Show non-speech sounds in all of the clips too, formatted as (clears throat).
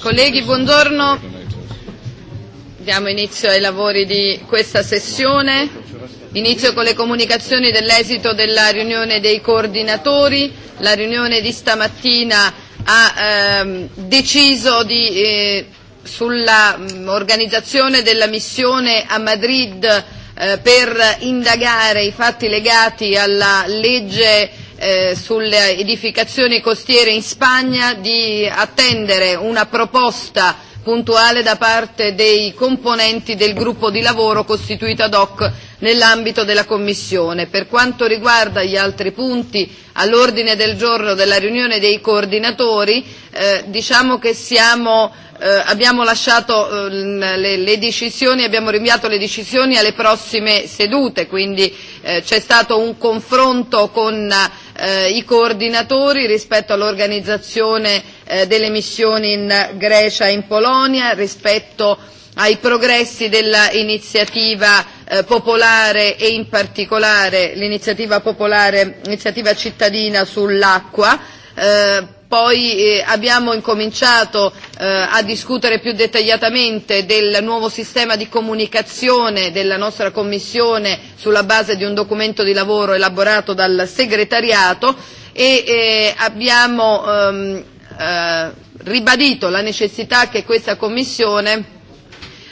Colleghi, buongiorno. Diamo inizio ai lavori di questa sessione. Inizio con le comunicazioni dell'esito della riunione dei coordinatori. La riunione di stamattina ha ehm, deciso di, eh, sull'organizzazione mm, della missione a Madrid eh, per indagare i fatti legati alla legge eh, sulle edificazioni costiere in Spagna di attendere una proposta puntuale da parte dei componenti del gruppo di lavoro costituito ad hoc nell'ambito della Commissione. Per quanto riguarda gli altri punti all'ordine del giorno della riunione dei coordinatori, eh, diciamo che siamo, eh, abbiamo lasciato eh, le, le decisioni, abbiamo rinviato le decisioni alle prossime sedute, quindi eh, c'è stato un confronto con eh, eh, i coordinatori rispetto all'organizzazione eh, delle missioni in Grecia e in Polonia, rispetto ai progressi dell'iniziativa eh, popolare e in particolare l'iniziativa popolare, iniziativa cittadina sull'acqua, eh, Poi eh, abbiamo incominciato eh, a discutere più dettagliatamente del nuovo sistema di comunicazione della nostra Commissione sulla base di un documento di lavoro elaborato dal segretariato e eh, abbiamo ehm, eh, ribadito la necessità che questa Commissione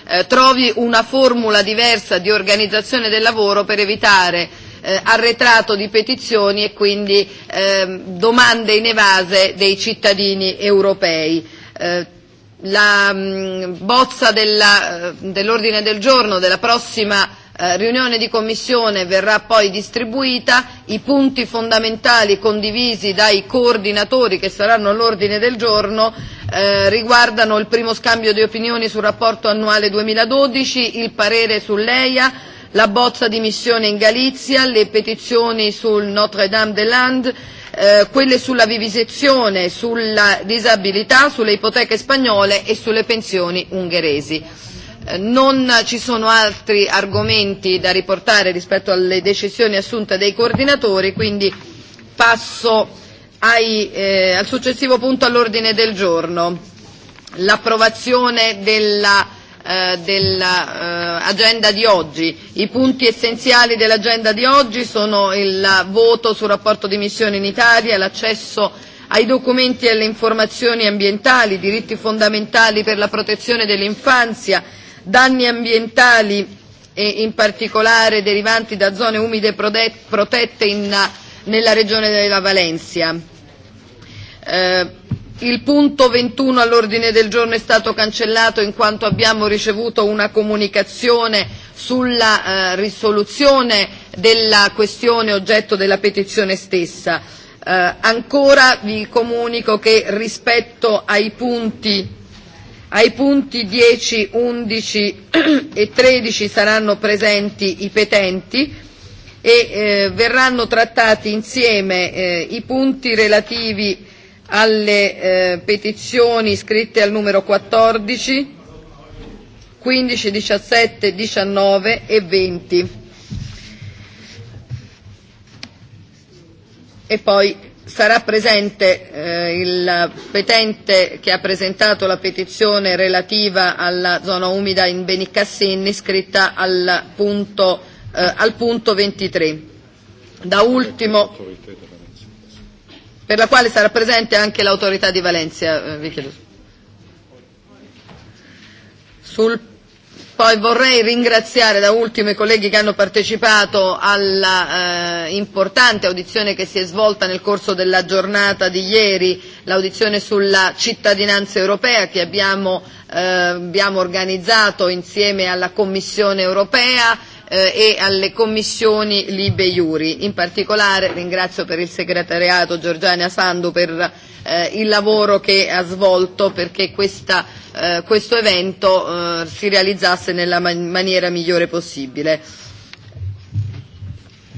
eh, trovi una formula diversa di organizzazione del lavoro per evitare eh, arretrato di petizioni e quindi eh, domande inevase dei cittadini europei. Eh, la mh, mm, bozza della, eh, dell'ordine del giorno della prossima Eh, riunione di commissione verrà poi distribuita, i punti fondamentali condivisi dai coordinatori che saranno all'ordine del giorno eh, riguardano il primo scambio di opinioni sul rapporto annuale 2012, il parere sull'EIA, la bozza di missione in Galizia, le petizioni sul Notre Dame de Land, eh, quelle sulla vivisezione, sulla disabilità, sulle ipoteche spagnole e sulle pensioni ungheresi. Eh, non ci sono altri argomenti da riportare rispetto alle decisioni assunte dai coordinatori, quindi passo ai, eh, al successivo punto all'ordine del giorno. L'approvazione della eh, dell'agenda eh, di oggi. I punti essenziali dell'agenda di oggi sono il voto sul rapporto di missione in Italia, l'accesso ai documenti e alle informazioni ambientali, diritti fondamentali per la protezione dell'infanzia, danni ambientali e in particolare derivanti da zone umide protette in, nella regione della Valencia. Eh, Il punto 21 all'ordine del giorno è stato cancellato in quanto abbiamo ricevuto una comunicazione sulla eh, risoluzione della questione oggetto della petizione stessa. Eh, ancora vi comunico che rispetto ai punti, ai punti 10, 11 (clears throat) e 13 saranno presenti i petenti e eh, verranno trattati insieme eh, i punti relativi alle eh, petizioni scritte al numero 14, 15, 17, 19 e 20. E poi sarà presente eh, il petente che ha presentato la petizione relativa alla zona umida in Benicassin scritta al punto, eh, al punto 23. Da ultimo per la quale sarà presente anche l'autorità di Valencia, eh, vi chiedo. Sul, poi vorrei ringraziare da ultimo i colleghi che hanno partecipato alla eh, importante audizione che si è svolta nel corso della giornata di ieri, l'audizione sulla cittadinanza europea che abbiamo, eh, abbiamo organizzato insieme alla Commissione europea eh, e alle commissioni Libe Iuri. In particolare ringrazio per il segretariato Giorgiana Sandu per eh, il lavoro che ha svolto perché questa, eh, questo evento eh, si realizzasse nella man- maniera migliore possibile.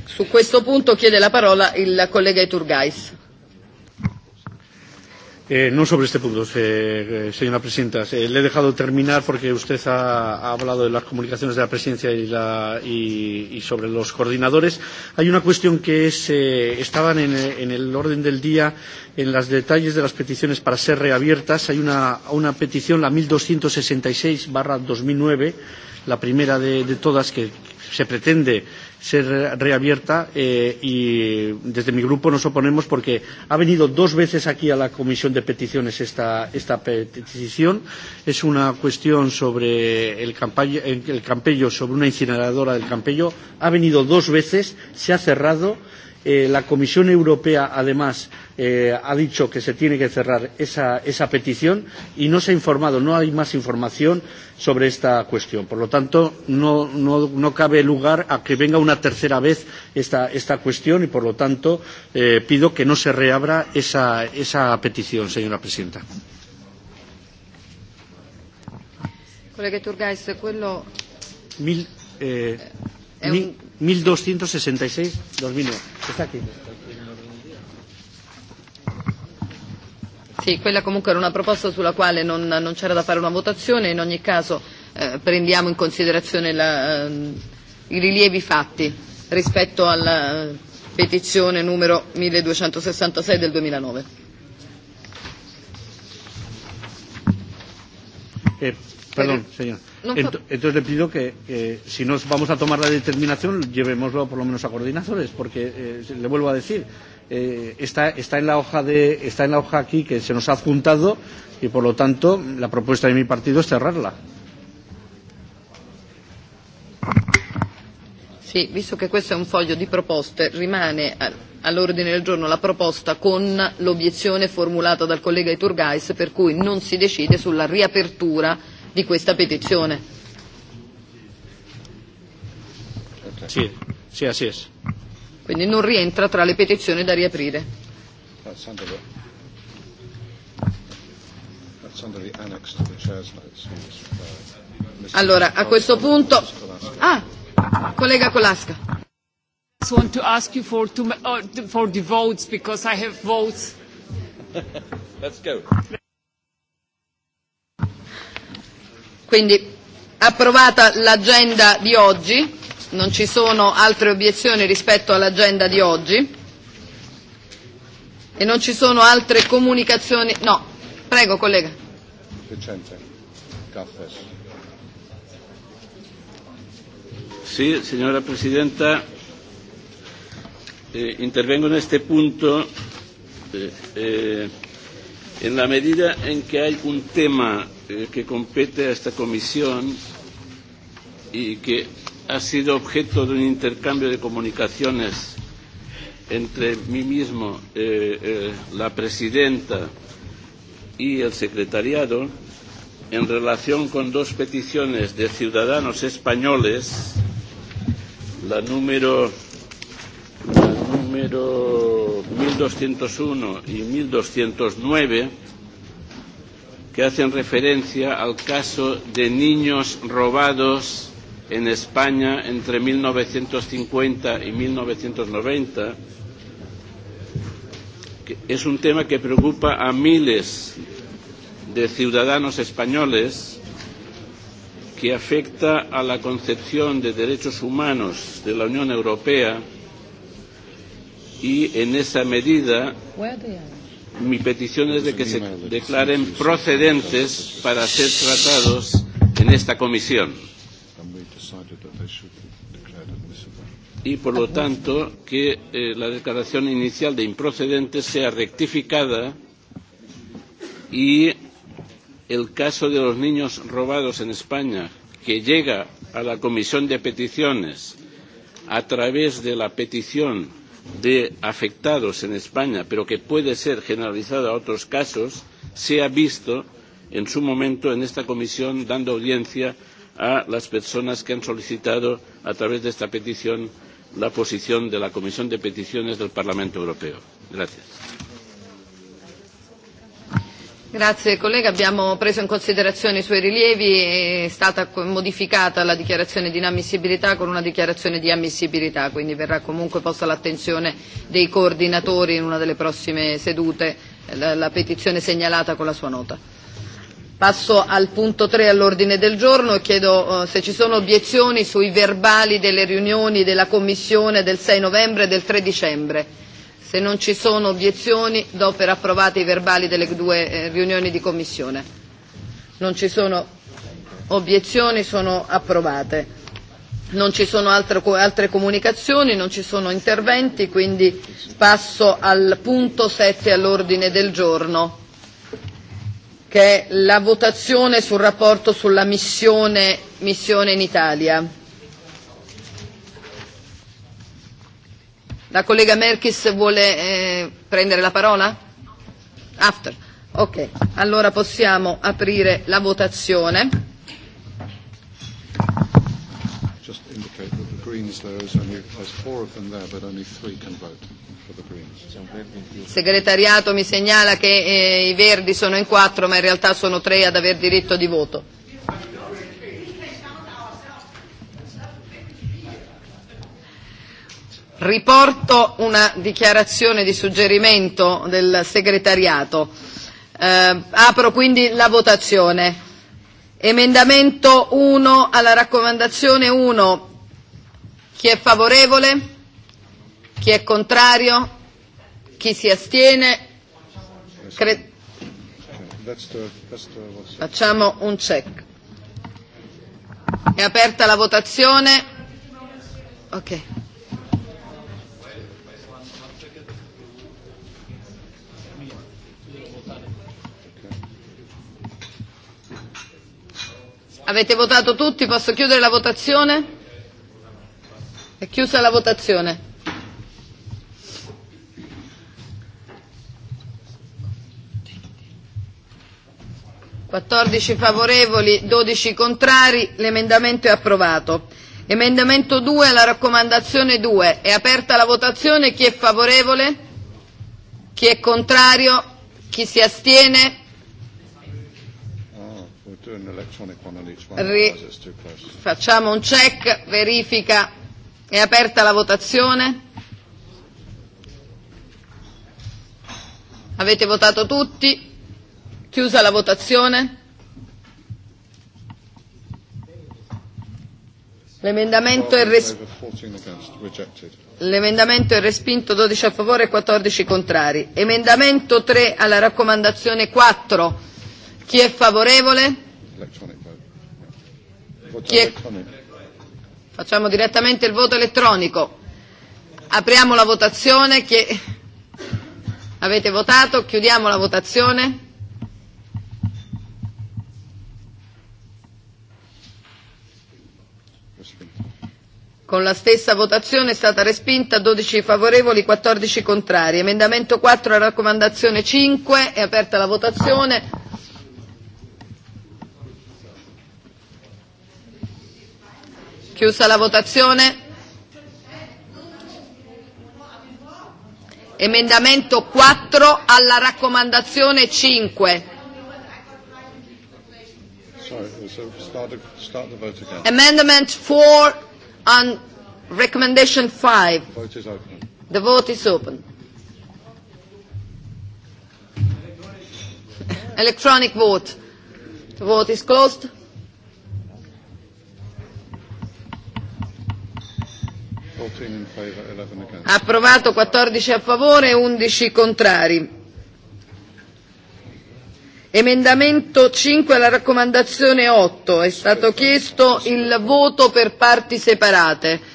Su questo punto chiede la parola il collega Iturgais. Eh, no sobre este punto, eh, señora presidenta. Eh, le he dejado terminar porque usted ha, ha hablado de las comunicaciones de la presidencia y, la, y, y sobre los coordinadores. Hay una cuestión que es, eh, estaban en, en el orden del día en los detalles de las peticiones para ser reabiertas. Hay una, una petición, la 1266-2009, la primera de, de todas, que se pretende ser reabierta eh, y desde mi grupo nos oponemos porque ha venido dos veces aquí a la Comisión de Peticiones esta, esta petición. Es una cuestión sobre el, campaño, el Campello, sobre una incineradora del Campello. Ha venido dos veces, se ha cerrado. Eh, la Comisión Europea, además, eh, ha dicho que se tiene que cerrar esa, esa petición y no se ha informado, no hay más información sobre esta cuestión. Por lo tanto, no, no, no cabe lugar a que venga una tercera vez esta, esta cuestión y, por lo tanto, eh, pido que no se reabra esa, esa petición, señora presidenta. Collega Turgais, quello... Mil, eh, eh un... 1266-2009. Está aquí. Sì, quella comunque era una proposta sulla quale non, non c'era da fare una votazione, in ogni caso eh, prendiamo in considerazione la, eh, i rilievi fatti rispetto alla petizione numero 1266 del 2009. Eh, perdón, eh, señor. Entonces le pido que, eh, si nos vamos a tomar la determinación, llevémoslo por lo menos a coordinadores, porque eh, le vuelvo a decir, eh, está, está, en la hoja de, está en la hoja aquí que se nos ha adjuntado y, por lo tanto, la propuesta de mi partido es cerrarla. Sì, visto che questo è un foglio di proposte, rimane all'ordine del giorno la proposta con l'obiezione formulata dal collega Iturgais per cui non si decide sulla riapertura di questa petizione. Sì, sì, así es quindi non rientra tra le petizioni da riaprire. Uh, allora, a questo punto... Ah, collega Colasca. I want to ask you for, to, uh, for the votes because I have votes. (laughs) Let's go. Quindi approvata l'agenda di oggi non ci sono altre obiezioni rispetto all'agenda di oggi e non ci sono altre comunicazioni. No, prego collega. Sì, signora presidenta, eh, intervengo in questo punto eh, eh, en la medida en que hay un tema eh, que compete a esta comisión y que ha sido objeto de un intercambio de comunicaciones entre mí mismo, eh, eh, la presidenta y el secretariado en relación con dos peticiones de ciudadanos españoles, la número, la número 1201 y 1209, que hacen referencia al caso de niños robados en España entre 1950 y 1990 es un tema que preocupa a miles de ciudadanos españoles que afecta a la concepción de derechos humanos de la Unión Europea y en esa medida mi petición es de que se declaren procedentes para ser tratados en esta comisión. y por lo tanto que eh, la declaración inicial de improcedente sea rectificada y el caso de los niños robados en España que llega a la Comisión de Peticiones a través de la petición de afectados en España, pero que puede ser generalizado a otros casos, se ha visto en su momento en esta comisión dando audiencia a las personas que han solicitado a través de esta petición la posición de la Comisión de Peticiones del Parlamento Europeo. Gracias. Grazie collega, abbiamo preso in considerazione i suoi rilievi, è stata modificata la dichiarazione di inammissibilità con una dichiarazione di ammissibilità, quindi verrà comunque posta all'attenzione dei coordinatori in una delle prossime sedute eh, la, la petizione segnalata con la sua nota. Passo al punto 3 all'ordine del giorno e chiedo uh, se ci sono obiezioni sui verbali delle riunioni della Commissione del 6 novembre e del 3 dicembre. Se non ci sono obiezioni do per approvati i verbali delle due eh, riunioni di Commissione. Non ci sono obiezioni, sono approvate. Non ci sono altre, altre comunicazioni, non ci sono interventi, quindi passo al punto 7 all'ordine del giorno che è la votazione sul rapporto sulla missione, missione in Italia. La collega Merkis vuole eh, prendere la parola? After. Ok, allora possiamo aprire la votazione. Greens there is only, there's four of them there, but only three can vote Il segretariato mi segnala che eh, i Verdi sono in quattro, ma in realtà sono tre ad aver diritto di voto. Riporto una dichiarazione di suggerimento del segretariato. Eh, apro quindi la votazione. Emendamento 1 alla raccomandazione 1 Chi è favorevole? Chi è contrario? Chi si astiene? Cre- Facciamo un check. È aperta la votazione. Ok. Avete votato tutti? Posso chiudere la votazione? È chiusa la votazione. Quattordici favorevoli, dodici contrari, l'emendamento è approvato. Emendamento 2 alla raccomandazione 2. È aperta la votazione. Chi è favorevole? Chi è contrario? Chi si astiene? Ah, Ri- facciamo un check, verifica È aperta la votazione? Avete votato tutti? Chiusa la votazione? L'emendamento è, res- L'emendamento è respinto 12 a favore e 14 contrari. Emendamento 3 alla raccomandazione 4. Chi è favorevole? Chi è, Facciamo direttamente il voto elettronico. Apriamo la votazione che avete votato, chiudiamo la votazione. Con la stessa votazione è stata respinta 12 favorevoli, 14 contrari. Emendamento 4, raccomandazione 5, è aperta la votazione. Chiusa la votazione. Emendamento 4 alla raccomandazione 5. Amendment 4 on recommendation 5. The vote is open. Electronic vote. The vote is closed. Approvato 14 a favore, 11 contrari. Emendamento 5 alla raccomandazione 8. È stato chiesto il voto per parti separate.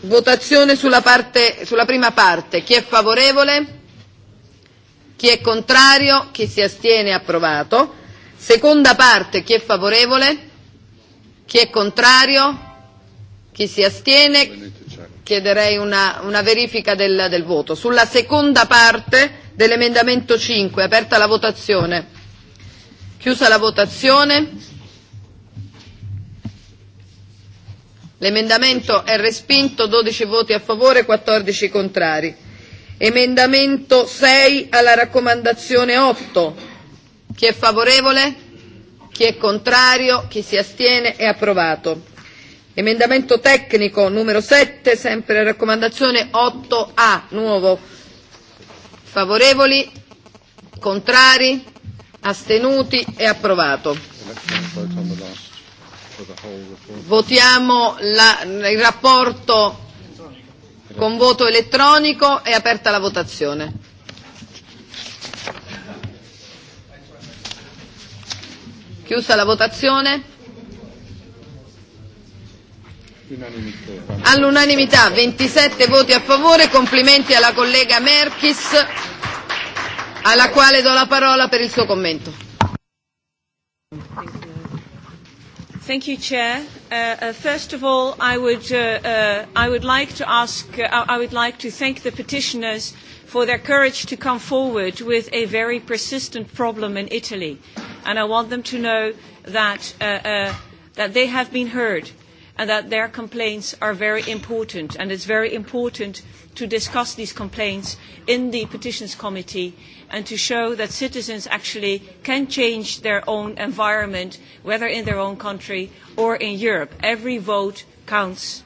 Votazione sulla, parte, sulla prima parte. Chi è favorevole? Chi è contrario? Chi si astiene? Approvato. Seconda parte. Chi è favorevole? Chi è contrario? Chi si astiene? chiederei una, una verifica del, del voto. Sulla seconda parte dell'emendamento 5, aperta la votazione. Chiusa la votazione. L'emendamento è respinto, 12 voti a favore, 14 contrari. Emendamento 6 alla raccomandazione 8. Chi è favorevole? Chi è contrario? Chi si astiene? È approvato. Emendamento tecnico numero 7, sempre raccomandazione 8A, nuovo. Favorevoli? Contrari? Astenuti? È approvato. Votiamo la, il rapporto con voto elettronico. È aperta la votazione. Chiusa la votazione. All'unanimità, 27 voti a favore, complimenti alla collega Merkis, alla quale do la parola per il suo commento. Thank you, Chair. Uh, uh, first of all, I would, uh, uh, I would like to ask, uh, I would like to thank the petitioners for their courage to come forward with a very persistent problem in Italy. And I want them to know that, uh, uh, that they have been heard and that their complaints are very important. And it's very important to discuss these complaints in the petitions committee and to show that citizens actually can change their own environment, whether in their own country or in Europe. Every vote counts.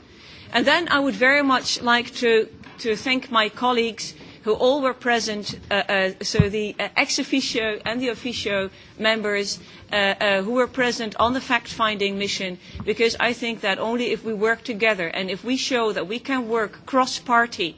And then I would very much like to, to thank my colleagues who all were present, uh, uh, so the uh, ex officio and the officio members uh, uh, who were present on the fact-finding mission, because I think that only if we work together and if we show that we can work cross-party,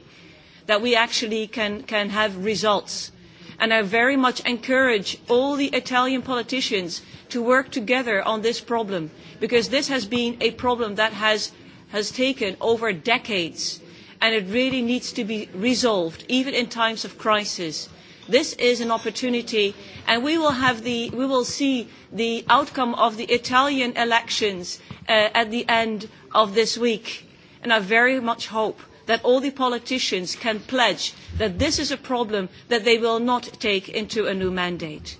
that we actually can, can have results. And I very much encourage all the Italian politicians to work together on this problem, because this has been a problem that has, has taken over decades and it really needs to be resolved, even in times of crisis. This is an opportunity, and we will, have the, we will see the outcome of the Italian elections uh, at the end of this week. And I very much hope that all the politicians can pledge that this is a problem that they will not take into a new mandate.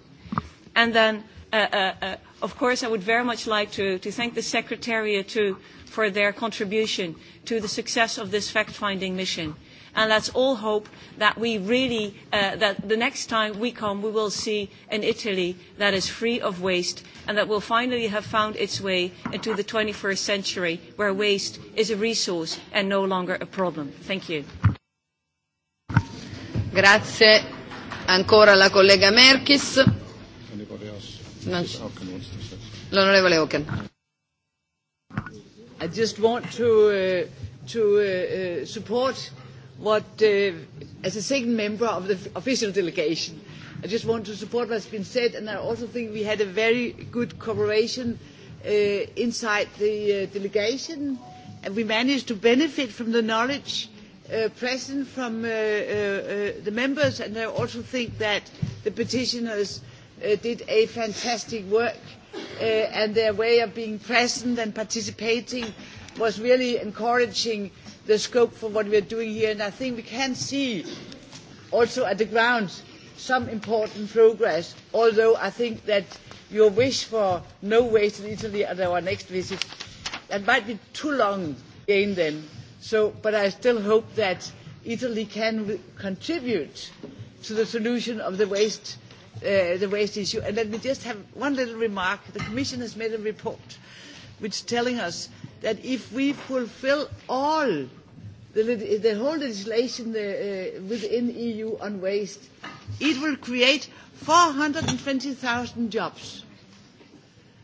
And then, uh, uh, uh, of course, I would very much like to, to thank the Secretariat to, for their contribution to the success of this fact-finding mission. And let's all hope that we really, uh, that the next time we come, we will see an Italy that is free of waste and that will finally have found its way into the 21st century where waste is a resource and no longer a problem. Thank you. Grazie ancora alla collega Merkis. L'onorevole Oken. I just want to, uh, to uh, uh, support what, uh, as a second member of the official delegation, I just want to support what's been said, and I also think we had a very good cooperation uh, inside the uh, delegation, and we managed to benefit from the knowledge uh, present from uh, uh, uh, the members, and I also think that the petitioners uh, did a fantastic work Uh, and their way of being present and participating was really encouraging the scope for what we are doing here. And I think we can see also at the ground some important progress, although I think that your wish for no waste in Italy at our next visit, that might be too long again then. So, but I still hope that Italy can contribute to the solution of the waste Uh, the waste issue. And let me just have one little remark. The Commission has made a report which is telling us that if we fulfill all the, the whole legislation the, uh, uh, within EU on waste, it will create 420,000 jobs.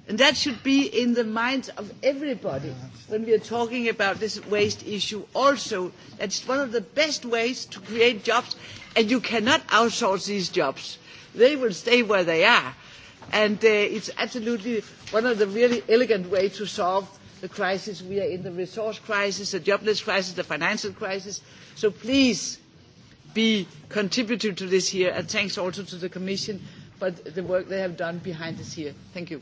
And that should be in the minds of everybody when we are talking about this waste issue also. That's one of the best ways to create jobs, and you cannot outsource these jobs. They will stay where they are. And uh, it's absolutely one of the really elegant ways to solve the crisis. We are in the resource crisis, the jobless crisis, the financial crisis. So please be contributive to this here. And thanks also to the Commission for the work they have done behind this here. Thank you.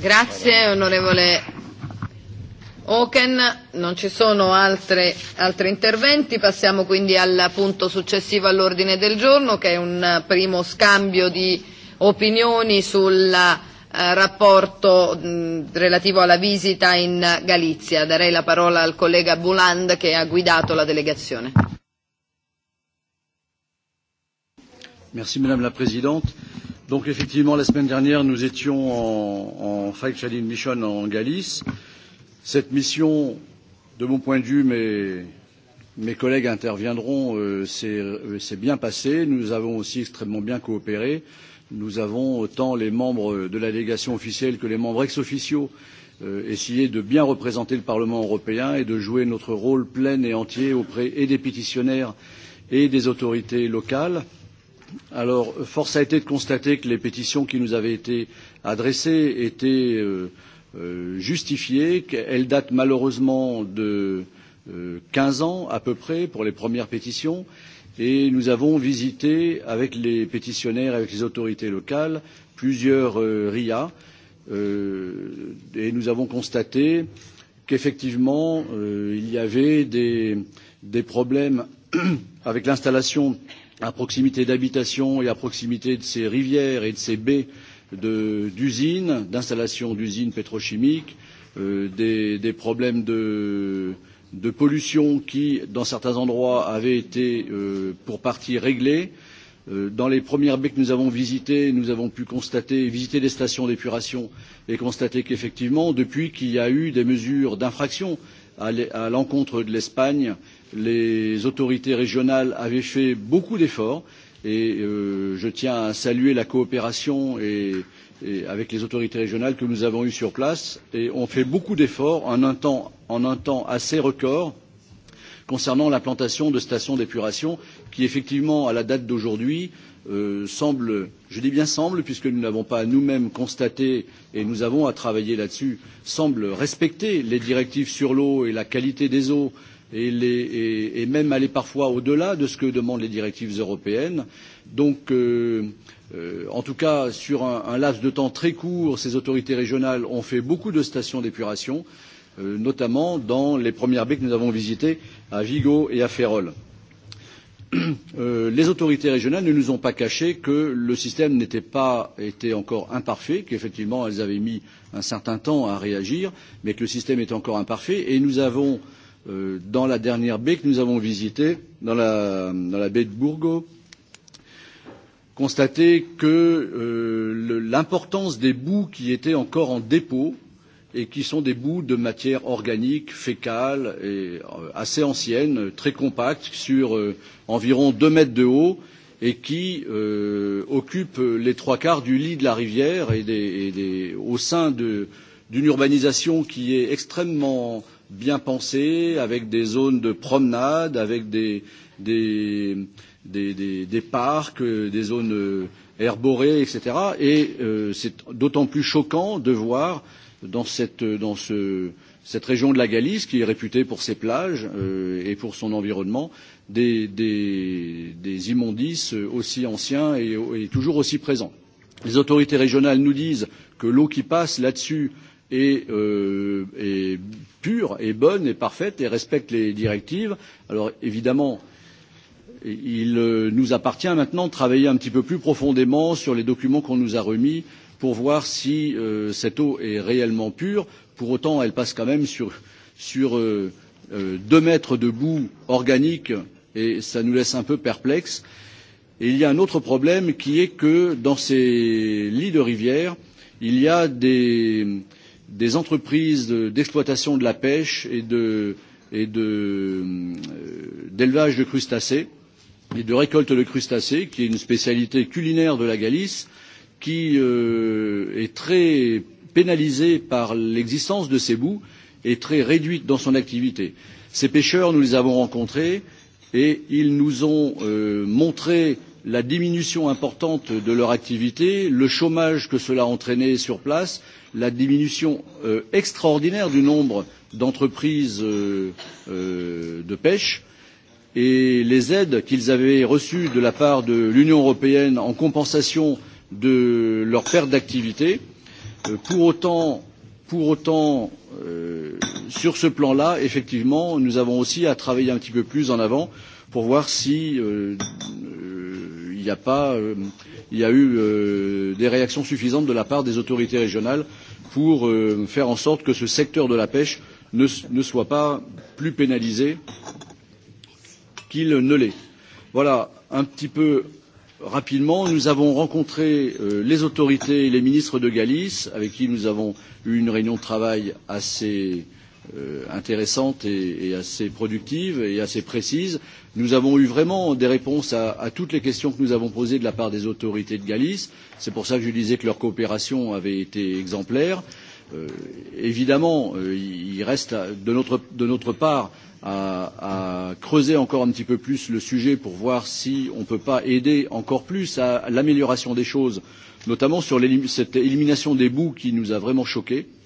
Grazie, onorevole Oken, non ci sono altre, altri interventi, passiamo quindi al punto successivo all'ordine del giorno che è un primo scambio di opinioni sul eh, rapporto mh, relativo alla visita in Galizia. Darei la parola al collega Buland che ha guidato la delegazione. Merci Madame la Présidente. Donc effectivement la semaine dernière nous étions en, en fact-challenge mission en Galice. Cette mission, de mon point de vue, mais mes collègues interviendront, euh, s'est euh, bien passée. Nous avons aussi extrêmement bien coopéré. Nous avons, tant les membres de la délégation officielle que les membres ex-officiaux, euh, essayé de bien représenter le Parlement européen et de jouer notre rôle plein et entier auprès et des pétitionnaires et des autorités locales. Alors, force a été de constater que les pétitions qui nous avaient été adressées étaient euh, Euh, justifiée. Elle date malheureusement de euh, 15 ans à peu près pour les premières pétitions et nous avons visité avec les pétitionnaires, avec les autorités locales, plusieurs euh, RIA euh, et nous avons constaté qu'effectivement euh, il y avait des, des problèmes (coughs) avec l'installation à proximité d'habitations et à proximité de ces rivières et de ces baies d'usines, d'installations d'usines pétrochimiques, euh, des, des problèmes de, de pollution qui, dans certains endroits, avaient été euh, pour partie réglés. Euh, dans les premières baies que nous avons visitées, nous avons pu constater, visiter les stations d'épuration et constater qu'effectivement, depuis qu'il y a eu des mesures d'infraction à l'encontre de l'Espagne, les autorités régionales avaient fait beaucoup d'efforts et euh, je tiens à saluer la coopération et, et avec les autorités régionales que nous avons eues sur place et on fait beaucoup d'efforts en, en un temps assez record concernant l'implantation de stations d'épuration qui effectivement à la date d'aujourd'hui euh, semble je dis bien semble puisque nous n'avons pas nous mêmes constaté et nous avons à travailler là dessus semble respecter les directives sur l'eau et la qualité des eaux euh, et, les, et, et même aller parfois au-delà de ce que demandent les directives européennes. Donc, euh, euh, en tout cas, sur un, un laps de temps très court, ces autorités régionales ont fait beaucoup de stations d'épuration, euh, notamment dans les premières baies que nous avons visitées à Vigo et à Ferrol. Euh, les autorités régionales ne nous ont pas caché que le système n'était pas était encore imparfait, qu'effectivement elles avaient mis un certain temps à réagir, mais que le système était encore imparfait, et nous avons euh, Euh, dans la dernière baie que nous avons visitée, dans la, dans la baie de Bourgo, constater que euh, l'importance des boues qui étaient encore en dépôt et qui sont des bouts de matière organique, fécale, et euh, assez ancienne, très compacte, sur euh, environ 2 mètres de haut, et qui euh, occupent les trois quarts du lit de la rivière et, des, et des, au sein d'une urbanisation qui est extrêmement euh, bien pensé, avec des zones de promenade, avec des, des, des, des, des parcs, des zones euh, herborées, etc. Et euh, c'est d'autant plus choquant de voir dans cette, dans ce, cette région de la Galice, qui est réputée pour ses plages euh, et pour son environnement, des, des, des immondices aussi anciens et, et toujours aussi présents. Les autorités régionales nous disent que l'eau qui passe là-dessus est, euh, est pure, est bonne, est parfaite et respecte les directives. Alors évidemment, il euh, nous appartient maintenant de travailler un petit peu plus profondément sur les documents qu'on nous a remis pour voir si euh, cette eau est réellement pure. Pour autant, elle passe quand même sur, sur euh, euh, deux mètres de boue organique et ça nous laisse un peu perplexes. Et il y a un autre problème qui est que dans ces lits de rivière, il y a des, euh, des entreprises d'exploitation de, de la pêche et de et d'élevage de, euh, de crustacés et de récolte de crustacés, qui est une spécialité culinaire de la Galice, qui euh, est très pénalisée par l'existence de ces bouts et très réduite dans son activité. Ces pêcheurs, nous les avons rencontrés et ils nous ont euh, montré la diminution importante de leur activité, le chômage que cela a entraîné sur place, la diminution euh, extraordinaire du nombre d'entreprises euh, euh, de pêche et les aides qu'ils avaient reçues de la part de l'Union européenne en compensation de leur perte d'activité. Euh, pour autant, pour autant euh, sur ce plan là, effectivement, nous avons aussi à travailler un petit peu plus en avant pour voir si euh, euh n'y a pas, euh, il y a eu euh, des réactions suffisantes de la part des autorités régionales pour euh, faire en sorte que ce secteur de la pêche ne, ne soit pas plus pénalisé qu'il ne l'est. Voilà un petit peu rapidement. Nous avons rencontré euh, les autorités et les ministres de Galice, avec qui nous avons eu une réunion de travail assez euh, intéressante et, et assez productive et assez précise. Nous avons eu vraiment des réponses à, à toutes les questions que nous avons posées de la part des autorités de Galice. C'est pour ça que je disais que leur coopération avait été exemplaire. Euh, évidemment, euh, il reste à, de notre, de notre part à, à creuser encore un petit peu plus le sujet pour voir si on ne peut pas aider encore plus à l'amélioration des choses, notamment sur élim cette élimination des bouts qui nous a vraiment choqués. Euh,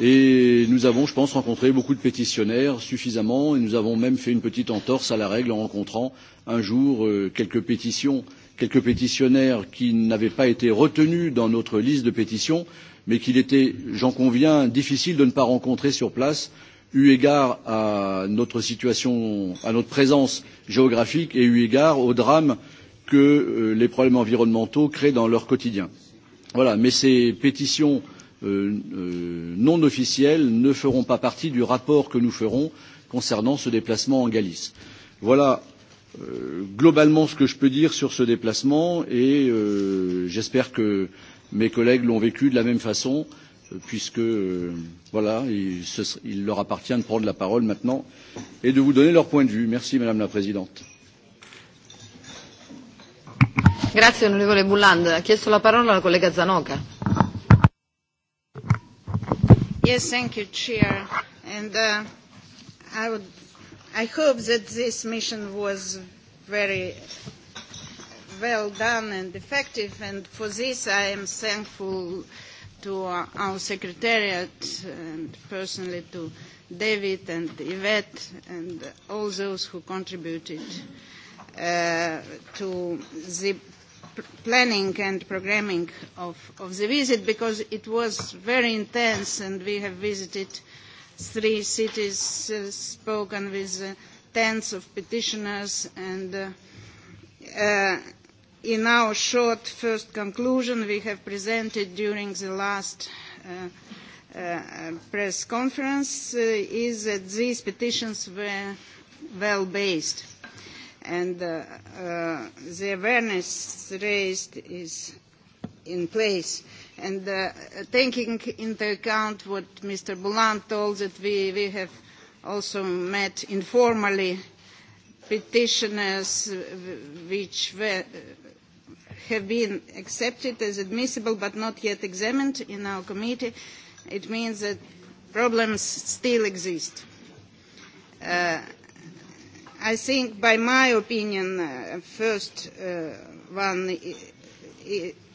et nous avons je pense rencontré beaucoup de pétitionnaires suffisamment et nous avons même fait une petite entorse à la règle en rencontrant un jour euh, quelques pétitions quelques pétitionnaires qui n'avaient pas été retenus dans notre liste de pétitions mais qu'il était j'en conviens difficile de ne pas rencontrer sur place eu égard à notre situation à notre présence géographique et eu égard au drame que euh, les problèmes environnementaux créent dans leur quotidien. Voilà, mais ces pétitions Euh, euh, non officielles ne feront pas partie du rapport que nous ferons concernant ce déplacement en Galice. Voilà euh, globalement ce que je peux dire sur ce déplacement et j'espère que mes collègues l'ont vécu de la même façon puisque voilà, il, il leur appartient de prendre la parole maintenant et de vous donner leur point de vue. Merci Madame la Présidente. Grazie onorevole Bulland. Ha chiesto la parola la collega Zanoca. Yes, thank you, Chair. And uh, I, would, I hope that this mission was very well done and effective, and for this I am thankful to our secretariat and personally to David and Yvette and all those who contributed uh, to the planning and programming of, of the visit because it was very intense and we have visited three cities, uh, spoken with uh, tens of petitioners and uh, uh, in our short first conclusion we have presented during the last uh, uh, press conference uh, is that these petitions were well based and uh, uh, the awareness raised is in place. And uh, taking into account what Mr. Boulan told, that we, we have also met informally petitioners uh, which were, have been accepted as admissible but not yet examined in our committee, it means that problems still exist. Uh, I think, by my opinion, uh, first uh, one,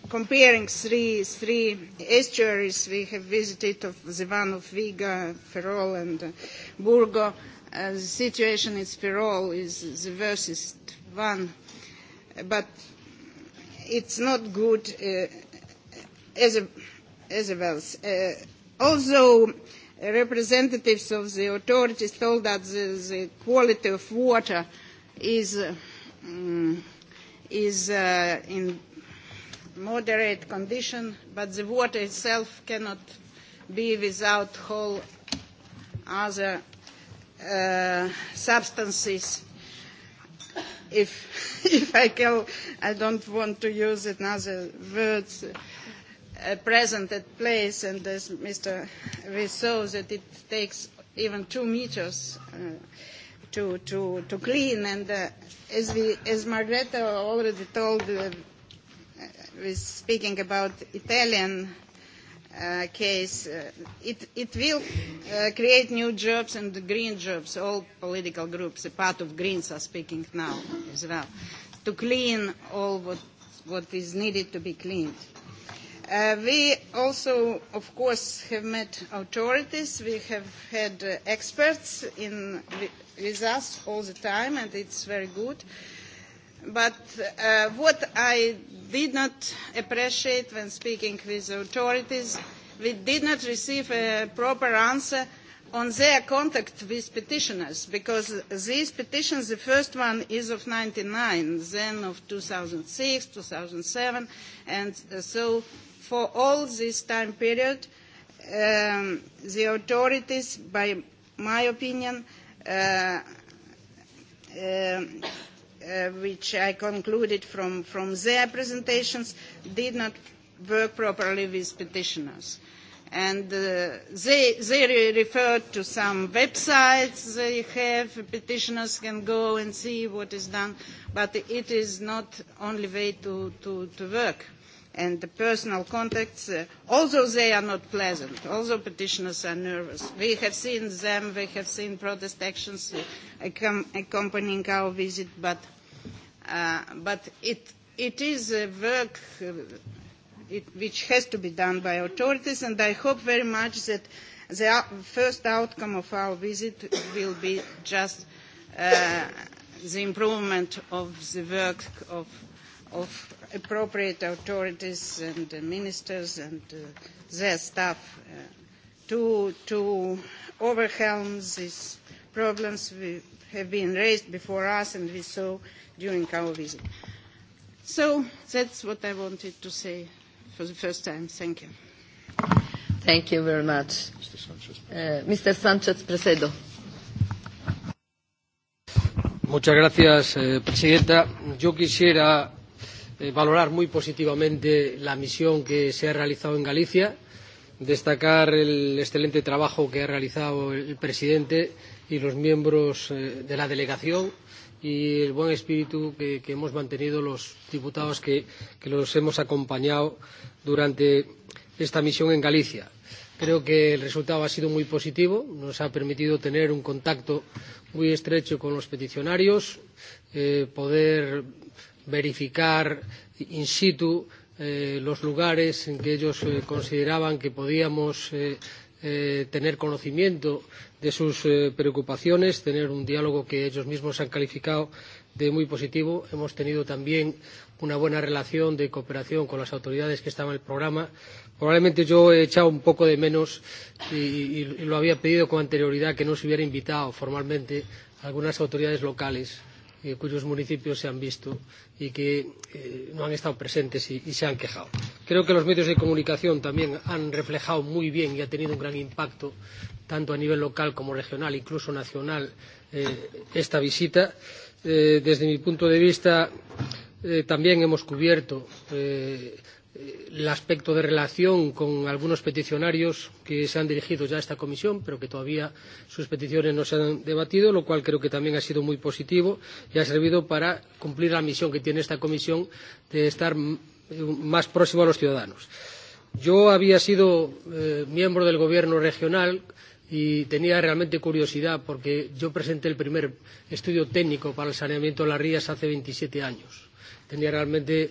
comparing three, three estuaries we have visited of the one of Viga, Ferrol and uh, Burgo, uh, the situation in Ferrol is the worst one, but it's not good uh, as, a, as a wealth. Uh, although representatives of the authorities told that the, the quality of water is, um, is uh, in moderate condition, but the water itself cannot be without whole other uh, substances. If, (laughs) if I can, I don't want to use another words. Uh, present at place, and as Mr. We saw that it takes even two meters uh, to, to, to clean. And uh, as, we, as Margrethe already told, uh, with speaking about Italian uh, case, uh, it, it will uh, create new jobs and green jobs. All political groups, a part of Greens are speaking now as well, to clean all what, what is needed to be cleaned. Uh, we also, of course, have met authorities. We have had uh, experts in, with us all the time, and it's very good. But uh, what I did not appreciate when speaking with authorities, we did not receive a proper answer on their contact with petitioners, because these petitions, the first one is of 99, then of 2006, 2007, and so For all this time period, um, the authorities, by my opinion, uh, uh, uh, which I concluded from, from their presentations, did not work properly with petitioners. And uh, they, they referred to some websites they have, petitioners can go and see what is done, but it is not only way to, to, to work and the personal contacts, uh, although they are not pleasant, although petitioners are nervous. We have seen them, we have seen protest actions uh, accompanying our visit, but, uh, but it, it is a work uh, it, which has to be done by authorities, and I hope very much that the first outcome of our visit will be just uh, the improvement of the work of, of appropriate authorities and uh, ministers and uh, their staff uh, to, to overwhelm these problems we have been raised before us and we saw during our visit. So that's what I wanted to say for the first time. Thank you. Thank you very much. Mr. Sanchez, uh, Mr. Sanchez Presedo. Muchas gracias, eh, Presidenta. Yo quisiera eh, valorar muy positivamente la misión que se ha realizado en Galicia, destacar el excelente trabajo que ha realizado el presidente y los miembros eh, de la delegación y el buen espíritu que, que hemos mantenido los diputados que, que los hemos acompañado durante esta misión en Galicia. Creo que el resultado ha sido muy positivo, nos ha permitido tener un contacto muy estrecho con los peticionarios, eh, poder verificar in situ eh, los lugares en que ellos eh, consideraban que podíamos eh, eh, tener conocimiento de sus eh, preocupaciones, tener un diálogo que ellos mismos han calificado de muy positivo. Hemos tenido también una buena relación de cooperación con las autoridades que estaban en el programa. Probablemente yo he echado un poco de menos y, y, y lo había pedido con anterioridad que no se hubiera invitado formalmente a algunas autoridades locales eh, cuyos municipios se han visto y que eh, no han estado presentes y, y se han quejado. Creo que los medios de comunicación también han reflejado muy bien y ha tenido un gran impacto, tanto a nivel local como regional, incluso nacional, eh, esta visita. Eh, desde mi punto de vista, eh, también hemos cubierto eh, el aspecto de relación con algunos peticionarios que se han dirigido ya a esta comisión, pero que todavía sus peticiones no se han debatido, lo cual creo que también ha sido muy positivo y ha servido para cumplir la misión que tiene esta comisión de estar más próximo a los ciudadanos. Yo había sido eh, miembro del gobierno regional y tenía realmente curiosidad porque yo presenté el primer estudio técnico para el saneamiento de las rías hace 27 años tenía realmente eh,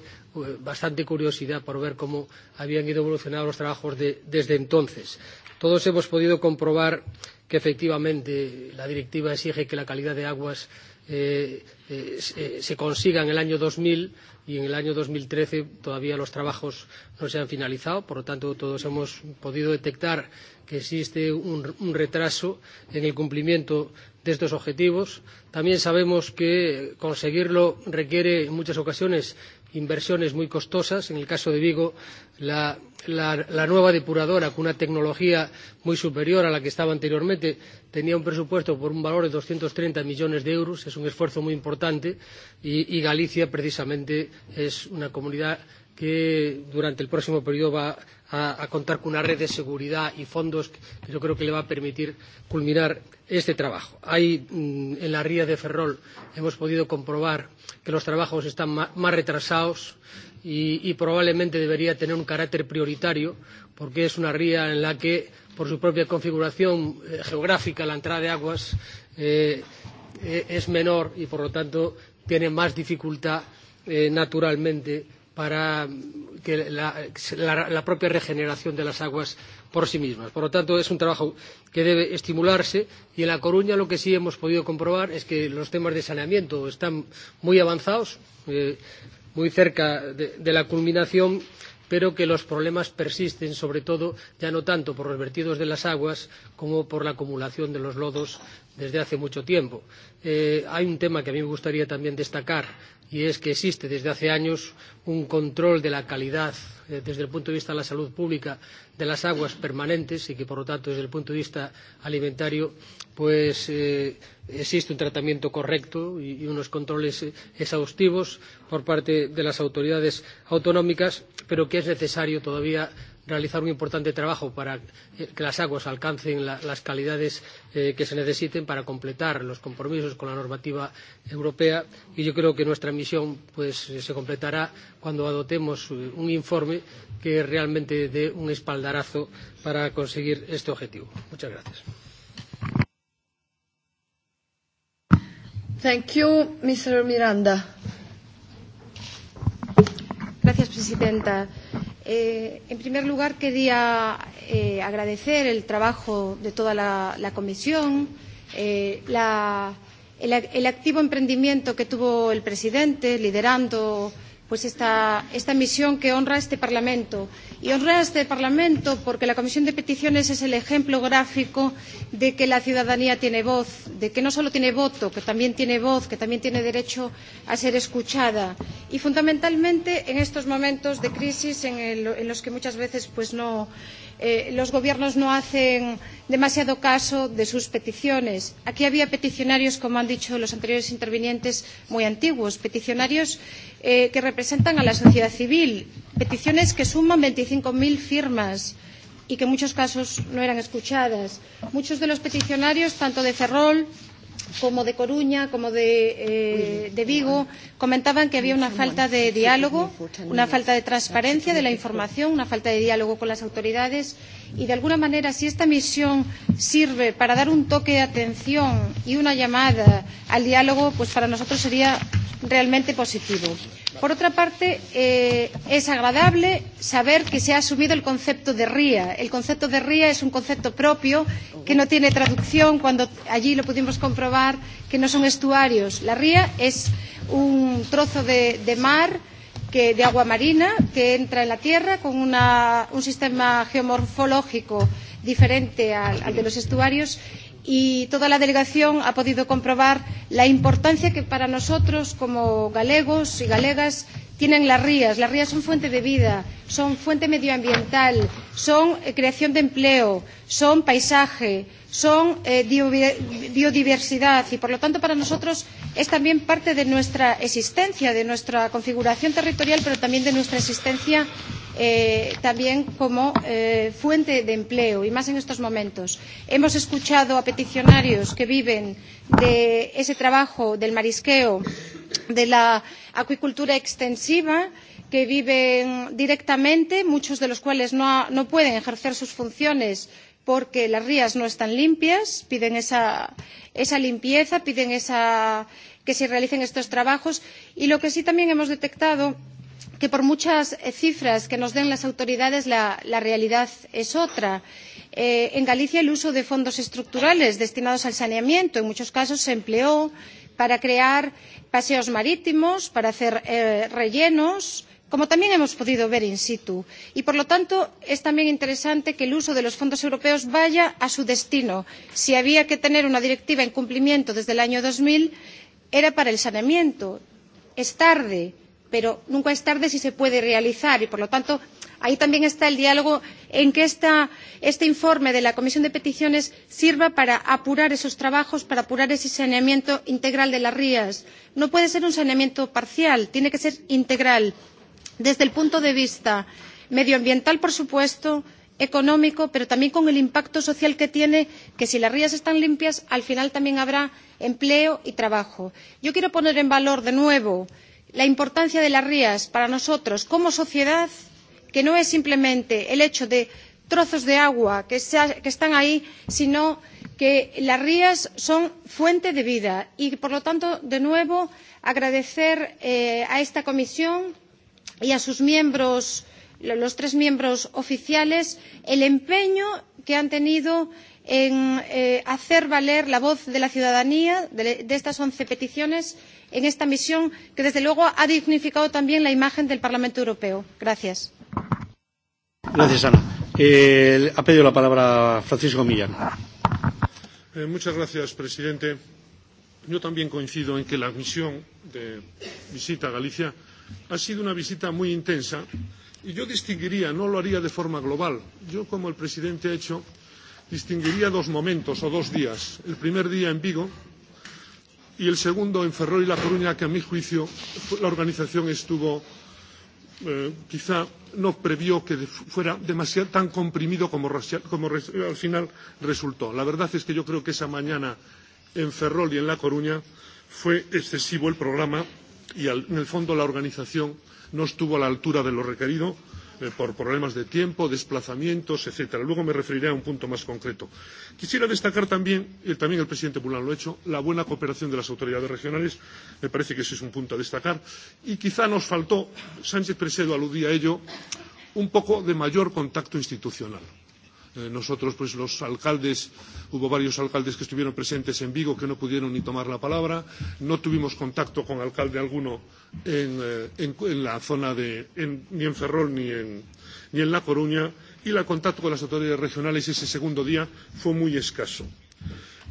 bastante curiosidad por ver cómo habían ido evolucionando los trabajos de, desde entonces. Todos hemos podido comprobar que efectivamente la directiva exige que la calidad de aguas eh, eh, se eh, consiga en el año 2000 y en el año 2013 todavía los trabajos no se han finalizado. Por lo tanto, todos hemos podido detectar que existe un, un retraso en el cumplimiento de estos objetivos. También sabemos que conseguirlo requiere en muchas ocasiones inversiones muy costosas. En el caso de Vigo, la, la, la nueva depuradora, con una tecnología muy superior a la que estaba anteriormente, tenía un presupuesto por un valor de 230 millones de euros. Es un esfuerzo muy importante y, y Galicia, precisamente, es una comunidad que durante el próximo periodo va a, a contar con una red de seguridad y fondos que yo creo que le va a permitir culminar este trabajo. Hay, mm, en la ría de Ferrol hemos podido comprobar que los trabajos están más, retrasados y, y probablemente debería tener un carácter prioritario porque es una ría en la que, por su propia configuración eh, geográfica, la entrada de aguas eh, e-, es menor y, por lo tanto, tiene más dificultad eh, naturalmente para que la, la, la propia regeneración de las aguas por sí mismas. Por lo tanto, es un trabajo que debe estimularse y en La Coruña lo que sí hemos podido comprobar es que los temas de saneamiento están muy avanzados, eh, muy cerca de, de la culminación, pero que los problemas persisten, sobre todo ya no tanto por los vertidos de las aguas como por la acumulación de los lodos desde hace mucho tiempo. Eh, hay un tema que a mí me gustaría también destacar y es que existe desde hace años un control de la calidad eh, desde el punto de vista de la salud pública de las aguas permanentes y que, por lo tanto, desde el punto de vista alimentario, pues eh, existe un tratamiento correcto y, y unos controles eh, exhaustivos por parte de las autoridades autonómicas, pero que es necesario todavía realizar un importante trabajo para eh, que las aguas alcancen la, las calidades eh, que se necesiten para completar los compromisos con la normativa europea y yo creo que nuestra misión pues, eh, se completará cuando adoptemos eh, un informe que realmente dé un espaldarazo para conseguir este objetivo. Muchas gracias. Thank you, Mr. Miranda. Gracias, Presidenta. Eh, en primer lugar, quería eh, agradecer el trabajo de toda la, la comisión, eh, la, el, el activo emprendimiento que tuvo el presidente liderando pues esta, esta misión que honra este Parlamento. Y honra a este Parlamento porque la Comisión de Peticiones es el ejemplo gráfico de que la ciudadanía tiene voz, de que no solo tiene voto, que también tiene voz, que también tiene derecho a ser escuchada. Y fundamentalmente en estos momentos de crisis en, el, en los que muchas veces pues no eh, los gobiernos no hacen demasiado caso de sus peticiones. Aquí había peticionarios, como han dicho los anteriores intervinientes, muy antiguos, peticionarios eh, que representan a la sociedad civil, peticiones que suman 25.000 firmas y que en muchos casos no eran escuchadas. Muchos de los peticionarios, tanto de Ferrol como de Coruña, como de, eh, de Vigo, comentaban que había una falta de diálogo, una falta de transparencia de la información, una falta de diálogo con las autoridades y, de alguna manera, si esta misión sirve para dar un toque de atención y una llamada al diálogo, pues para nosotros sería realmente positivo. Por otra parte, eh, es agradable saber que se ha asumido el concepto de RIA. El concepto de RIA es un concepto propio que no tiene traducción. Cuando allí lo pudimos comprobar, comprobar que no son estuarios. La ría es un trozo de, de mar que, de agua marina que entra en la tierra con una, un sistema geomorfológico diferente al, al de los estuarios y toda la delegación ha podido comprobar la importancia que para nosotros como galegos y galegas tienen las rías. Las rías son fuente de vida, son fuente medioambiental, son eh, creación de empleo, son paisaje, son eh, biodiversidad y, por lo tanto, para nosotros es también parte de nuestra existencia, de nuestra configuración territorial, pero también de nuestra existencia eh, también como eh, fuente de empleo y más en estos momentos. Hemos escuchado a peticionarios que viven de ese trabajo del marisqueo de la acuicultura extensiva que viven directamente, muchos de los cuales no, no pueden ejercer sus funciones porque las rías no están limpias, piden esa, esa limpieza, piden esa, que se realicen estos trabajos. Y lo que sí también hemos detectado que por muchas eh, cifras que nos den las autoridades, la, la realidad es otra. Eh, en Galicia el uso de fondos estructurales destinados al saneamiento en muchos casos se empleó para crear paseos marítimos, para hacer eh, rellenos, como también hemos podido ver in situ. Y, por lo tanto, es también interesante que el uso de los fondos europeos vaya a su destino. Si había que tener una directiva en cumplimiento desde el año 2000, era para el saneamiento. Es tarde, pero nunca es tarde si se puede realizar y, por lo tanto, Ahí también está el diálogo en que esta, este informe de la Comisión de Peticiones sirva para apurar esos trabajos, para apurar ese saneamiento integral de las rías. No puede ser un saneamiento parcial, tiene que ser integral desde el punto de vista medioambiental, por supuesto, económico, pero también con el impacto social que tiene, que si las rías están limpias, al final también habrá empleo y trabajo. Yo quiero poner en valor de nuevo la importancia de las rías para nosotros como sociedad que no es simplemente el hecho de trozos de agua que, se que están ahí, sino que las rías son fuente de vida. Y, por lo tanto, de nuevo, agradecer eh, a esta comisión y a sus miembros, los tres miembros oficiales, el empeño que han tenido en eh, hacer valer la voz de la ciudadanía de, de estas once peticiones en esta misión que, desde luego, ha dignificado también la imagen del Parlamento Europeo. Gracias. Gracias, Ana. Eh, ha pedido la palabra Francisco Millán. Eh, muchas gracias, presidente. Yo también coincido en que la misión de visita a Galicia ha sido una visita muy intensa y yo distinguiría, no lo haría de forma global, yo como el presidente ha hecho, distinguiría dos momentos o dos días. El primer día en Vigo y el segundo en Ferrol y La Coruña, que a mi juicio la organización estuvo Eh, quizá no previó que fuera demasiado, tan comprimido como, como al final resultó. La verdad es que yo creo que esa mañana en Ferrol y en La Coruña fue excesivo el programa y al, en el fondo la organización no estuvo a la altura de lo requerido Eh, por problemas de tiempo, desplazamientos, etcétera. Luego me referiré a un punto más concreto. Quisiera destacar también, y también el presidente Bulán lo ha hecho, la buena cooperación de las autoridades regionales. Me parece que ese es un punto a destacar. Y quizá nos faltó, Sánchez Presedo aludía a ello, un poco de mayor contacto institucional Eh, nosotros, pues los alcaldes, hubo varios alcaldes que estuvieron presentes en Vigo que no pudieron ni tomar la palabra. No tuvimos contacto con alcalde alguno en, eh, en, en la zona de, en, ni en Ferrol ni en, ni en La Coruña. Y el contacto con las autoridades regionales ese segundo día fue muy escaso.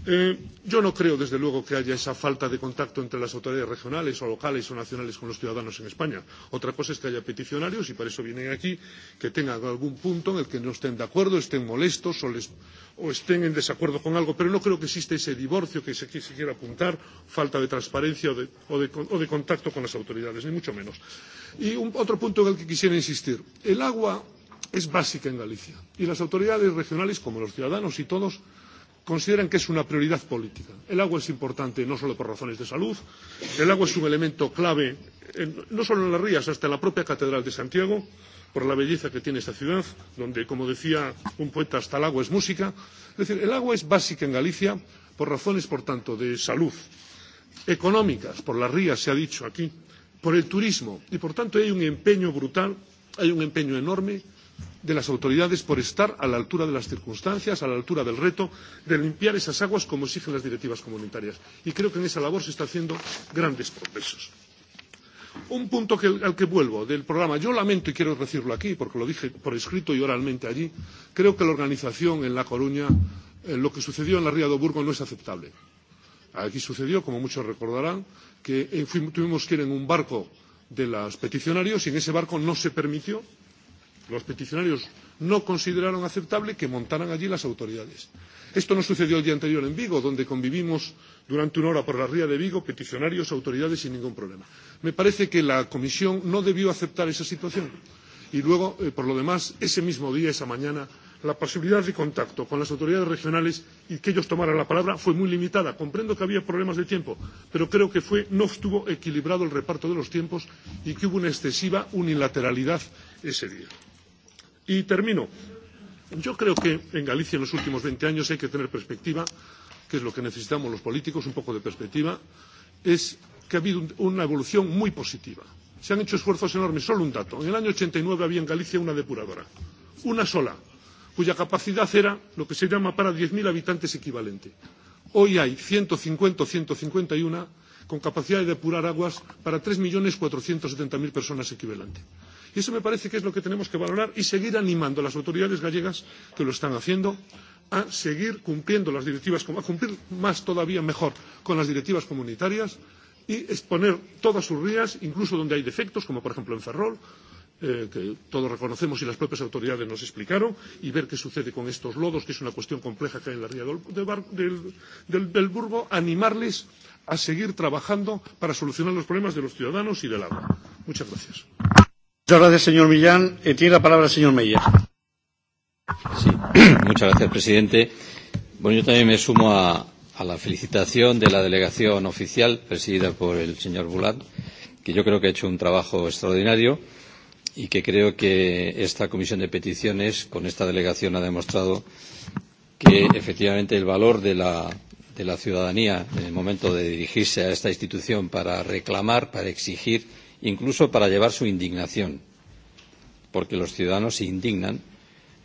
Eh, yo no creo, desde luego, que haya esa falta de contacto entre las autoridades regionales o locales o nacionales con los ciudadanos en España. Otra cosa es que haya peticionarios, y para eso vienen aquí, que tengan algún punto en el que no estén de acuerdo, estén molestos o, les, o estén en desacuerdo con algo. Pero no creo que exista ese divorcio que se, que se quiera apuntar, falta de transparencia o de, o, de, o de contacto con las autoridades, ni mucho menos. Y un, otro punto en el que quisiera insistir. El agua es básica en Galicia y las autoridades regionales, como los ciudadanos y todos, consideran que es una prioridad política. El agua es importante no solo por razones de salud, el agua es un elemento clave en, no solo en las rías, hasta en la propia Catedral de Santiago, por la belleza que tiene esta ciudad, donde, como decía un poeta, hasta el agua es música. Es decir, el agua es básica en Galicia por razones, por tanto, de salud, económicas, por las rías, se ha dicho aquí, por el turismo, y por tanto hay un empeño brutal, hay un empeño enorme de las autoridades por estar a la altura de las circunstancias, a la altura del reto de limpiar esas aguas como exigen las directivas comunitarias. Y creo que en esa labor se están haciendo grandes progresos. Un punto que, al que vuelvo del programa. Yo lamento, y quiero decirlo aquí, porque lo dije por escrito y oralmente allí, creo que la organización en La Coruña, eh, lo que sucedió en la Ría de Oburgo no es aceptable. Aquí sucedió, como muchos recordarán, que eh, fuimos, tuvimos que ir en un barco de los peticionarios y en ese barco no se permitió los peticionarios no consideraron aceptable que montaran allí las autoridades. Esto no sucedió el día anterior en Vigo, donde convivimos durante una hora por la ría de Vigo peticionarios, autoridades sin ningún problema. Me parece que la Comisión no debió aceptar esa situación. Y luego, eh, por lo demás, ese mismo día, esa mañana, la posibilidad de contacto con las autoridades regionales y que ellos tomaran la palabra fue muy limitada. Comprendo que había problemas de tiempo, pero creo que fue, no estuvo equilibrado el reparto de los tiempos y que hubo una excesiva unilateralidad ese día. Y termino. Yo creo que en Galicia en los últimos 20 años hay que tener perspectiva, que es lo que necesitamos los políticos, un poco de perspectiva, es que ha habido una evolución muy positiva. Se han hecho esfuerzos enormes. Solo un dato. En el año 89 había en Galicia una depuradora. Una sola, cuya capacidad era lo que se llama para 10.000 habitantes equivalente. Hoy hay 150 o 151 con capacidad de depurar aguas para 3.470.000 personas equivalente. Y eso me parece que es lo que tenemos que valorar y seguir animando a las autoridades gallegas que lo están haciendo a seguir cumpliendo las directivas, a cumplir más todavía mejor con las directivas comunitarias y exponer todas sus vías, incluso donde hay defectos, como por ejemplo en Ferrol, eh, que todos reconocemos y las propias autoridades nos explicaron, y ver qué sucede con estos lodos, que es una cuestión compleja que hay en la ría del, del, del, del Burgo, animarles a seguir trabajando para solucionar los problemas de los ciudadanos y del agua. Muchas gracias. Muchas gracias, señor Millán. Eh, tiene la palabra el señor Meyer. Sí, (clears throat) muchas gracias, presidente. Bueno, yo también me sumo a, a la felicitación de la delegación oficial presidida por el señor Bulat, que yo creo que ha hecho un trabajo extraordinario y que creo que esta comisión de peticiones con esta delegación ha demostrado que efectivamente el valor de la, de la ciudadanía en el momento de dirigirse a esta institución para reclamar, para exigir incluso para llevar su indignación, porque los ciudadanos se indignan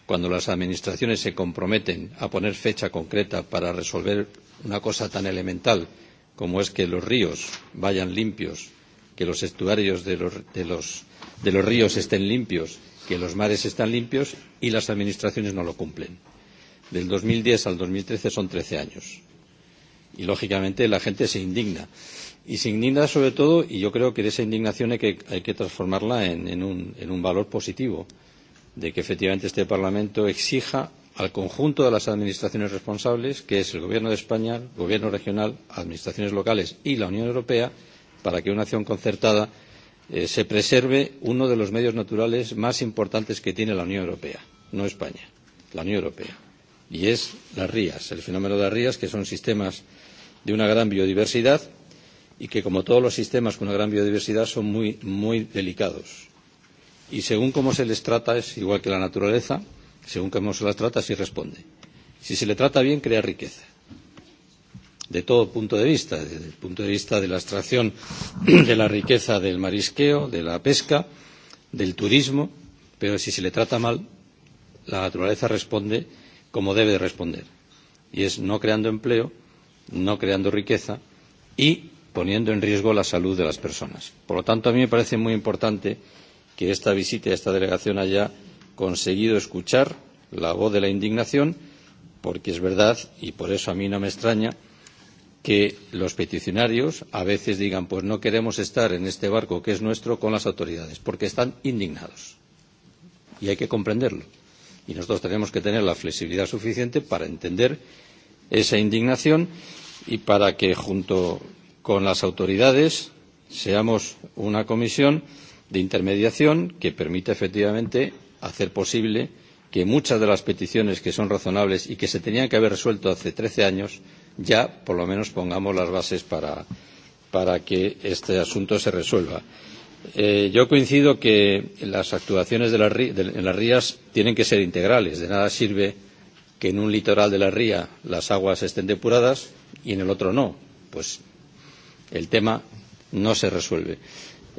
cuando las administraciones se comprometen a poner fecha concreta para resolver una cosa tan elemental como es que los ríos vayan limpios, que los estuarios de los, de los, de los ríos estén limpios, que los mares están limpios y las administraciones no lo cumplen. Del 2010 al 2013 son 13 años. Y lógicamente la gente se indigna y se indigna sobre todo y yo creo que de esa indignación hay que, hay que transformarla en, en, un, en un valor positivo de que efectivamente este Parlamento exija al conjunto de las administraciones responsables, que es el Gobierno de España, el Gobierno regional, administraciones locales y la Unión Europea, para que una acción concertada eh, se preserve uno de los medios naturales más importantes que tiene la Unión Europea, no España, la Unión Europea. Y es las rías, el fenómeno de las rías, que son sistemas de una gran biodiversidad y que, como todos los sistemas con una gran biodiversidad, son muy, muy delicados. Y según cómo se les trata, es igual que la naturaleza, según cómo se las trata, sí responde. Si se le trata bien, crea riqueza. De todo punto de vista, desde el punto de vista de la extracción de la riqueza del marisqueo, de la pesca, del turismo, pero si se le trata mal, la naturaleza responde como debe de responder. Y es no creando empleo, no creando riqueza y poniendo en riesgo la salud de las personas. Por lo tanto, a mí me parece muy importante que esta visita, esta delegación haya conseguido escuchar la voz de la indignación, porque es verdad, y por eso a mí no me extraña, que los peticionarios a veces digan pues no queremos estar en este barco que es nuestro con las autoridades, porque están indignados. Y hay que comprenderlo. Y nosotros tenemos que tener la flexibilidad suficiente para entender esa indignación y para que junto con las autoridades seamos una comisión de intermediación que permita efectivamente hacer posible que muchas de las peticiones que son razonables y que se tenían que haber resuelto hace 13 años, ya por lo menos pongamos las bases para, para que este asunto se resuelva. Eh, yo coincido que las actuaciones de las, de, en las rías tienen que ser integrales. De nada sirve que en un litoral de la ría las aguas estén depuradas y en el otro no. Pues el tema no se resuelve.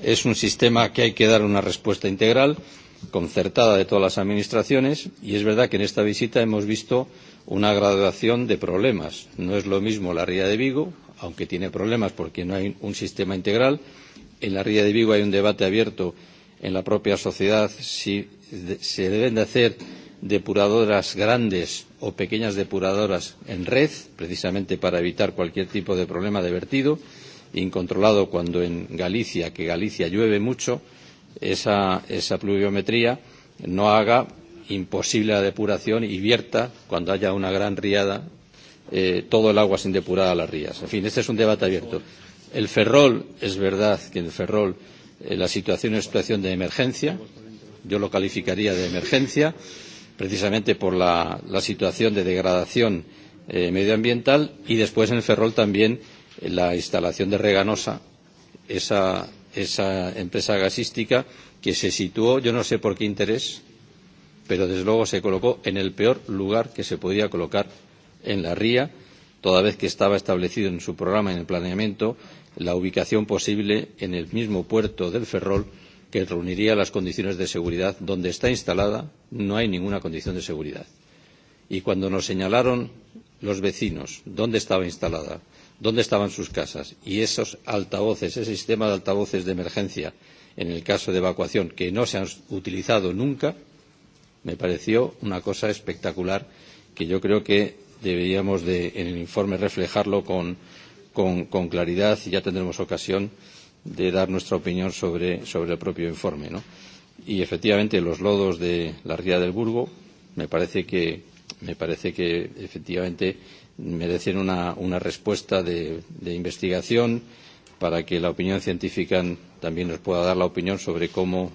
Es un sistema que hay que dar una respuesta integral, concertada de todas las administraciones, y es verdad que en esta visita hemos visto una graduación de problemas. No es lo mismo la ría de Vigo, aunque tiene problemas porque no hay un sistema integral. En la ría de Vigo hay un debate abierto en la propia sociedad si se deben de hacer depuradoras grandes o pequeñas depuradoras en red, precisamente para evitar cualquier tipo de problema de vertido incontrolado cuando en Galicia, que Galicia llueve mucho, esa, esa pluviometría no haga imposible la depuración y vierta, cuando haya una gran riada, eh, todo el agua sin depurar a las rías. En fin, este es un debate abierto. El Ferrol, es verdad que en Ferrol eh, la situación es situación de emergencia, yo lo calificaría de emergencia, precisamente por la, la situación de degradación eh, medioambiental y después en el Ferrol también la instalación de Reganosa, esa, esa empresa gasística que se situó, yo no sé por qué interés, pero desde luego se colocó en el peor lugar que se podía colocar en la ría, toda vez que estaba establecido en su programa, en el planeamiento, la ubicación posible en el mismo puerto del Ferrol que reuniría las condiciones de seguridad. Donde está instalada no hay ninguna condición de seguridad. Y cuando nos señalaron los vecinos dónde estaba instalada dónde estaban sus casas y esos altavoces, ese sistema de altavoces de emergencia en el caso de evacuación que no se han utilizado nunca, me pareció una cosa espectacular que yo creo que deberíamos de, en el informe reflejarlo con, con, con claridad y ya tendremos ocasión de dar nuestra opinión sobre, sobre el propio informe. ¿no? Y efectivamente los lodos de la ría del Burgo me parece que, me parece que efectivamente merecen una, una respuesta de, de investigación para que la opinión científica también nos pueda dar la opinión sobre cómo,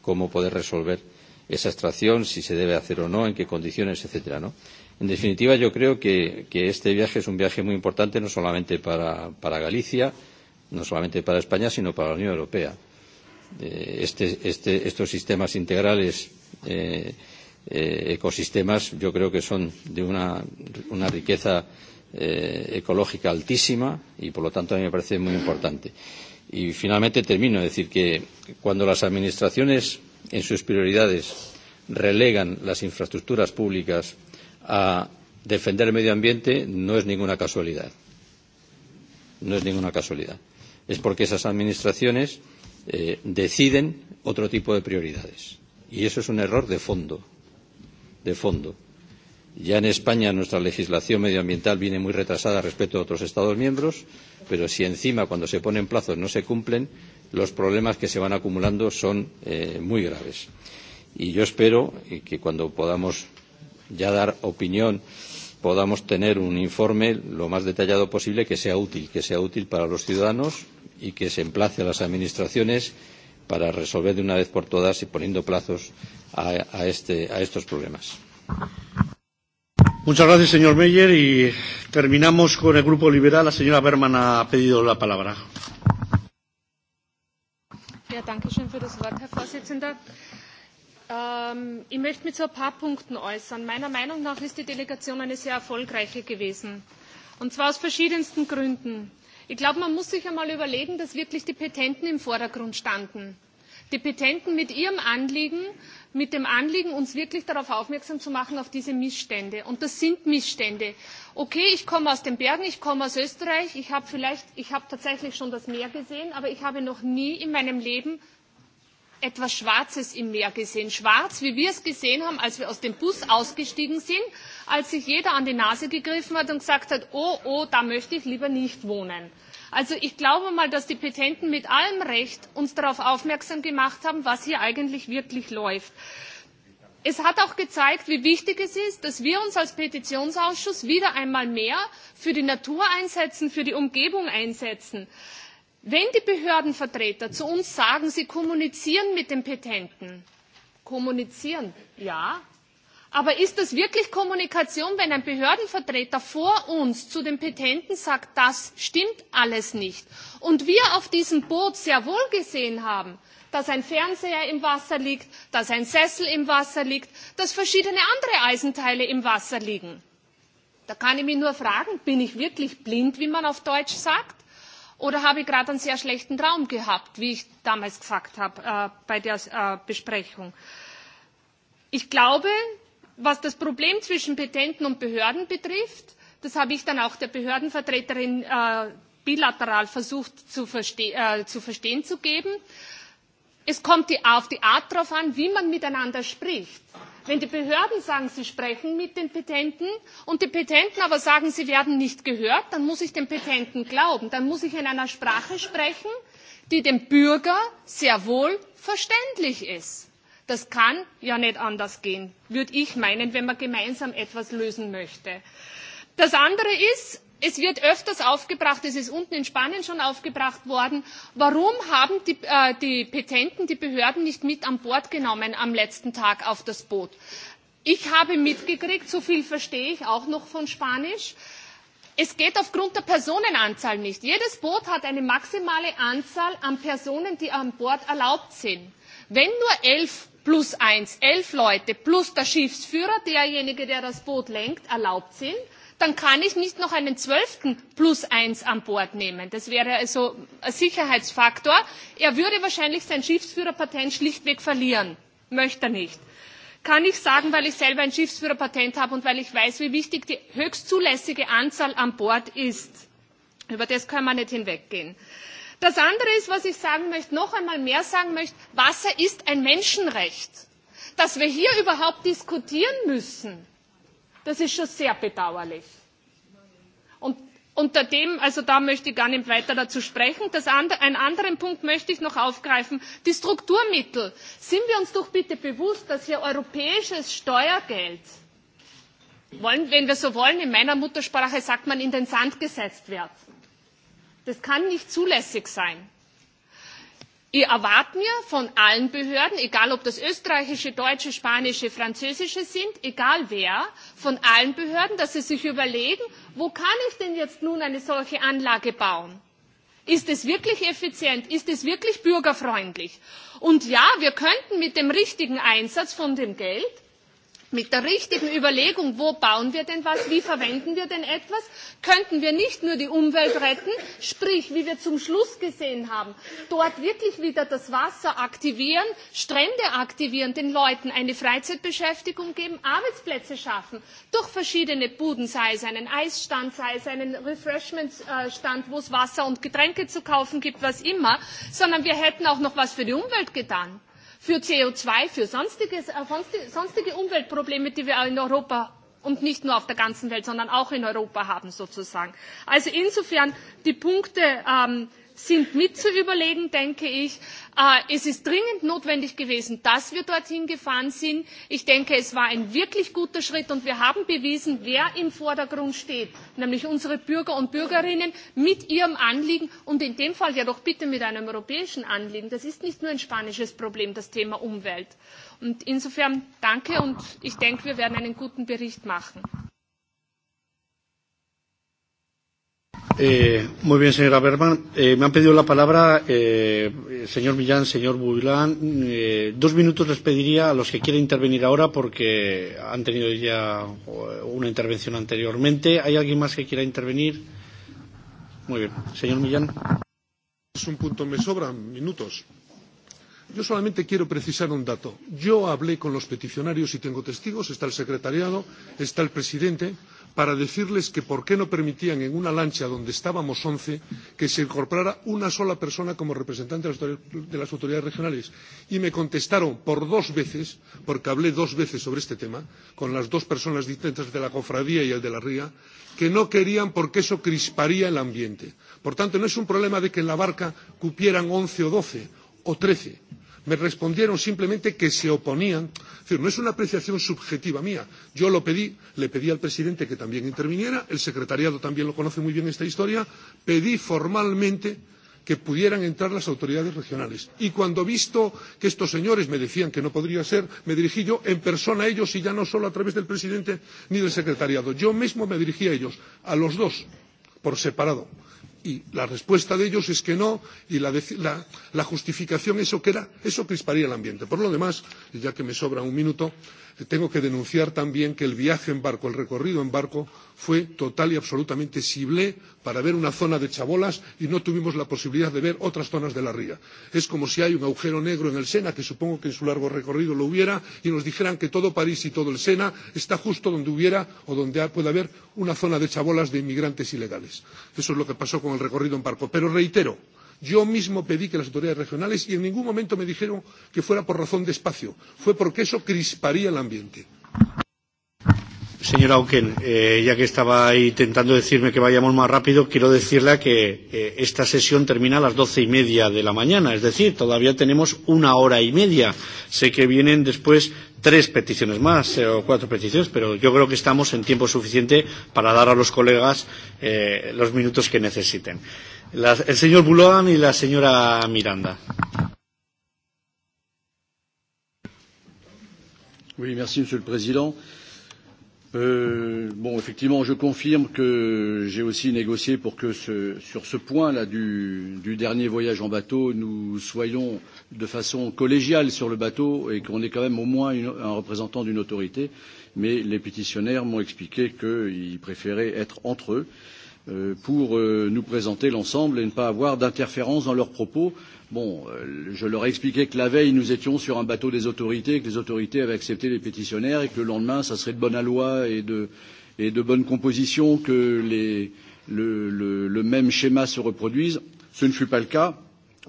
cómo poder resolver esa extracción, si se debe hacer o no, en qué condiciones, etc. ¿no? En definitiva, yo creo que, que este viaje es un viaje muy importante no solamente para, para Galicia, no solamente para España, sino para la Unión Europea. Eh, este, este, estos sistemas integrales eh, eh, ecosistemas, yo creo que son de una, una riqueza eh, ecológica altísima y, por lo tanto, a mí me parece muy importante. Y finalmente termino de decir que cuando las administraciones en sus prioridades relegan las infraestructuras públicas a defender el medio ambiente no es ninguna casualidad. No es ninguna casualidad. Es porque esas administraciones eh, deciden otro tipo de prioridades. Y eso es un error de fondo de fondo. Ya en España nuestra legislación medioambiental viene muy retrasada respecto a otros Estados miembros, pero si encima cuando se ponen plazos no se cumplen, los problemas que se van acumulando son eh, muy graves. Y yo espero eh, que cuando podamos ya dar opinión podamos tener un informe lo más detallado posible que sea útil, que sea útil para los ciudadanos y que se emplace a las administraciones para resolver de una vez por todas y poniendo plazos a, a, este, a estos problemas. Muchas gracias, señor Meyer. Y terminamos con el Grupo Liberal. La señora Berman ha pedido la palabra. Ja, danke schön für das Wort, Herr Vorsitzender. Ähm, ich möchte mich zu ein paar Punkten äußern. Meiner Meinung nach ist die Delegation eine sehr erfolgreiche gewesen. Und zwar aus verschiedensten Gründen. Ich glaube, man muss sich einmal überlegen, dass wirklich die Petenten im Vordergrund standen. Die Petenten mit ihrem Anliegen, mit dem Anliegen, uns wirklich darauf aufmerksam zu machen, auf diese Missstände. Und das sind Missstände. Okay, ich komme aus den Bergen, ich komme aus Österreich, ich habe vielleicht, ich habe tatsächlich schon das Meer gesehen, aber ich habe noch nie in meinem Leben etwas Schwarzes im Meer gesehen. Schwarz, wie wir es gesehen haben, als wir aus dem Bus ausgestiegen sind als sich jeder an die Nase gegriffen hat und gesagt hat, oh, oh, da möchte ich lieber nicht wohnen. Also ich glaube mal, dass die Petenten mit allem Recht uns darauf aufmerksam gemacht haben, was hier eigentlich wirklich läuft. Es hat auch gezeigt, wie wichtig es ist, dass wir uns als Petitionsausschuss wieder einmal mehr für die Natur einsetzen, für die Umgebung einsetzen. Wenn die Behördenvertreter zu uns sagen, sie kommunizieren mit den Petenten, kommunizieren, ja, aber ist das wirklich kommunikation wenn ein behördenvertreter vor uns zu den petenten sagt das stimmt alles nicht und wir auf diesem boot sehr wohl gesehen haben dass ein fernseher im wasser liegt dass ein sessel im wasser liegt dass verschiedene andere eisenteile im wasser liegen? da kann ich mich nur fragen bin ich wirklich blind wie man auf deutsch sagt oder habe ich gerade einen sehr schlechten traum gehabt wie ich damals gesagt habe äh, bei der äh, besprechung? ich glaube was das problem zwischen petenten und behörden betrifft das habe ich dann auch der behördenvertreterin äh, bilateral versucht zu, verste äh, zu verstehen zu geben es kommt die, auf die art darauf an wie man miteinander spricht. wenn die behörden sagen sie sprechen mit den petenten und die petenten aber sagen sie werden nicht gehört dann muss ich den petenten glauben dann muss ich in einer sprache sprechen die dem bürger sehr wohl verständlich ist. Das kann ja nicht anders gehen, würde ich meinen, wenn man gemeinsam etwas lösen möchte. Das andere ist, es wird öfters aufgebracht, es ist unten in Spanien schon aufgebracht worden, warum haben die, äh, die Petenten, die Behörden nicht mit an Bord genommen am letzten Tag auf das Boot? Ich habe mitgekriegt, so viel verstehe ich auch noch von Spanisch, es geht aufgrund der Personenanzahl nicht. Jedes Boot hat eine maximale Anzahl an Personen, die an Bord erlaubt sind. Wenn nur elf plus eins elf Leute plus der Schiffsführer, derjenige, der das Boot lenkt, erlaubt sind, dann kann ich nicht noch einen zwölften plus eins an Bord nehmen. Das wäre also ein Sicherheitsfaktor. Er würde wahrscheinlich sein Schiffsführerpatent schlichtweg verlieren. Möchte er nicht. Kann ich sagen, weil ich selber ein Schiffsführerpatent habe und weil ich weiß, wie wichtig die höchstzulässige Anzahl an Bord ist. Über das können wir nicht hinweggehen das andere ist was ich sagen möchte noch einmal mehr sagen möchte wasser ist ein menschenrecht. dass wir hier überhaupt diskutieren müssen das ist schon sehr bedauerlich. Und unter dem also da möchte ich gar nicht weiter dazu sprechen. Das andre, einen anderen punkt möchte ich noch aufgreifen die strukturmittel. sind wir uns doch bitte bewusst dass hier europäisches steuergeld wollen, wenn wir so wollen in meiner muttersprache sagt man in den sand gesetzt wird Das kann nicht zulässig sein. Ich erwarte mir von allen Behörden, egal ob das österreichische, deutsche, spanische, französische sind, egal wer, von allen Behörden, dass sie sich überlegen, wo kann ich denn jetzt nun eine solche Anlage bauen? Ist es wirklich effizient? Ist es wirklich bürgerfreundlich? Und ja, wir könnten mit dem richtigen Einsatz von dem Geld mit der richtigen Überlegung, wo bauen wir denn was, wie verwenden wir denn etwas, könnten wir nicht nur die Umwelt retten, sprich, wie wir zum Schluss gesehen haben, dort wirklich wieder das Wasser aktivieren, Strände aktivieren, den Leuten eine Freizeitbeschäftigung geben, Arbeitsplätze schaffen, durch verschiedene Buden, sei es einen Eisstand, sei es einen Refreshmentstand, wo es Wasser und Getränke zu kaufen gibt, was immer, sondern wir hätten auch noch was für die Umwelt getan für CO2, für sonstiges, äh, sonstige, sonstige Umweltprobleme, die wir in Europa und nicht nur auf der ganzen Welt, sondern auch in Europa haben sozusagen. Also insofern, die Punkte ähm, sind mit zu überlegen, denke ich. Äh, es ist dringend notwendig gewesen, dass wir dorthin gefahren sind. Ich denke, es war ein wirklich guter Schritt und wir haben bewiesen, wer im Vordergrund steht, nämlich unsere Bürger und Bürgerinnen mit ihrem Anliegen und in dem Fall ja doch bitte mit einem europäischen Anliegen. Das ist nicht nur ein spanisches Problem, das Thema Umwelt. Und insofern danke und ich denke, wir werden einen guten Bericht machen. Eh, muy bien, señora Berman. Eh, me han pedido la palabra eh, señor Millán, señor Builán. Eh, dos minutos les pediría a los que quieren intervenir ahora porque han tenido ya eh, una intervención anteriormente. ¿Hay alguien más que quiera intervenir? Muy bien. Señor Millán. Es un punto, me sobran minutos. Yo solamente quiero precisar un dato. Yo hablé con los peticionarios y tengo testigos, está el secretariado, está el presidente para decirles que por qué no permitían en una lancha donde estábamos once que se incorporara una sola persona como representante de las autoridades regionales y me contestaron por dos veces porque hablé dos veces sobre este tema con las dos personas distintas de la cofradía y el de la ría que no querían porque eso crisparía el ambiente. por tanto no es un problema de que en la barca cupieran once o doce o trece me respondieron simplemente que se oponían. Es decir, no es una apreciación subjetiva mía. Yo lo pedí, le pedí al presidente que también interviniera, el secretariado también lo conoce muy bien esta historia, pedí formalmente que pudieran entrar las autoridades regionales. Y cuando visto que estos señores me decían que no podría ser, me dirigí yo en persona a ellos y ya no solo a través del presidente ni del secretariado. Yo mismo me dirigí a ellos, a los dos, por separado y la respuesta de ellos es que no y la, la, la justificación eso, queda, eso crisparía el ambiente. por lo demás y ya que me sobra un minuto tengo que denunciar también que el viaje en barco, el recorrido en barco, fue total y absolutamente sible para ver una zona de chabolas y no tuvimos la posibilidad de ver otras zonas de la ría. Es como si hay un agujero negro en el Sena, que supongo que en su largo recorrido lo hubiera, y nos dijeran que todo París y todo el Sena está justo donde hubiera o donde pueda haber una zona de chabolas de inmigrantes ilegales. Eso es lo que pasó con el recorrido en barco. Pero reitero, Yo mismo pedí que las autoridades regionales y en ningún momento me dijeron que fuera por razón de espacio. Fue porque eso crisparía el ambiente. Señora Auken, eh, ya que estaba intentando decirme que vayamos más rápido, quiero decirle que eh, esta sesión termina a las doce y media de la mañana, es decir, todavía tenemos una hora y media. Sé que vienen después tres peticiones más eh, o cuatro peticiones, pero yo creo que estamos en tiempo suficiente para dar a los colegas eh, los minutos que necesiten. La, el señor Buloan y la señora Miranda. Oui, merci Monsieur le Président. Euh, bon, effectivement, je confirme que j'ai aussi négocié pour que ce, sur ce point-là du, du dernier voyage en bateau, nous soyons de façon collégiale sur le bateau et qu'on ait quand même au moins une, un représentant d'une autorité. Mais les pétitionnaires m'ont expliqué qu'ils préféraient être entre eux. Euh, Euh, pour euh, nous présenter l'ensemble et ne pas avoir d'interférence dans leurs propos. Bon, euh, je leur ai expliqué que la veille, nous étions sur un bateau des autorités, que les autorités avaient accepté les pétitionnaires et que le lendemain, ça serait de bonne loi et de, et de bonne composition que les, le, le, le même schéma se reproduise. Ce ne fut pas le cas.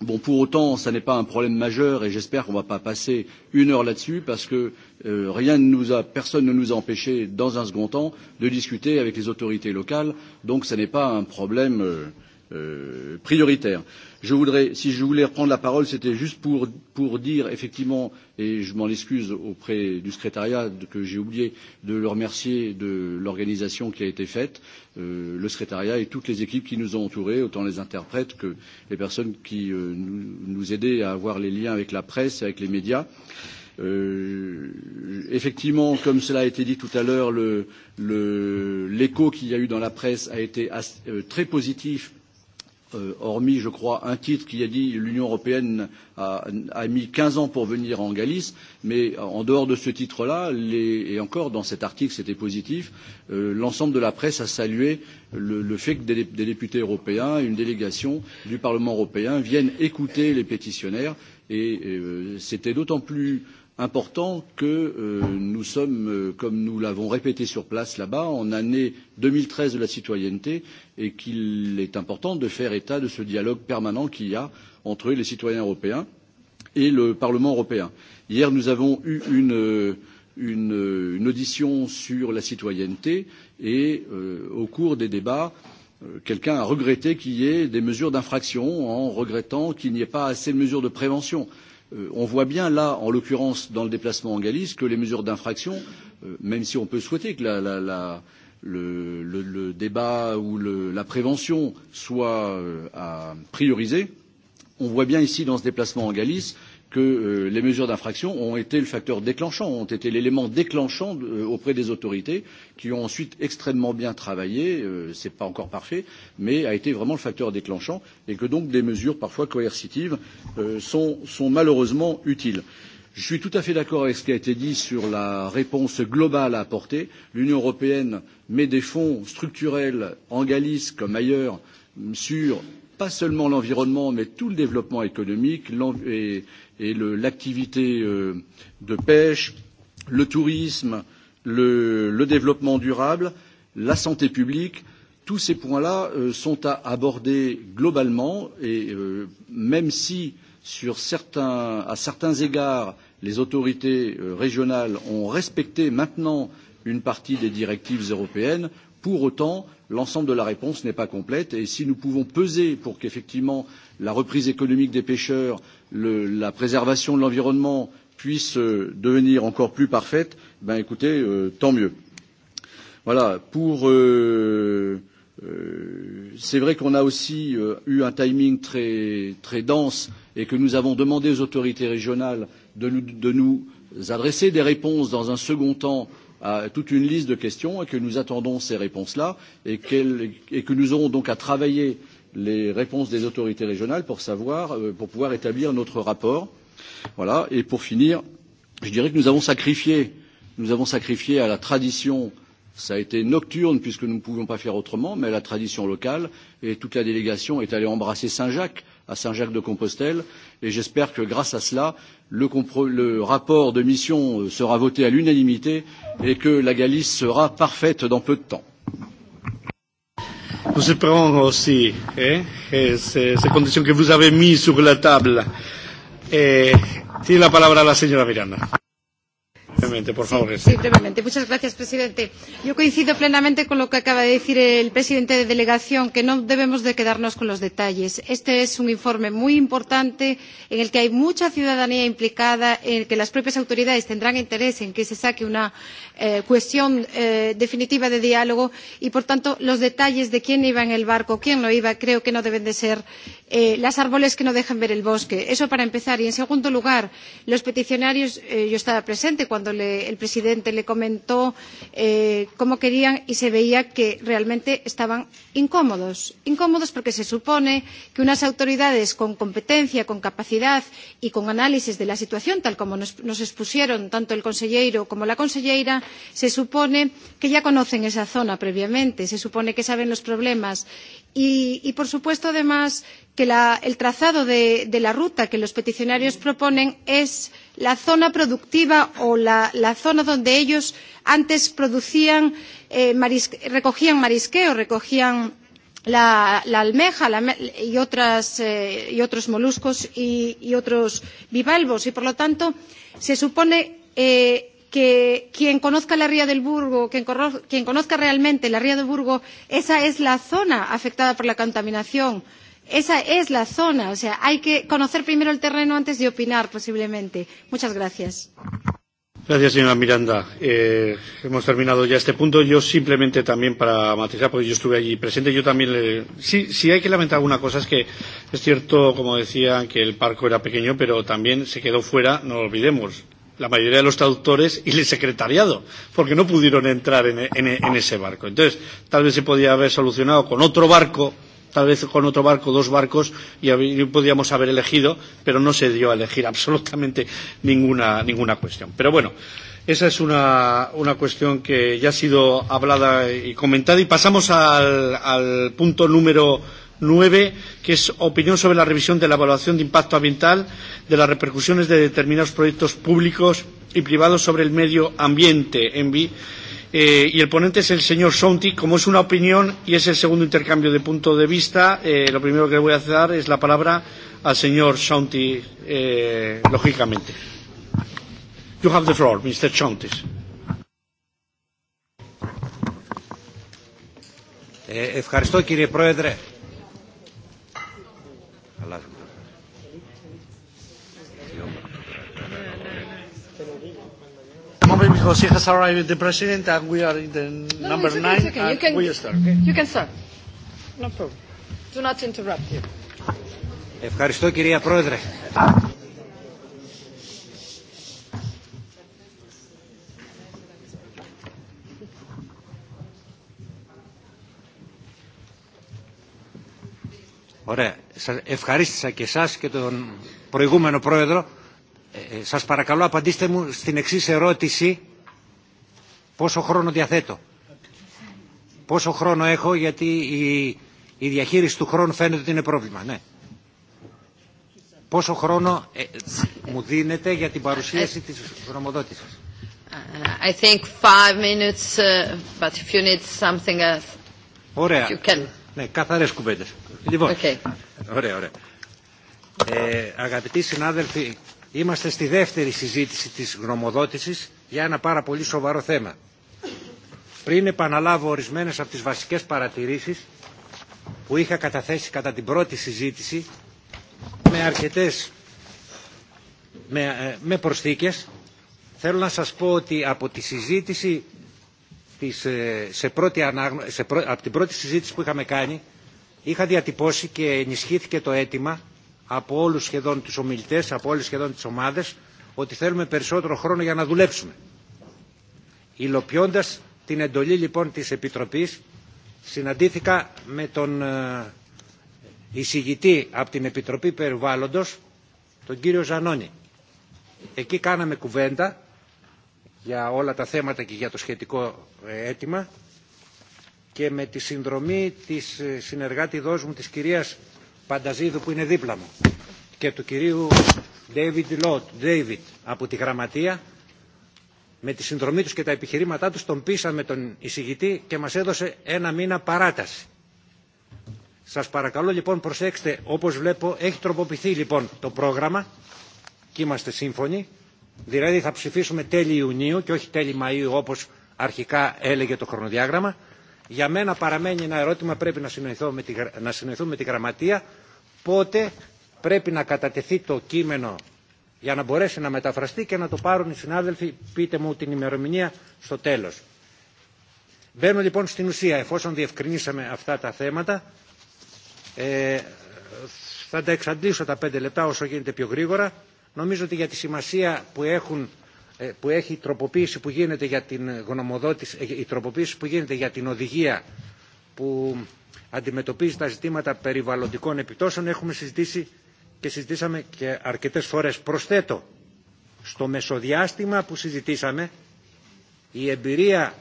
Bon, pour autant, ça n'est pas un problème majeur et j'espère qu'on ne va pas passer une heure là-dessus parce que euh, Euh, rien ne nous a, personne ne nous a empêché, dans un second temps, de discuter avec les autorités locales. Donc, ce n'est pas un problème euh, euh, prioritaire. Je voudrais, si je voulais reprendre la parole, c'était juste pour, pour dire effectivement, et je m'en excuse auprès du secrétariat que j'ai oublié de le remercier de l'organisation qui a été faite, euh, le secrétariat et toutes les équipes qui nous ont entourés, autant les interprètes que les personnes qui euh, nous, nous aidaient à avoir les liens avec la presse et avec les médias. Euh, Euh, effectivement, comme cela a été dit tout à l'heure, l'écho le, le, qu'il y a eu dans la presse a été as, euh, très positif euh, hormis, je crois, un titre qui a dit l'Union européenne a, a mis 15 ans pour venir en Galice, mais en dehors de ce titre-là, et encore dans cet article, c'était positif, euh, l'ensemble de la presse a salué le, le fait que des, des députés européens, une délégation du Parlement européen viennent écouter les pétitionnaires, et euh, c'était d'autant plus important que euh, nous sommes, euh, comme nous l'avons répété sur place là-bas, en année 2013 de la citoyenneté et qu'il est important de faire état de ce dialogue permanent qu'il y a entre les citoyens européens et le Parlement européen. Hier, nous avons eu une, euh, audition sur la citoyenneté et au cours des débats, quelqu'un a regretté qu'il y ait des mesures d'infraction en regrettant qu'il n'y ait pas assez de mesures de prévention. Euh, on voit bien là, en l'occurrence dans le déplacement en Galice, que les mesures d'infraction, euh, même si on peut souhaiter que la, la, la, le, le, le débat ou le, la prévention soient euh, à prioriser, on voit bien ici dans ce déplacement en Galice que euh, les mesures d'infraction ont été le facteur déclenchant, ont été l'élément déclenchant de, euh, auprès des autorités, qui ont ensuite extrêmement bien travaillé, euh, c'est pas encore parfait, mais a été vraiment le facteur déclenchant, et que donc des mesures parfois coercitives euh, sont, sont malheureusement utiles. Je suis tout à fait d'accord avec ce qui a été dit sur la réponse globale à apporter. L'Union européenne met des fonds structurels en Galice comme ailleurs sur pas seulement l'environnement, mais tout le développement économique et, et l'activité euh, de pêche, le tourisme, le, le développement durable, la santé publique, tous ces points-là euh, sont à aborder globalement et euh, même si sur certains, à certains égards les autorités régionales ont respecté maintenant une partie des directives européennes, Pour autant, l'ensemble de la réponse n'est pas complète et si nous pouvons peser pour qu'effectivement la reprise économique des pêcheurs, le, la préservation de l'environnement puissent euh, devenir encore plus parfaites, ben écoutez, euh, tant mieux. Voilà, pour euh, euh, c'est vrai qu'on a aussi euh, eu un timing très, très dense et que nous avons demandé aux autorités régionales de nous, de nous adresser des réponses dans un second temps à toute une liste de questions et que nous attendons ces réponses-là et, qu et que nous aurons donc à travailler les réponses des autorités régionales pour savoir, euh, pour pouvoir établir notre rapport. Voilà. Et pour finir, je dirais que nous avons sacrifié, nous avons sacrifié à la tradition ça a été nocturne puisque nous ne pouvions pas faire autrement, mais la tradition locale et toute la délégation est allée embrasser Saint-Jacques à Saint-Jacques-de-Compostelle. Et j'espère que grâce à cela, le, le rapport de mission euh, sera voté à l'unanimité et que la Galice sera parfaite dans peu de temps. Nous espérons aussi eh, eh, ces, ces conditions que vous avez mises sur la table. Eh, tiene la palabra la señora Miranda. Simplemente, por favor. Sí, brevemente. Muchas gracias, presidente. Yo coincido plenamente con lo que acaba de decir el presidente de delegación, que no debemos de quedarnos con los detalles. Este es un informe muy importante en el que hay mucha ciudadanía implicada, en el que las propias autoridades tendrán interés en que se saque una eh, cuestión eh, definitiva de diálogo y, por tanto, los detalles de quién iba en el barco, quién no iba, creo que no deben de ser eh, las árboles que no dejan ver el bosque. Eso para empezar. Y, en segundo lugar, los peticionarios, eh, yo estaba presente cuando cuando le, el presidente le comentó eh, cómo querían y se veía que realmente estaban incómodos. Incómodos porque se supone que unas autoridades con competencia, con capacidad y con análisis de la situación, tal como nos, nos expusieron tanto el consejero como la consellera, se supone que ya conocen esa zona previamente, se supone que saben los problemas y, y por supuesto, además, que la, el trazado de, de la ruta que los peticionarios proponen es la zona productiva o la, la zona donde ellos antes producían, eh, maris, recogían marisqueo, recogían la, la almeja la, y, otras, eh, y otros moluscos y, y otros bivalvos. Y por lo tanto, se supone eh, que quien conozca la Ría del Burgo, quien, quien conozca realmente la Ría del Burgo, esa es la zona afectada por la contaminación. Esa es la zona. O sea, hay que conocer primero el terreno antes de opinar, posiblemente. Muchas gracias. Gracias, señora Miranda. Eh, hemos terminado ya este punto. Yo simplemente también para matizar, porque yo estuve allí presente, yo también le... Sí, sí hay que lamentar alguna cosa. Es que es cierto, como decía, que el parco era pequeño, pero también se quedó fuera, no lo olvidemos, la mayoría de los traductores y el secretariado, porque no pudieron entrar en, en, en ese barco. Entonces, tal vez se podía haber solucionado con otro barco tal vez con otro barco, dos barcos, y podíamos haber elegido, pero no se dio a elegir (laughs) absolutamente ninguna, ninguna cuestión. Pero bueno, esa es una, una cuestión que ya ha sido hablada y comentada. Y pasamos al, al punto número 9, que es opinión sobre la revisión de la evaluación de impacto ambiental de las repercusiones de determinados proyectos públicos y privados sobre el medio ambiente, En ENVI Eh, y el ponente es el señor Sonti. Como es una opinión y es el segundo intercambio de punto de vista, eh, lo primero que le voy a dar es la palabra al señor Sonti, eh, lógicamente. You have the floor, Mr. Sonti. Ε, ευχαριστώ κύριε Πρόεδρε. moment because she has arrived the president and we are in the no, number it's okay, nine. It's okay. You can, we start, okay? you can start. No problem. Do not interrupt you. Ευχαριστώ κυρία Πρόεδρε. Ωραία. Ευχαρίστησα και εσάς και τον προηγούμενο πρόεδρο σας παρακαλώ απαντήστε μου στην εξής ερώτηση. Πόσο χρόνο διαθέτω. Πόσο χρόνο έχω γιατί η, η διαχείριση του χρόνου φαίνεται ότι είναι πρόβλημα. Ναι. Πόσο χρόνο ε, μου δίνετε για την παρουσίαση της γνωμοδότησης. I think five minutes, uh, but if you need something else, Ωραία. You can. Ναι, καθαρές κουβέντες. Λοιπόν, okay. ωραία, ωραία. Ε, αγαπητοί συνάδελφοι, Είμαστε στη δεύτερη συζήτηση της γνωμοδότησης για ένα πάρα πολύ σοβαρό θέμα. Πριν επαναλάβω ορισμένες από τις βασικές παρατηρήσεις που είχα καταθέσει κατά την πρώτη συζήτηση με αρκετές με, με προσθήκες θέλω να σας πω ότι από τη συζήτηση της, σε πρώτη ανάγνω, σε πρω, από την πρώτη συζήτηση που είχαμε κάνει είχα διατυπώσει και ενισχύθηκε το αίτημα από όλους σχεδόν τους ομιλητές, από όλες σχεδόν τις ομάδες, ότι θέλουμε περισσότερο χρόνο για να δουλέψουμε. Υλοποιώντας την εντολή λοιπόν της Επιτροπής, συναντήθηκα με τον εισηγητή από την Επιτροπή Περιβάλλοντος, τον κύριο Ζανώνη. Εκεί κάναμε κουβέντα για όλα τα θέματα και για το σχετικό αίτημα και με τη συνδρομή της συνεργάτη δός μου της κυρίας Πανταζίδου που είναι δίπλα μου και του κυρίου David Lott, David, από τη Γραμματεία, με τη συνδρομή τους και τα επιχειρήματά τους, τον πείσαμε τον εισηγητή και μας έδωσε ένα μήνα παράταση. Σας παρακαλώ λοιπόν προσέξτε, όπως βλέπω έχει τροποποιηθεί λοιπόν το πρόγραμμα και είμαστε σύμφωνοι, δηλαδή θα ψηφίσουμε τέλη Ιουνίου και όχι τέλη Μαΐου όπως αρχικά έλεγε το χρονοδιάγραμμα για μένα παραμένει ένα ερώτημα, πρέπει να συνοηθώ με τη, να συνοηθώ με τη γραμματεία, πότε πρέπει να κατατεθεί το κείμενο για να μπορέσει να μεταφραστεί και να το πάρουν οι συνάδελφοι, πείτε μου την ημερομηνία στο τέλος. Μπαίνω λοιπόν στην ουσία, εφόσον διευκρινίσαμε αυτά τα θέματα, ε, θα τα εξαντλήσω τα πέντε λεπτά όσο γίνεται πιο γρήγορα. Νομίζω ότι για τη σημασία που έχουν που έχει η τροποποίηση που γίνεται για την γνωμοδότηση, η τροποποίηση που γίνεται για την οδηγία που αντιμετωπίζει τα ζητήματα περιβαλλοντικών επιπτώσεων έχουμε συζητήσει και συζητήσαμε και αρκετές φορές. Προσθέτω, στο μεσοδιάστημα που συζητήσαμε η εμπειρία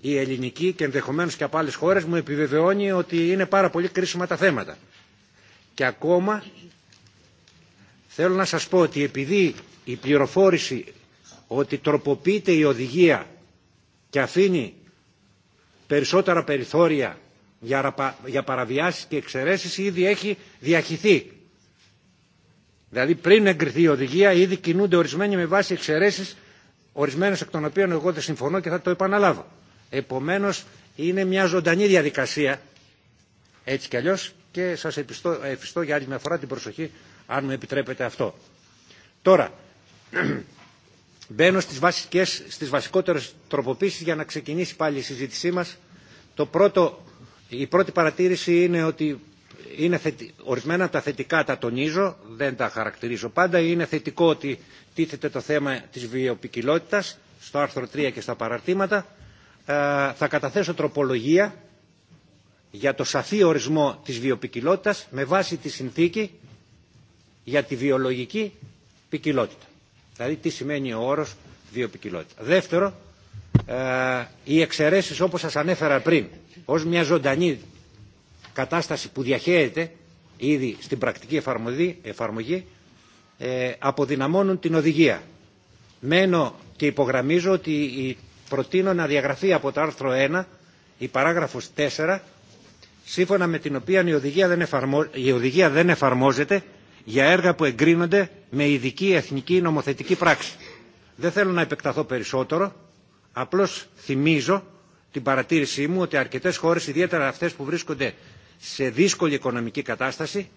η ελληνική και ενδεχομένω και από άλλε χώρε μου επιβεβαιώνει ότι είναι πάρα πολύ κρίσιμα τα θέματα. Και ακόμα θέλω να σας πω ότι επειδή η πληροφόρηση ότι τροποποιείται η οδηγία και αφήνει περισσότερα περιθώρια για παραβιάσεις και εξαιρέσεις ήδη έχει διαχυθεί. Δηλαδή πριν εγκριθεί η οδηγία ήδη κινούνται ορισμένοι με βάση εξαιρέσεις, ορισμένες εκ των οποίων εγώ δεν συμφωνώ και θα το επαναλάβω. Επομένως είναι μια ζωντανή διαδικασία έτσι κι αλλιώς και σας επιστώ, εφιστώ για άλλη μια φορά την προσοχή αν μου επιτρέπετε αυτό. Τώρα, μπαίνω στις, βασικές, στις βασικότερες τροποποίησεις για να ξεκινήσει πάλι η συζήτησή μας. Το πρώτο, η πρώτη παρατήρηση είναι ότι είναι θετι... ορισμένα τα θετικά τα τονίζω, δεν τα χαρακτηρίζω πάντα. Είναι θετικό ότι τίθεται το θέμα της βιοποικιλότητας στο άρθρο 3 και στα παραρτήματα. Ε, θα καταθέσω τροπολογία για το σαφή ορισμό της βιοποικιλότητας με βάση τη συνθήκη για τη βιολογική ποικιλότητα. Δηλαδή τι σημαίνει ο όρος βιοπικιλότητα. Δεύτερο, ε, οι εξαιρέσεις όπως σας ανέφερα πριν, ως μια ζωντανή κατάσταση που διαχέεται ήδη στην πρακτική εφαρμογή, εφαρμογή ε, αποδυναμώνουν την οδηγία. Μένω και υπογραμμίζω ότι προτείνω να διαγραφεί από το άρθρο 1 η παράγραφος 4 σύμφωνα με την οποία η οδηγία δεν, εφαρμο... η οδηγία δεν εφαρμόζεται για έργα που εγκρίνονται με ειδική εθνική νομοθετική πράξη. Δεν θέλω να επεκταθώ περισσότερο, απλώς θυμίζω την παρατήρησή μου ότι αρκετές χώρες, ιδιαίτερα αυτές που βρίσκονται σε δύσκολη οικονομική κατάσταση,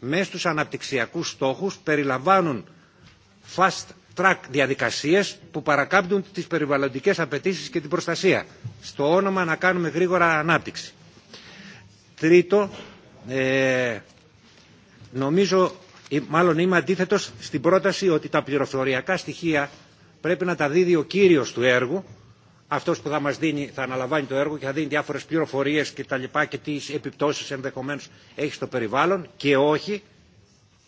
μέσα στους αναπτυξιακούς στόχους περιλαμβάνουν fast track διαδικασίες που παρακάμπτουν τις περιβαλλοντικές απαιτήσεις και την προστασία, στο όνομα να κάνουμε γρήγορα ανάπτυξη. Τρίτο, ε, νομίζω μάλλον είμαι αντίθετος στην πρόταση ότι τα πληροφοριακά στοιχεία πρέπει να τα δίδει ο κύριος του έργου, αυτός που θα μας δίνει, θα αναλαμβάνει το έργο και θα δίνει διάφορες πληροφορίες και τα λοιπά και τις επιπτώσεις ενδεχομένως έχει στο περιβάλλον και όχι,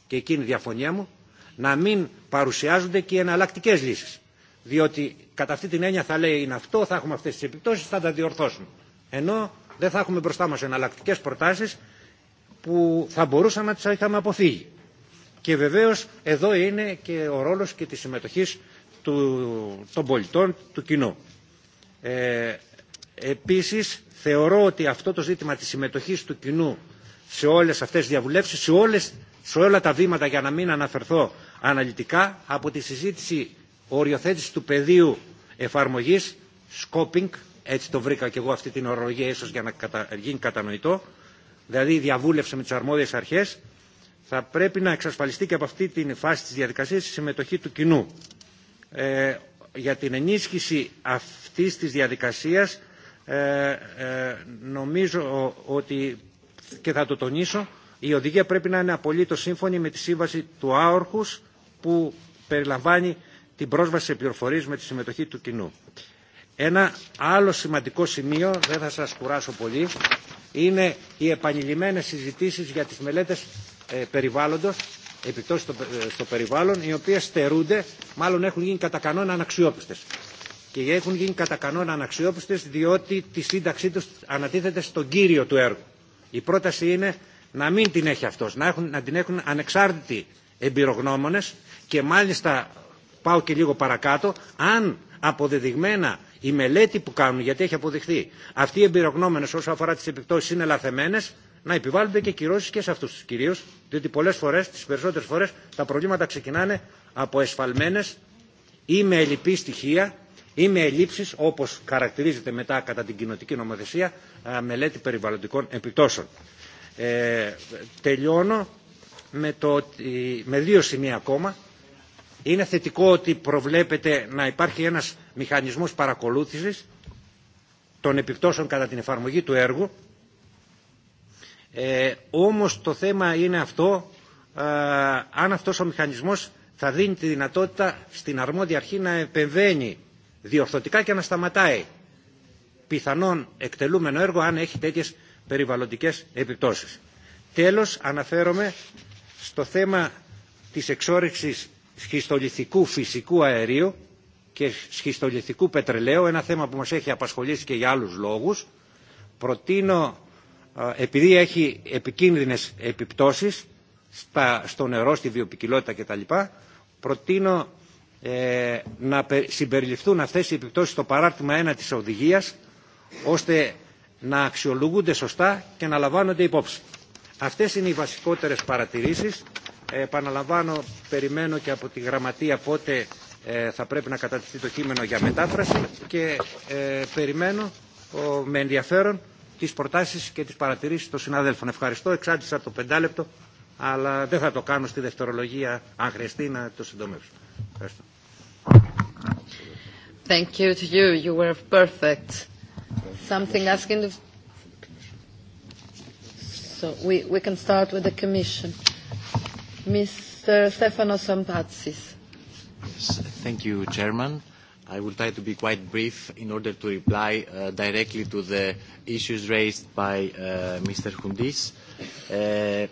και εκείνη η διαφωνία μου, να μην παρουσιάζονται και οι εναλλακτικέ λύσεις. Διότι κατά αυτή την έννοια θα λέει είναι αυτό, θα έχουμε αυτές τις επιπτώσεις, θα τα διορθώσουμε. Ενώ δεν θα έχουμε μπροστά μας εναλλακτικέ προτάσεις που θα μπορούσαμε να τις είχαμε αποφύγει. Και βεβαίως εδώ είναι και ο ρόλος και της συμμετοχής του, των πολιτών, του κοινού. Ε, επίσης θεωρώ ότι αυτό το ζήτημα της συμμετοχής του κοινού σε όλες αυτές τις διαβουλεύσεις, σε, όλες, σε όλα τα βήματα για να μην αναφερθώ αναλυτικά από τη συζήτηση οριοθέτηση του πεδίου εφαρμογής, scoping, έτσι το βρήκα και εγώ αυτή την ορολογία ίσως για να κατα, γίνει κατανοητό, δηλαδή διαβούλευση με τις αρμόδιες αρχές, θα πρέπει να εξασφαλιστεί και από αυτή τη φάση της διαδικασίας η συμμετοχή του κοινού. Ε, για την ενίσχυση αυτής της διαδικασίας ε, ε, νομίζω ότι και θα το τονίσω η οδηγία πρέπει να είναι απολύτως σύμφωνη με τη σύμβαση του Άορχους που περιλαμβάνει την πρόσβαση σε πληροφορίες με τη συμμετοχή του κοινού. Ένα άλλο σημαντικό σημείο, δεν θα σας κουράσω πολύ, είναι οι επανειλημμένες συζητήσεις για τις μελέτες περιβάλλοντος, επιπτώσεις στο, στο περιβάλλον, οι οποίες στερούνται, μάλλον έχουν γίνει κατά κανόνα αναξιόπιστες. Και έχουν γίνει κατά κανόνα αναξιόπιστες διότι τη σύνταξή τους ανατίθεται στον κύριο του έργου. Η πρόταση είναι να μην την έχει αυτός, να, έχουν, να την έχουν ανεξάρτητοι εμπειρογνώμονες και μάλιστα πάω και λίγο παρακάτω, αν αποδεδειγμένα η μελέτη που κάνουν, γιατί έχει αποδειχθεί, αυτοί οι εμπειρογνώμονες όσο αφορά τις επιπτώσεις είναι λαθεμένες, να επιβάλλονται και κυρώσει και σε αυτού του κυρίου, διότι πολλέ φορέ, τι περισσότερε φορέ, τα προβλήματα ξεκινάνε από εσφαλμένε ή με ελλειπή στοιχεία ή με ελλείψει, όπω χαρακτηρίζεται μετά κατά την κοινοτική νομοθεσία μελέτη περιβαλλοντικών επιπτώσεων. Ε, τελειώνω με, το, ότι, με δύο σημεία ακόμα. Είναι θετικό ότι προβλέπεται να υπάρχει ένας μηχανισμός παρακολούθησης των επιπτώσεων κατά την εφαρμογή του έργου Ε, όμως το θέμα είναι αυτό, ε, αν αυτός ο μηχανισμός θα δίνει τη δυνατότητα στην αρμόδια αρχή να επεμβαίνει διορθωτικά και να σταματάει πιθανόν εκτελούμενο έργο αν έχει τέτοιες περιβαλλοντικές επιπτώσεις. Τέλος αναφέρομαι στο θέμα της εξόρυξης σχιστολιθικού φυσικού αερίου και σχιστολιθικού πετρελαίου, ένα θέμα που μας έχει απασχολήσει και για άλλους λόγους. Προτείνω επειδή έχει επικίνδυνες επιπτώσεις στα, στο νερό, στη βιοπικιλότητα κτλ. Προτείνω ε, να συμπεριληφθούν αυτές οι επιπτώσεις στο παράρτημα 1 της οδηγίας ώστε να αξιολογούνται σωστά και να λαμβάνονται υπόψη. Αυτές είναι οι βασικότερες παρατηρήσεις. Ε, επαναλαμβάνω, περιμένω και από τη γραμματεία πότε ε, θα πρέπει να κατατηθεί το κείμενο για μετάφραση και ε, περιμένω ο, με ενδιαφέρον τις προτάσεις και τις παρατηρήσεις των συναδέλφων. Ευχαριστώ, εξάντησα το πεντάλεπτο, αλλά δεν θα το κάνω στη δευτερολογία, αν χρειαστεί, να το συντομεύσω. Ευχαριστώ. Thank you to you. You were perfect. Something asking the... So we, we can start with the Commission. Mr. Stefano Sampatsis. Yes, thank you, Chairman. I will try to be quite brief in order to reply uh, directly to the issues raised by uh, Mr. Hundis. Uh,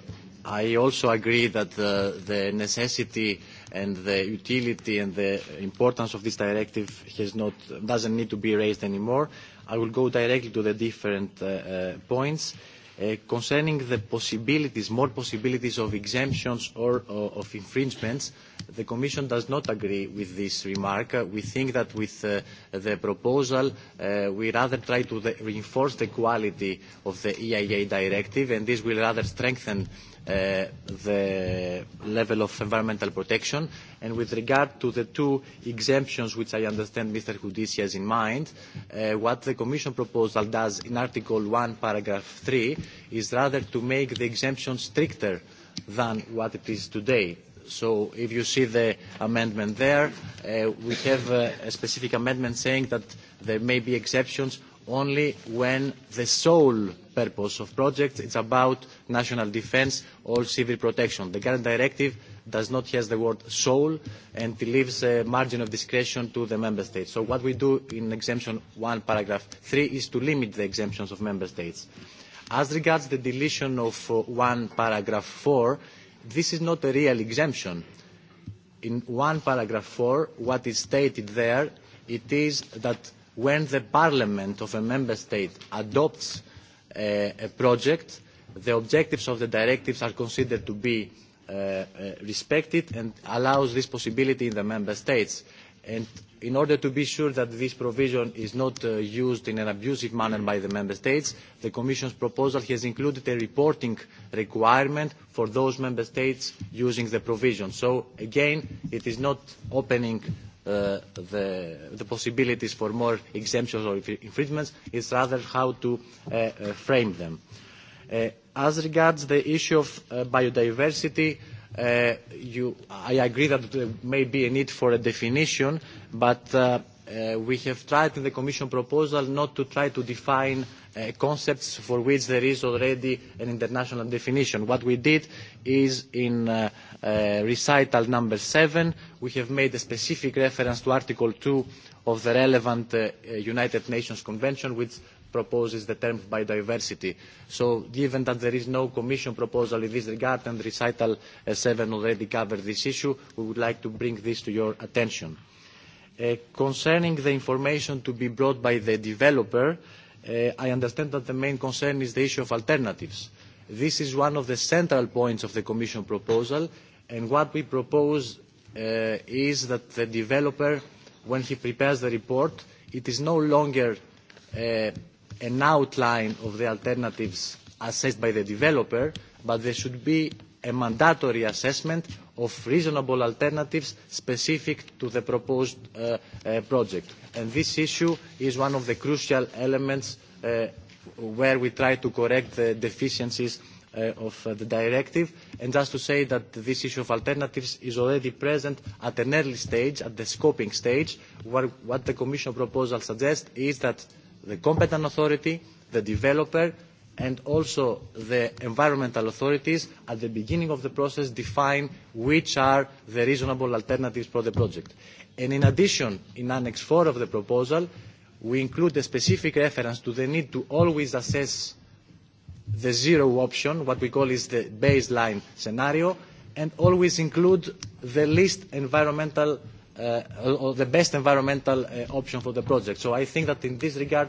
I also agree that uh, the necessity and the utility and the importance of this directive has not, doesn't need to be raised anymore. I will go directly to the different uh, uh, points. Uh, concerning the possibilities, more possibilities of exemptions or, or of infringements, The Commission does not agree with this remark. Uh, we think that with uh, the proposal, uh, we rather try to reinforce the quality of the EIA directive, and this will rather strengthen Uh, the level of environmental protection. And with regard to the two exemptions, which I understand Mr. Houdis has in mind, uh, what the Commission proposal does in Article 1, Paragraph 3, is rather to make the exemption stricter than what it is today. So if you see the amendment there, uh, we have uh, a specific amendment saying that there may be exceptions only when the sole purpose of projects is about national defence or civil protection. The current directive does not have the word sole and leaves a margin of discretion to the member states. So what we do in exemption 1 paragraph 3 is to limit the exemptions of member states. As regards the deletion of uh, 1 paragraph 4, this is not a real exemption. In one paragraph four, what is stated there, it is that when the parliament of a member state adopts a, a project, the objectives of the directives are considered to be uh, uh, respected and allows this possibility in the member states. And in order to be sure that this provision is not uh, used in an abusive manner by the member states, the Commission's proposal has included a reporting requirement for those member states using the provision. So again, it is not opening uh, the, the possibilities for more exemptions or infringements, it's rather how to uh, uh, frame them. Uh, as regards the issue of uh, biodiversity, uh, Uh, you, I agree that there may be a need for a definition, but uh, uh, we have tried in the Commission proposal not to try to define uh, concepts for which there is already an international definition. What we did is in uh, uh, recital number seven, we have made a specific reference to Article 2 of the relevant uh, uh, United Nations Convention, which proposes the term biodiversity. So given that there is no Commission proposal in this regard and Recital 7 uh, already covered this issue, we would like to bring this to your attention. Uh, concerning the information to be brought by the developer, uh, I understand that the main concern is the issue of alternatives. This is one of the central points of the Commission proposal, and what we propose uh, is that the developer, when he prepares the report, it is no longer uh, an outline of the alternatives assessed by the developer, but there should be a mandatory assessment of reasonable alternatives specific to the proposed uh, uh, project. And this issue is one of the crucial elements uh, where we try to correct the deficiencies Uh, of uh, the directive. And just to say that this issue of alternatives is already present at an early stage, at the scoping stage, where what the Commission proposal suggests is that the competent authority, the developer, and also the environmental authorities at the beginning of the process define which are the reasonable alternatives for the project. And in addition, in Annex 4 of the proposal, we include a specific reference to the need to always assess the zero option, what we call is the baseline scenario, and always include the least environmental uh, or uh, the best environmental uh, option for the project. So I think that in this regard,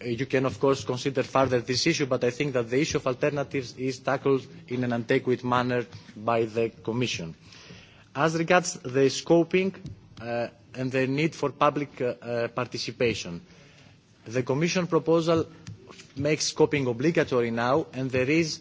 uh, you can of course consider further this issue, but I think that the issue of alternatives is tackled in an adequate manner by the Commission. As regards the scoping uh, and the need for public uh, uh, participation, the Commission proposal makes scoping obligatory now, and there is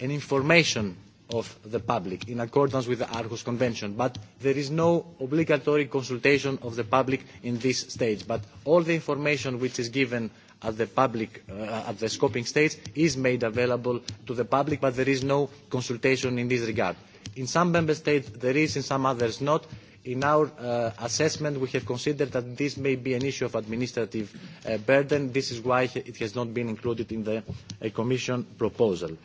an information of the public in accordance with the Aarhus Convention. But there is no obligatory consultation of the public in this stage. But all the information which is given at the public, uh, at the scoping stage, is made available to the public, but there is no consultation in this regard. In some member states there is, in some others not. In our uh, assessment, we have considered that this may be an issue of administrative uh, burden. This is why it has not been included in the uh, Commission proposal. Uh,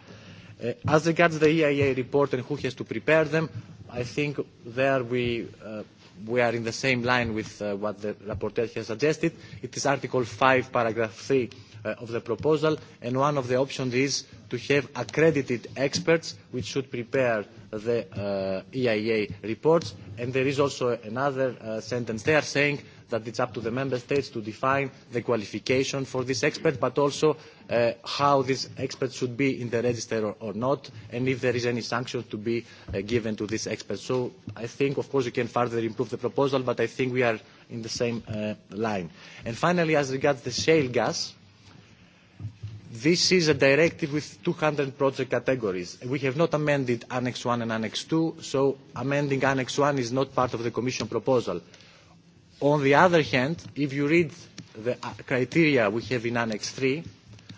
Uh, as regards the EIA report and who has to prepare them, I think there we, uh, we are in the same line with uh, what the rapporteur has suggested. It is Article 5, paragraph 3 uh, of the proposal, and one of the options is to have accredited experts which should prepare the uh, EIA reports. And there is also another uh, sentence there saying that it's up to the member states to define the qualification for this expert, but also uh, how this expert should be in the register or, or not, and if there is any sanction to be uh, given to this expert. So I think, of course, we can further improve the proposal, but I think we are in the same uh, line. And finally, as regards the shale gas, this is a directive with 200 project categories. We have not amended Annex 1 and Annex 2, so amending Annex 1 is not part of the Commission proposal. Uh, On the other hand, if you read the uh, criteria we have in Annex 3,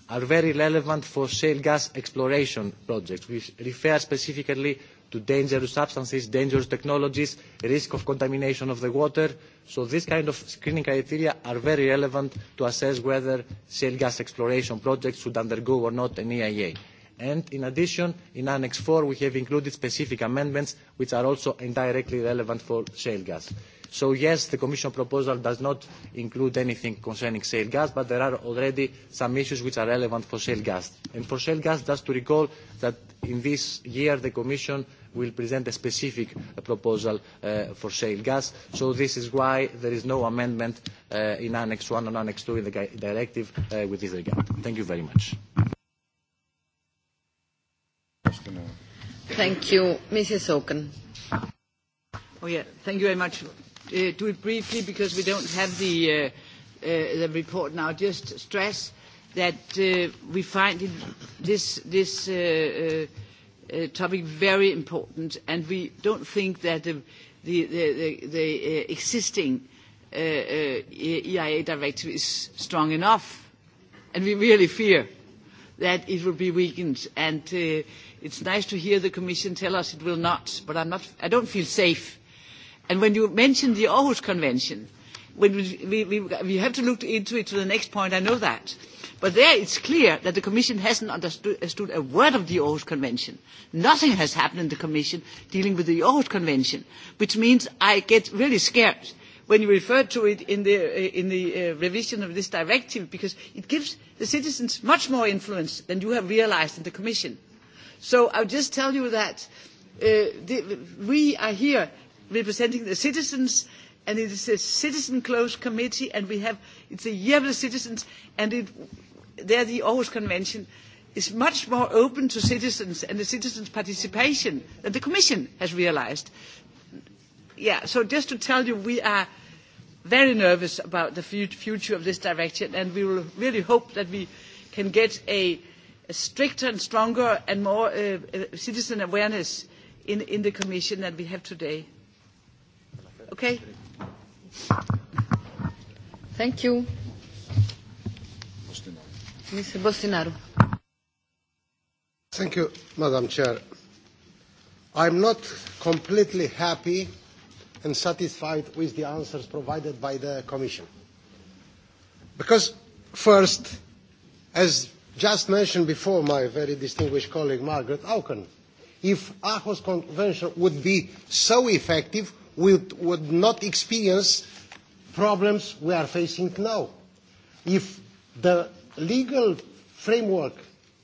are very relevant for shale gas exploration projects, We refer specifically to dangerous substances, dangerous technologies, risk of contamination of the water. So these kind of screening criteria are very relevant to assess whether shale gas exploration projects should undergo or not an EIA. And in addition, in Annex 4, we have included specific amendments which are also indirectly relevant for shale gas. So yes, the Commission proposal does not include anything concerning shale gas, but there are already some issues which are relevant for shale gas. And for shale gas, just to recall that in this year the Commission will present a specific proposal uh, for shale gas. So this is why there is no amendment uh, in Annex 1 and Annex 2 in the directive uh, with this regard. Thank you very much. Thank you. Mrs. Oken. Oh, yeah. Thank you very much. Uh, do it briefly because we don't have the, uh, uh, the report now. Just stress that uh, we find it, this, this uh, uh, uh, topic very important, and we don't think that the, the, the, the the uh, existing uh, uh, EIA directive is strong enough, and we really fear that it will be weakened. And uh, it's nice to hear the Commission tell us it will not, but I'm not, I don't feel safe And when you mention the Aarhus Convention, when we, we, we have to look into it to the next point, I know that. But there it's clear that the Commission hasn't understood a word of the Aarhus Convention. Nothing has happened in the Commission dealing with the Aarhus Convention, which means I get really scared when you refer to it in the, in the uh, revision of this directive, because it gives the citizens much more influence than you have realized in the Commission. So I'll just tell you that uh, the, we are here representing the citizens and it is a citizen close committee and we have it's a year of the citizens and it there the Aarhus Convention is much more open to citizens and the citizens' participation than the Commission has realized. Yeah, so just to tell you, we are very nervous about the future of this direction and we will really hope that we can get a, a stricter and stronger and more uh, uh citizen awareness in, in the Commission than we have today. Okay. Thank you. Mr. Bostinaro. Thank you, Madam Chair. I'm not completely happy and satisfied with the answers provided by the Commission. Because first, as just mentioned before my very distinguished colleague Margaret Auken, if Aarhus Convention would be so effective, we would not experience problems we are facing now. If the legal framework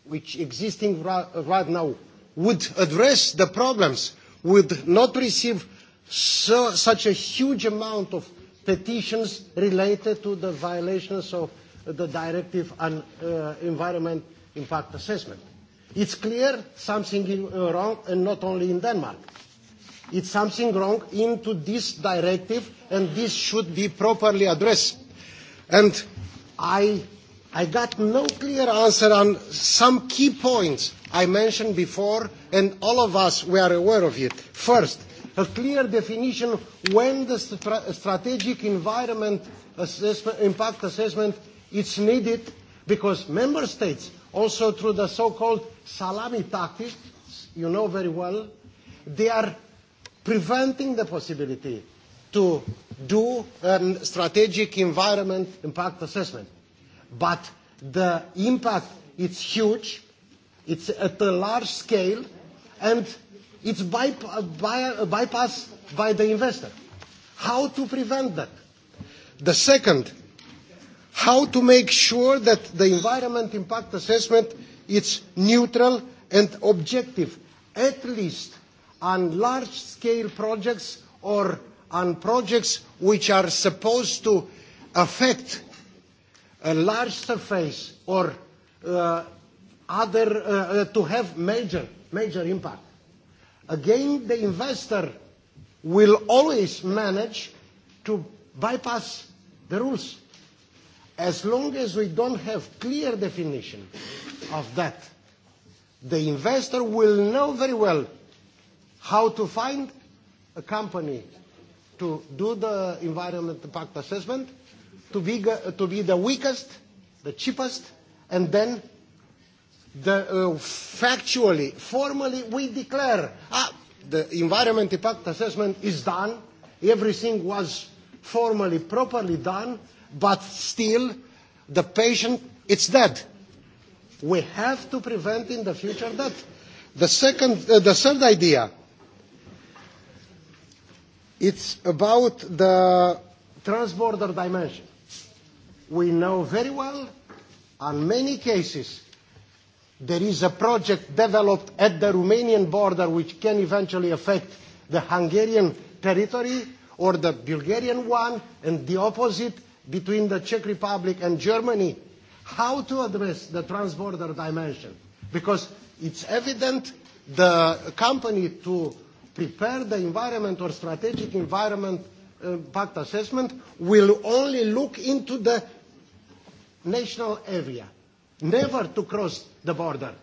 which existing right now would address the problems, would not receive so, such a huge amount of petitions related to the violations of the directive on uh, environment impact assessment. It's clear something is uh, wrong, and not only in Denmark. It's something wrong into this directive, and this should be properly addressed. And I, I got no clear answer on some key points I mentioned before, and all of us were aware of it. First, a clear definition when the stra strategic environment assessment, impact assessment is needed, because member states, also through the so-called salami tactics, you know very well, they are preventing the possibility to do a strategic environment impact assessment. But the impact is huge, it's at a large scale, and it's by, by, bypassed by the investor. How to prevent that? The second, how to make sure that the environment impact assessment is neutral and objective, at least on large-scale projects or on projects which are supposed to affect a large surface or uh, other uh, uh, to have major major impact. Again, the investor will always manage to bypass the rules as long as we don't have clear definition of that. The investor will know very well how to find a company to do the environment impact assessment, to be, to be the weakest, the cheapest, and then the, uh, factually, formally, we declare, ah, the environment impact assessment is done, everything was formally, properly done, but still the patient, it's dead. We have to prevent in the future that. The second, uh, the third idea, It's about the transborder dimension. We know very well, on many cases, there is a project developed at the Romanian border which can eventually affect the Hungarian territory or the Bulgarian one and the opposite between the Czech Republic and Germany. How to address the transborder dimension? Because it's evident the company to prepare the environment or strategic environment uh, impact assessment will only look into the national area, never to cross the border.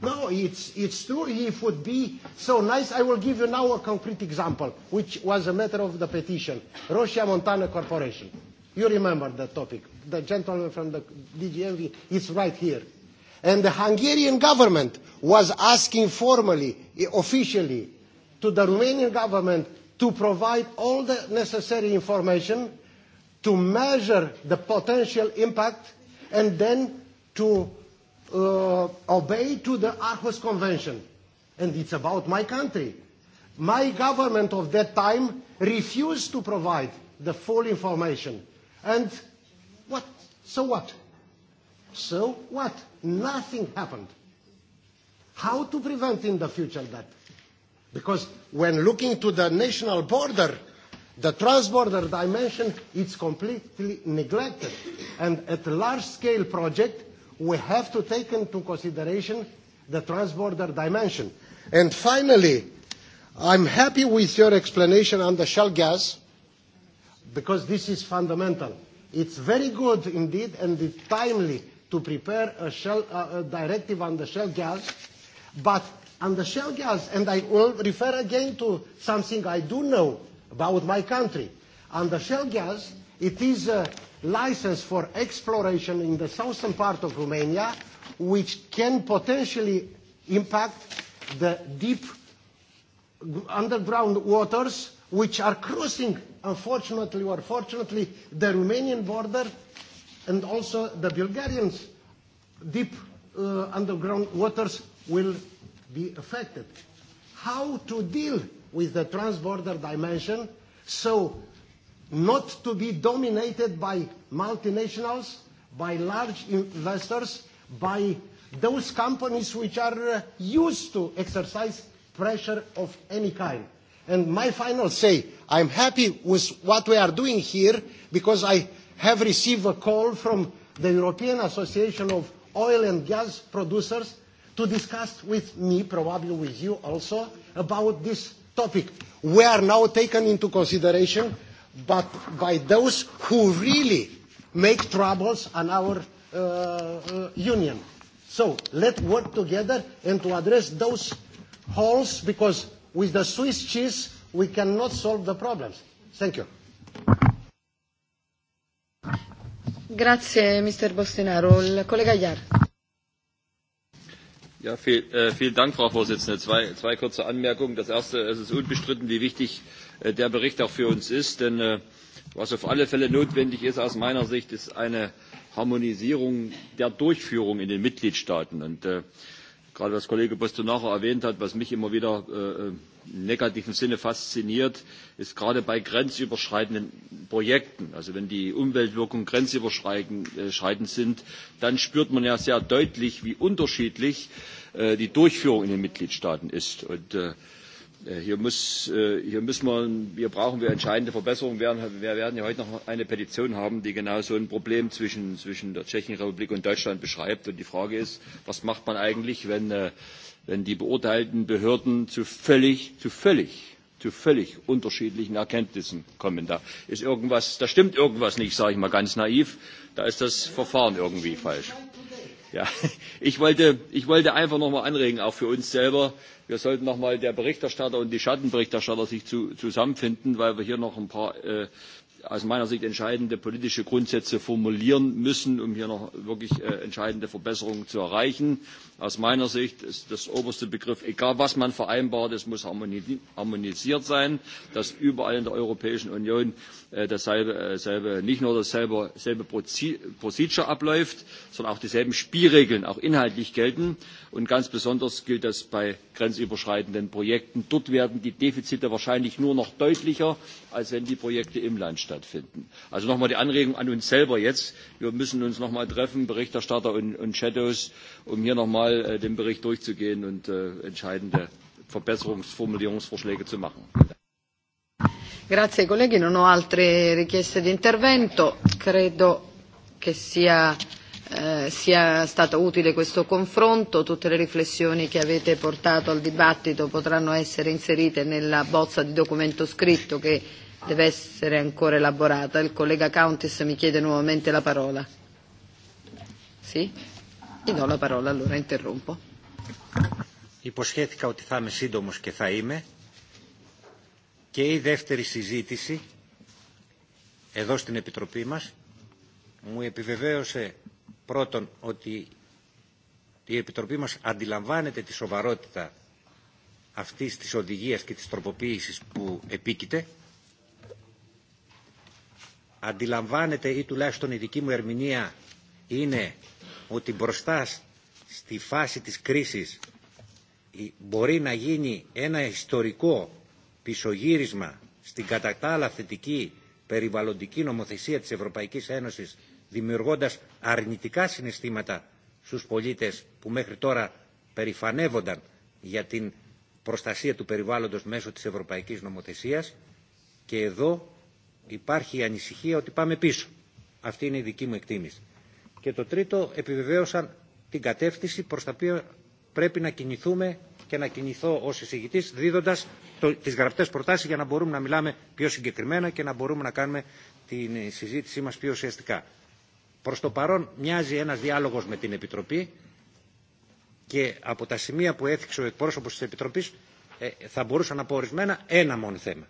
No, it's, it's true. If it would be so nice, I will give you now a concrete example, which was a matter of the petition, Russia Montana Corporation. You remember the topic. The gentleman from the DGMV is right here. And the Hungarian government was asking formally, eh, officially, to the Romanian government to provide all the necessary information to measure the potential impact and then to uh, obey to the Aarhus Convention. And it's about my country. My government of that time refused to provide the full information. And what? So what? So what? Nothing happened. How to prevent in the future that? Because when looking to the national border, the transborder dimension is completely neglected. And at a large-scale project, we have to take into consideration the transborder dimension. And finally, I'm happy with your explanation on the shale gas, because this is fundamental. It's very good indeed, and it's timely to prepare a, shell, uh, a directive on the shell gas, but on the shell gas, and I will refer again to something I do know about my country. On the shell gas, it is a license for exploration in the southern part of Romania, which can potentially impact the deep underground waters which are crossing, unfortunately or fortunately, the Romanian border and also the Bulgarians' deep uh, underground waters will be affected. How to deal with the transborder dimension so not to be dominated by multinationals, by large investors, by those companies which are uh, used to exercise pressure of any kind. And my final say, I'm happy with what we are doing here because I have received a call from the European Association of Oil and Gas Producers to discuss with me, probably with you also, about this topic. We are now taken into consideration but by those who really make troubles on our uh, uh, union. So let's work together and to address those holes because with the Swiss cheese we cannot solve the problems. Thank you. Grazie, Mr. Bostinaro. Il collega Iar. Ja, viel, äh, vielen Dank, Frau Vorsitzende. Zwei, zwei kurze Anmerkungen. Das erste, es ist unbestritten, wie wichtig äh, der Bericht auch für uns ist, denn äh, was auf alle Fälle notwendig ist aus meiner Sicht, ist eine Harmonisierung der Durchführung in den Mitgliedstaaten. Und äh, gerade was Kollege Bostonaro erwähnt hat, was mich immer wieder äh, äh negativen Sinne fasziniert, ist gerade bei grenzüberschreitenden Projekten, also wenn die Umweltwirkungen grenzüberschreitend sind, dann spürt man ja sehr deutlich, wie unterschiedlich äh, die Durchführung in den Mitgliedstaaten ist. Und, äh, äh, Hier, muss, hier, müssen wir, hier brauchen wir entscheidende Verbesserungen. Wir werden ja heute noch eine Petition haben, die genau so ein Problem zwischen, zwischen der Tschechischen Republik und Deutschland beschreibt. Und die Frage ist, was macht man eigentlich, wenn wenn die beurteilenden Behörden zu völlig, zu völlig, zu völlig unterschiedlichen Erkenntnissen kommen. Da ist irgendwas, da stimmt irgendwas nicht, sage ich mal ganz naiv. Da ist das Verfahren irgendwie falsch. Ja, (laughs) ich wollte, ich wollte einfach nochmal anregen, auch für uns selber, wir sollten noch mal der Berichterstatter und die Schattenberichterstatter sich zu, zusammenfinden, weil wir hier noch ein paar äh, aus meiner Sicht entscheidende politische Grundsätze formulieren müssen, um hier noch wirklich äh, entscheidende Verbesserungen zu erreichen. Aus meiner Sicht ist das oberste Begriff, egal was man vereinbart, es muss harmonisiert sein, dass überall in der Europäischen Union äh, dasselbe, äh, selbe, nicht nur dasselbe selbe Procedure abläuft, sondern auch dieselben Spielregeln auch inhaltlich gelten. Und ganz besonders gilt das bei grenzüberschreitenden Projekten. Dort werden die Defizite wahrscheinlich nur noch deutlicher, als wenn die Projekte im Land stattfinden stattfinden. Also nochmal die Anregung an uns selber jetzt. Wir müssen uns nochmal treffen, Berichterstatter und, und Shadows, um hier nochmal äh, den Bericht durchzugehen und äh, entscheidende Verbesserungsformulierungsvorschläge zu machen. Grazie colleghi, non ho altre richieste di intervento. Credo che sia, eh, sia stato utile questo confronto. Tutte le riflessioni che avete portato al dibattito potranno essere inserite nella bozza di documento scritto che deve essere ancora elaborata. Il collega Countis mi chiede nuovamente la parola. Sì? Gli do la parola, allora interrompo. Υποσχέθηκα ότι θα είμαι σύντομος και θα είμαι. Και η δεύτερη συζήτηση εδώ στην Επιτροπή μας μου επιβεβαίωσε πρώτον ότι η Επιτροπή μας αντιλαμβάνεται τη σοβαρότητα αυτής της οδηγίας και της τροποποίησης που επίκειται αντιλαμβάνεται ή τουλάχιστον η δική μου ερμηνεία είναι ότι μπροστά στη φάση της κρίσης μπορεί να γίνει ένα ιστορικό πισωγύρισμα στην κατά τα άλλα θετική περιβαλλοντική νομοθεσία της Ευρωπαϊκής Ένωσης δημιουργώντας αρνητικά συναισθήματα στους πολίτες που μέχρι τώρα περηφανεύονταν για την προστασία του περιβάλλοντος μέσω της ευρωπαϊκής νομοθεσίας και εδώ υπάρχει η ανησυχία ότι πάμε πίσω. Αυτή είναι η δική μου εκτίμηση. Και το τρίτο, επιβεβαίωσαν την κατεύθυνση προς τα οποία πρέπει να κινηθούμε και να κινηθώ ως εισηγητής δίδοντας το, τις γραπτές προτάσεις για να μπορούμε να μιλάμε πιο συγκεκριμένα και να μπορούμε να κάνουμε την συζήτησή μας πιο ουσιαστικά. Προς το παρόν μοιάζει ένας διάλογος με την Επιτροπή και από τα σημεία που έθιξε ο εκπρόσωπος της Επιτροπής θα μπορούσα να πω ορισμένα ένα μόνο θέμα.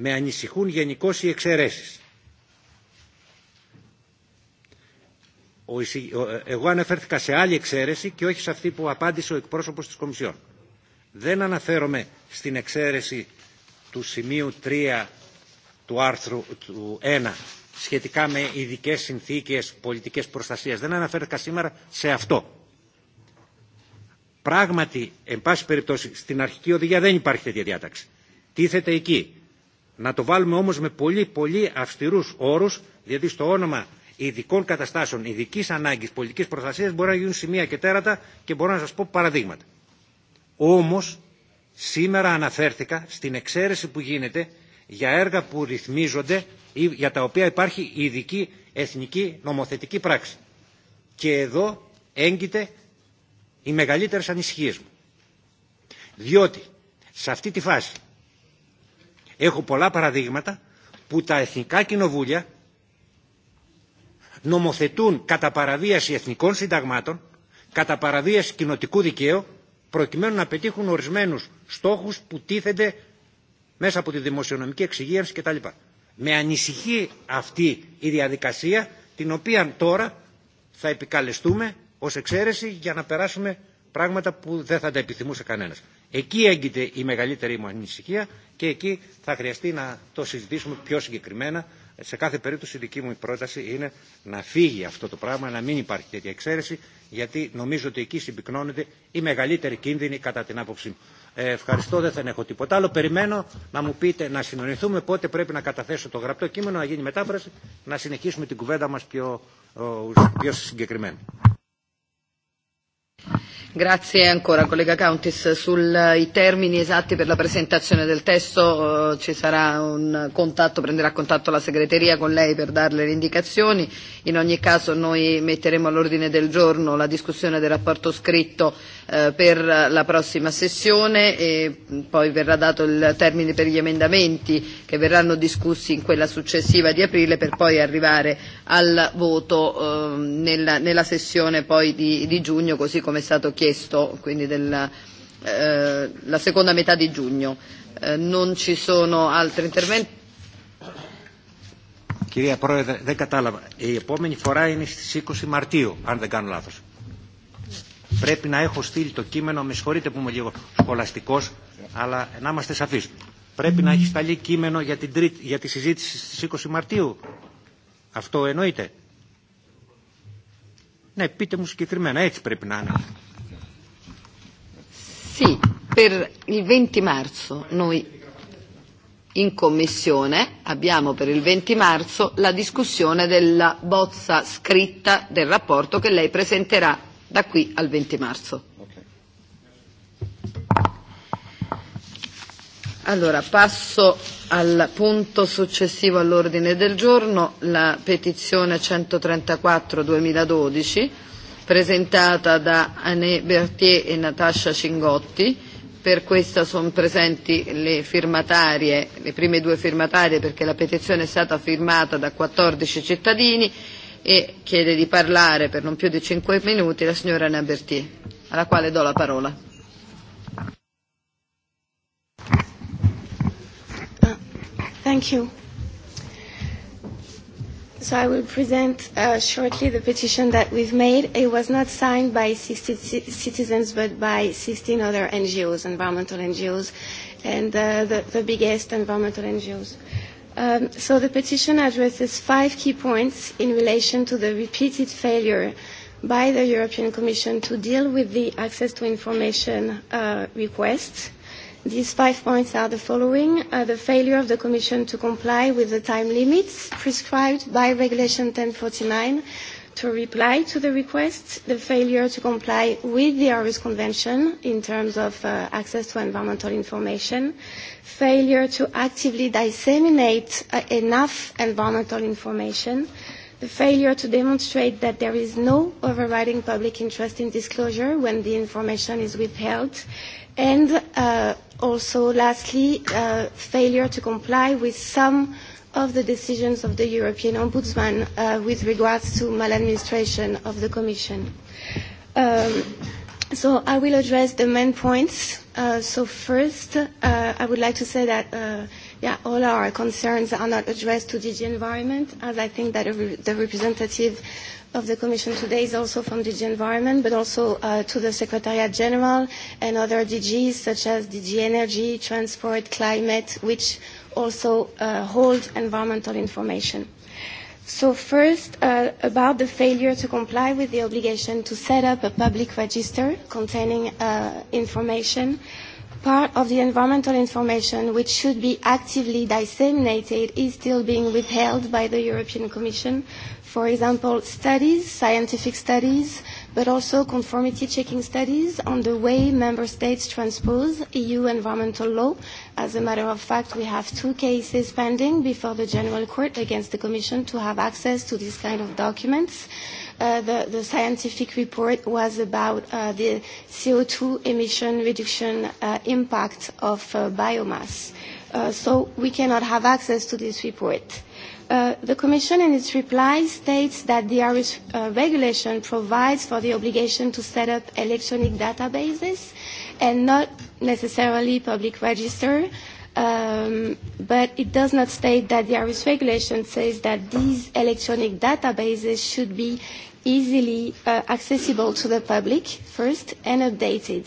Με ανησυχούν γενικώ οι εξαιρέσεις. Εγώ αναφέρθηκα σε άλλη εξαίρεση και όχι σε αυτή που απάντησε ο εκπρόσωπος της Κομισιόν. Δεν αναφέρομαι στην εξαίρεση του σημείου 3 του άρθρου του 1 σχετικά με ειδικέ συνθήκες πολιτικές προστασίας. Δεν αναφέρθηκα σήμερα σε αυτό. Πράγματι, εν πάση περιπτώσει, στην αρχική οδηγία δεν υπάρχει τέτοια διάταξη. Τίθεται εκεί Να το βάλουμε όμως με πολύ πολύ αυστηρούς όρους, διότι στο όνομα ειδικών καταστάσεων, ειδική ανάγκη, πολιτική προστασία μπορεί να γίνουν σημεία και τέρατα και μπορώ να σα πω παραδείγματα. Όμω, σήμερα αναφέρθηκα στην εξαίρεση που γίνεται για έργα που ρυθμίζονται ή για τα οποία υπάρχει ειδική εθνική νομοθετική πράξη. Και εδώ έγκυται οι μεγαλύτερε ανησυχίε μου. Διότι σε αυτή τη φάση Έχω πολλά παραδείγματα που τα εθνικά κοινοβούλια νομοθετούν κατά παραβίαση εθνικών συνταγμάτων, κατά παραβίαση κοινοτικού δικαίου, προκειμένου να πετύχουν ορισμένους στόχους που τίθενται μέσα από τη δημοσιονομική εξυγίανση κτλ. Με ανησυχεί αυτή η διαδικασία, την οποία τώρα θα επικαλεστούμε ως εξαίρεση για να περάσουμε Πράγματα που δεν θα τα επιθυμούσε κανένας. Εκεί έγκυται η μεγαλύτερη μου ανησυχία και εκεί θα χρειαστεί να το συζητήσουμε πιο συγκεκριμένα. Σε κάθε περίπτωση η δική μου πρόταση είναι να φύγει αυτό το πράγμα, να μην υπάρχει τέτοια εξαίρεση, γιατί νομίζω ότι εκεί συμπυκνώνεται η μεγαλύτερη κίνδυνη κατά την άποψή μου. Ε, ευχαριστώ, δεν θα έχω τίποτα άλλο. Περιμένω να μου πείτε να συνονιθούμε πότε πρέπει να καταθέσω το γραπτό κείμενο, να γίνει μετάφραση, να συνεχίσουμε την κουβέντα μας πιο, πιο συγκεκριμένα. Grazie ancora collega Countis. Sui termini esatti per la presentazione del testo eh, ci sarà un contatto, prenderà contatto la segreteria con lei per darle le indicazioni. In ogni caso noi metteremo all'ordine del giorno la discussione del rapporto scritto eh, per la prossima sessione e poi verrà dato il termine per gli emendamenti che verranno discussi in quella successiva di aprile per poi arrivare al voto eh, nella, nella sessione poi di, di giugno così come è stato chiesto richiesto, quindi della eh, la seconda metà di giugno. Eh, non ci sono altri interventi. Κυρία Πρόεδρε, δεν κατάλαβα. Η επόμενη φορά είναι στις 20 Μαρτίου, αν δεν κάνω λάθος. Πρέπει να έχω στείλει το κείμενο, με συγχωρείτε που είμαι λίγο σχολαστικός, αλλά να είμαστε σαφείς. Πρέπει να έχει σταλεί κείμενο για, την τρίτη, για τη συζήτηση στις 20 Μαρτίου. Αυτό εννοείται. Ναι, πείτε μου συγκεκριμένα, έτσι πρέπει να είναι. Sì, per il 20 marzo noi in commissione abbiamo per il 20 marzo la discussione della bozza scritta del rapporto che lei presenterà da qui al 20 marzo. Allora, passo al punto successivo all'ordine del giorno, la petizione 134-2012 presentata da Anne Berthier e Natasha Cingotti. Per questa sono presenti le firmatarie, le prime due firmatarie, perché la petizione è stata firmata da 14 cittadini e chiede di parlare per non più di 5 minuti la signora Anne Berthier, alla quale do la parola. thank you. So I will present uh, shortly the petition that we've made. It was not signed by 60 citizens, but by 16 other NGOs, environmental NGOs, and uh, the, the biggest environmental NGOs. Um, so the petition addresses five key points in relation to the repeated failure by the European Commission to deal with the access to information uh, requests These five points are the following. Uh, the failure of the Commission to comply with the time limits prescribed by Regulation 1049 to reply to the request, the failure to comply with the Aarhus Convention in terms of uh, access to environmental information, failure to actively disseminate uh, enough environmental information, the failure to demonstrate that there is no overriding public interest in disclosure when the information is withheld, and uh, also, lastly, uh, failure to comply with some of the decisions of the European Ombudsman uh, with regards to maladministration of the Commission. Um, so I will address the main points. Uh, so first, uh, I would like to say that uh, yeah, all our concerns are not addressed to DG Environment, as I think that re the representative of the Commission today is also from DG Environment, but also uh, to the Secretariat General and other DGs such as DG Energy, Transport, Climate, which also uh, hold environmental information. So first, uh, about the failure to comply with the obligation to set up a public register containing uh, information, part of the environmental information which should be actively disseminated is still being withheld by the European Commission for example, studies, scientific studies, but also conformity checking studies on the way member states transpose EU environmental law. As a matter of fact, we have two cases pending before the General Court against the Commission to have access to these kind of documents. Uh, the, the scientific report was about uh, the CO2 emission reduction uh, impact of uh, biomass. Uh, so we cannot have access to this report. Uh, the Commission in its reply states that the Irish uh, regulation provides for the obligation to set up electronic databases and not necessarily public register, um, but it does not state that the Irish regulation says that these electronic databases should be easily uh, accessible to the public first and updated.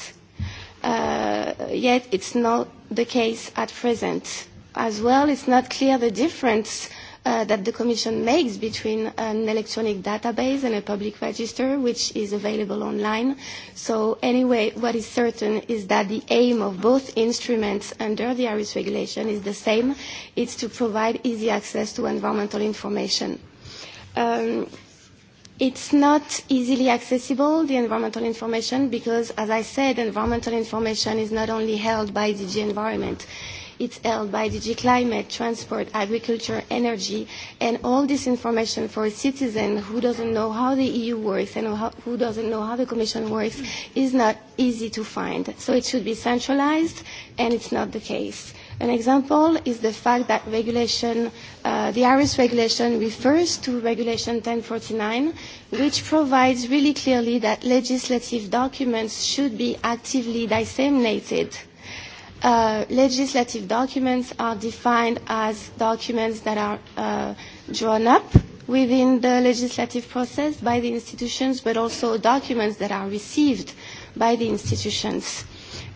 Uh, yet it's not the case at present. As well, it's not clear the difference uh, that the Commission makes between an electronic database and a public register, which is available online. So anyway, what is certain is that the aim of both instruments under the IRIS regulation is the same. It's to provide easy access to environmental information. Um, It's not easily accessible, the environmental information, because, as I said, environmental information is not only held by DG Environment. It's held by DG Climate, Transport, Agriculture, Energy, and all this information for a citizen who doesn't know how the EU works and who doesn't know how the Commission works is not easy to find. So it should be centralized, and it's not the case. An example is the fact that regulation, uh, the IRIS regulation refers to Regulation 1049, which provides really clearly that legislative documents should be actively disseminated Uh, legislative documents are defined as documents that are uh, drawn up within the legislative process by the institutions, but also documents that are received by the institutions.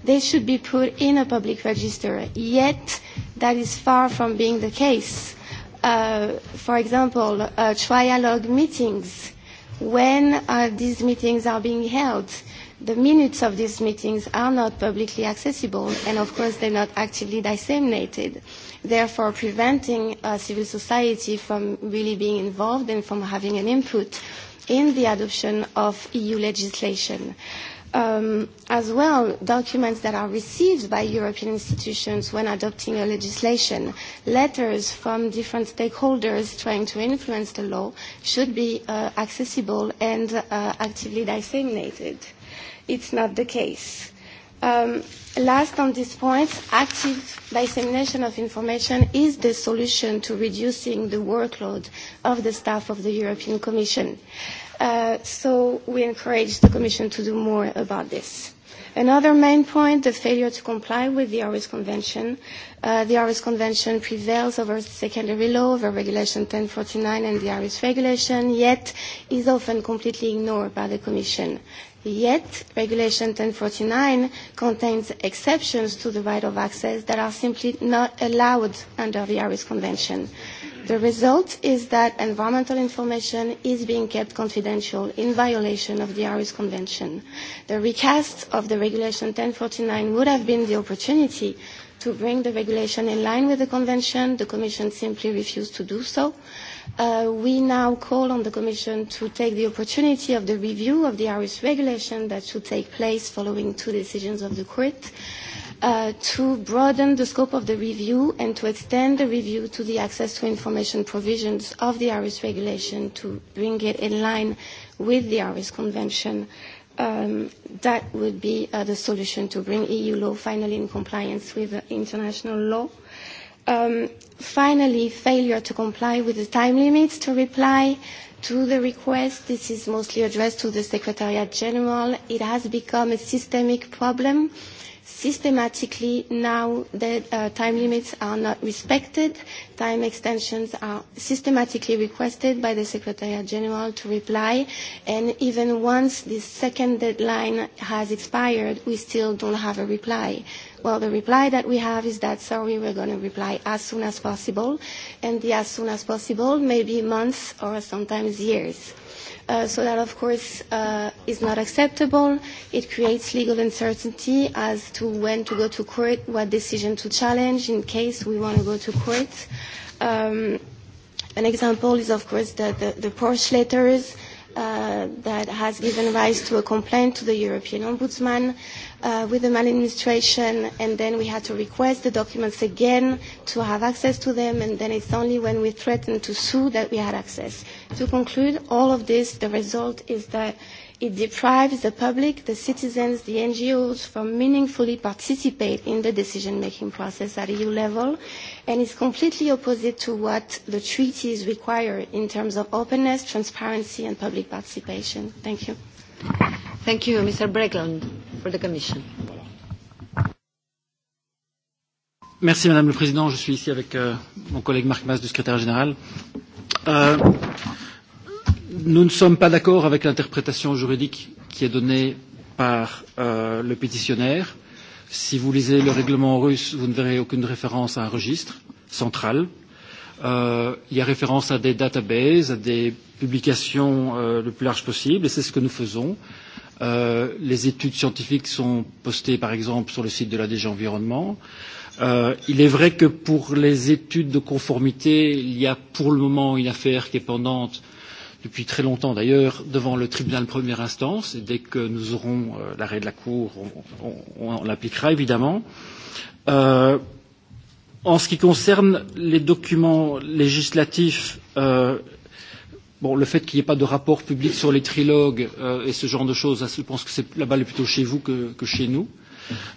They should be put in a public register, yet that is far from being the case. Uh, for example, uh, trialogue meetings, when uh, these meetings are being held, uh, The minutes of these meetings are not publicly accessible, and of course they're not actively disseminated, therefore preventing uh, civil society from really being involved and from having an input in the adoption of EU legislation. Uh, um, as well documents that are received by European institutions when adopting a legislation. Letters from different stakeholders trying to influence the law should be uh, accessible and uh, actively disseminated. It's not the case. Um, last on this point, active dissemination of information is the solution to reducing the workload of the staff of the European Commission. Uh, Uh, so we encourage the Commission to do more about this. Another main point, the failure to comply with the Aarhus Convention. Uh, the Aarhus Convention prevails over secondary law, over Regulation 1049 and the Aarhus Regulation, yet is often completely ignored by the Commission. Yet, Regulation 1049 contains exceptions to the right of access that are simply not allowed under the Aarhus Convention. The result is that environmental information is being kept confidential in violation of the Aarhus Convention. The recast of the Regulation 1049 would have been the opportunity to bring the regulation in line with the Convention. The Commission simply refused to do so. Uh, we now call on the Commission to take the opportunity of the review of the Irish regulation that should take place following two decisions of the Court. Uh, Uh, to broaden the scope of the review and to extend the review to the access to information provisions of the ARIS regulation to bring it in line with the ARIS convention. Um, that would be uh, the solution to bring EU law finally in compliance with uh, international law. Um, finally, failure to comply with the time limits to reply to the request. This is mostly addressed to the Secretariat General. It has become a systemic problem Systematically, now the uh, time limits are not respected. Time extensions are systematically requested by the Secretariat General to reply. And even once this second deadline has expired, we still don't have a reply. Well, the reply that we have is that, sorry, we're going to reply as soon as possible. And the as soon as possible may be months or sometimes years. Uh, so that, of course, uh, is not acceptable. It creates legal uncertainty as to when to go to court, what decision to challenge in case we want to go to court. Um, an example is, of course, the, the, the Porsche letters uh, that has given rise to a complaint to the European Ombudsman uh, with the maladministration, and then we had to request the documents again to have access to them, and then it's only when we threatened to sue that we had access. To conclude all of this, the result is that it deprives the public, the citizens, the NGOs from meaningfully participate in the decision-making process at EU level, and is completely opposite to what the treaties require in terms of openness, transparency, and public participation. Thank you. Thank you, Mr. Breglund, for the Commission. Merci Madame le Président. Je suis ici avec euh, mon collègue Marc Mas du secrétaire général. Euh, nous ne sommes pas d'accord avec l'interprétation juridique qui est donnée par euh, le pétitionnaire. Si vous lisez le règlement russe, vous ne verrez aucune référence à un registre central. Euh, Euh, il y a référence à des databases, à des publications euh, le plus large possible, et c'est ce que nous faisons. Euh, les études scientifiques sont postées, par exemple, sur le site de la DG Environnement. Euh, il est vrai que pour les études de conformité, il y a pour le moment une affaire qui est pendante depuis très longtemps d'ailleurs devant le tribunal de première instance et dès que nous aurons euh, l'arrêt de la Cour, on, on, on l'appliquera évidemment. Euh, En ce qui concerne les documents législatifs, euh, bon, le fait qu'il n'y ait pas de rapport public sur les trilogues euh, et ce genre de choses, je pense que c'est, la balle est plutôt chez vous que, que chez nous.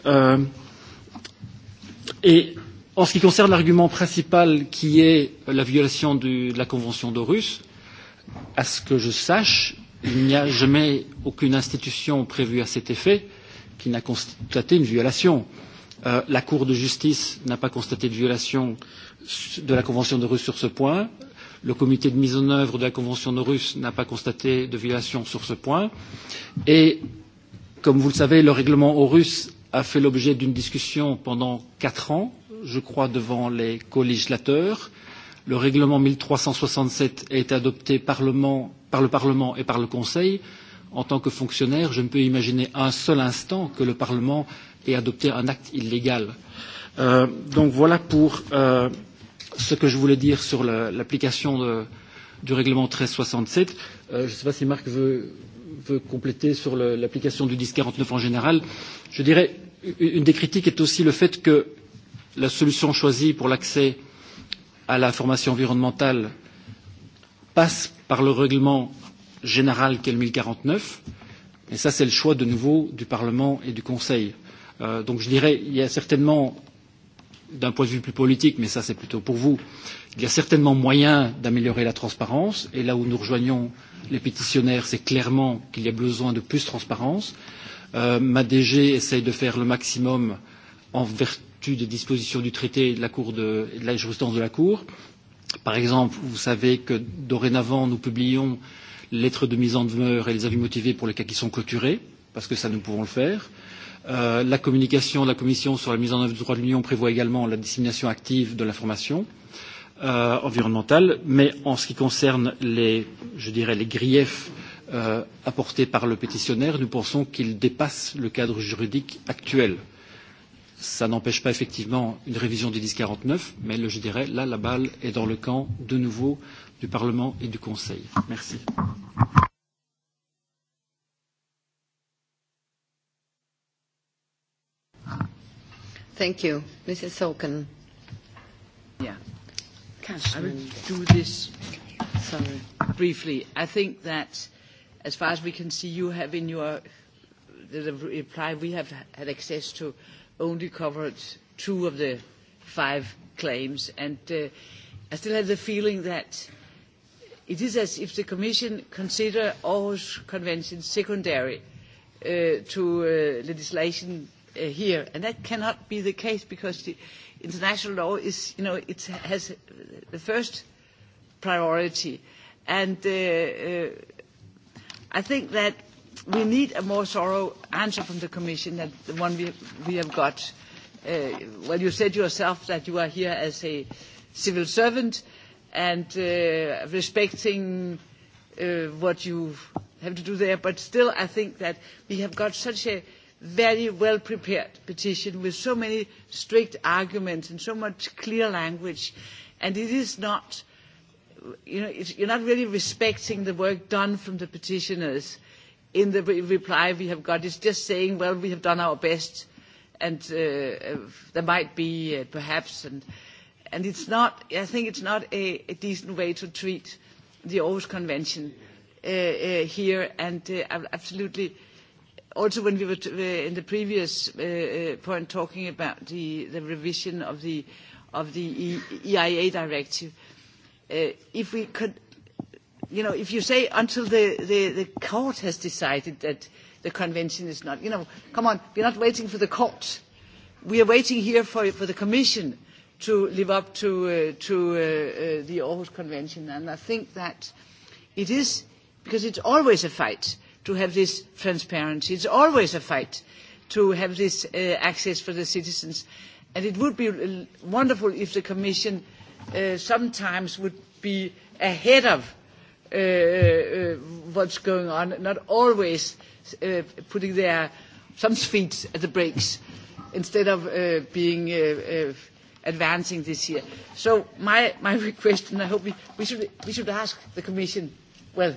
Euh, et en ce qui concerne l'argument principal qui est la violation du, de la Convention d'Orus, à ce que je sache, il n'y a jamais aucune institution prévue à cet effet qui n'a constaté une violation. Euh, Euh, la Cour de justice n'a pas constaté de violation de la Convention de Russe sur ce point. Le comité de mise en œuvre de la Convention de Russe n'a pas constaté de violation sur ce point. Et, comme vous le savez, le règlement aux Russes a fait l'objet d'une discussion pendant quatre ans, je crois, devant les co-législateurs. Le règlement 1367 a été adopté par le Parlement et par le Conseil en tant que fonctionnaire, je ne peux imaginer un seul instant que le Parlement ait adopté un acte illégal. Euh, donc voilà pour euh, ce que je voulais dire sur l'application du règlement 1367. Euh, je ne sais pas si Marc veut, veut compléter sur l'application du 1049 en général. Je dirais, une des critiques est aussi le fait que la solution choisie pour l'accès à la formation environnementale passe par le règlement générale qu'est le 1049. Et ça, c'est le choix de nouveau du Parlement et du Conseil. Euh, donc je dirais, il y a certainement, d'un point de vue plus politique, mais ça c'est plutôt pour vous, il y a certainement moyen d'améliorer la transparence. Et là où nous rejoignons les pétitionnaires, c'est clairement qu'il y a besoin de plus de transparence. Euh, ma DG essaye de faire le maximum en vertu des dispositions du traité et de la, cour de, et de la jurisprudence de la Cour. Par exemple, vous savez que dorénavant, nous publions lettres de mise en demeure et les avis motivés pour les cas qui sont clôturés, parce que ça nous pouvons le faire. Euh, la communication de la Commission sur la mise en œuvre du droit de l'Union prévoit également la dissémination active de l'information euh, environnementale, mais en ce qui concerne les, je dirais, les griefs euh, apportés par le pétitionnaire, nous pensons qu'ils dépassent le cadre juridique actuel. Ça n'empêche pas effectivement une révision du 1049, mais le, je dirais, là, la balle est dans le camp de nouveau du Parlement et du Conseil. Merci. Thank you. Mrs. Soken. Yeah. Cashman. I will do this Sorry. briefly. I think that as far as we can see, you have in your the reply we have had access to only covered two of the five claims. And uh, I still have the feeling that it is as if the Commission considers Aarhus Convention secondary uh, to uh, legislation uh, here, and that cannot be the case because the international law is, you know, it has the first priority, and uh, uh, I think that we need a more thorough answer from the Commission than the one we, we have got. Uh, well, you said yourself that you are here as a civil servant. Uh, and uh, respecting uh, what you have to do there. But still, I think that we have got such a very well prepared petition with so many strict arguments and so much clear language. And it is not, you know, it's, you're not really respecting the work done from the petitioners in the re- reply we have got. It's just saying, well, we have done our best and uh, uh there might be uh, perhaps and uh, And it's not, I think it's not a, a decent way to treat the Aarhus Convention uh, uh, here. And uh, absolutely, also when we were t- uh, in the previous uh, uh, point talking about the, the revision of the, of the e- EIA directive, uh, if we could, you know, if you say until the, the, the court has decided that the convention is not, you know, come on, we're not waiting for the court. We are waiting here for, for the commission to live up to, uh, to uh, uh, the Aarhus Convention. And I think that it is, because it's always a fight to have this transparency. It's always a fight to have this uh, access for the citizens. And it would be wonderful if the Commission uh, sometimes would be ahead of uh, uh, what's going on, not always uh, putting their some feet at the brakes instead of uh, being uh, uh, advancing this year. So my, my (laughs) request, and I hope we, we, should, we should ask the Commission, well,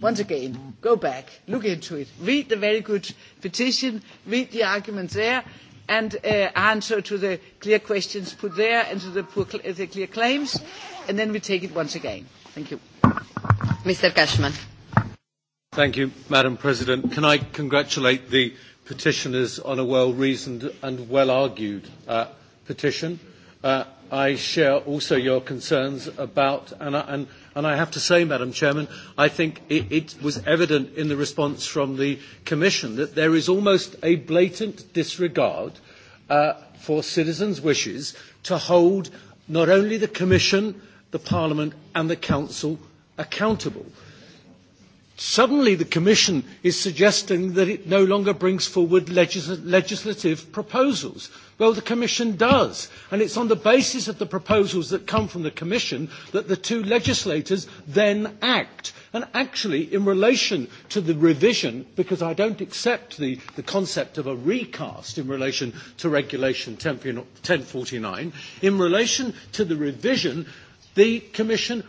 once again, go back, look into it, read the very good petition, read the arguments there, and uh, answer to the clear questions put there and to the, poor cl- the clear claims, and then we take it once again. Thank you. Mr. Cashman. Thank you, Madam President. Can I congratulate the petitioners on a well-reasoned and well-argued uh, petition. Uh, I share also your concerns about, and, and, and I have to say, Madam Chairman, I think it, it was evident in the response from the Commission that there is almost a blatant disregard uh, for citizens' wishes to hold not only the Commission, the Parliament and the Council accountable. Uh, Suddenly, the Commission is suggesting that it no longer brings forward legis legislative proposals. Well, the Commission does. And it's on the basis of the proposals that come from the Commission that the two legislators then act. And actually, in relation to the revision, because I don't accept the, the concept of a recast in relation to Regulation 1049, in relation to the revision, the Commission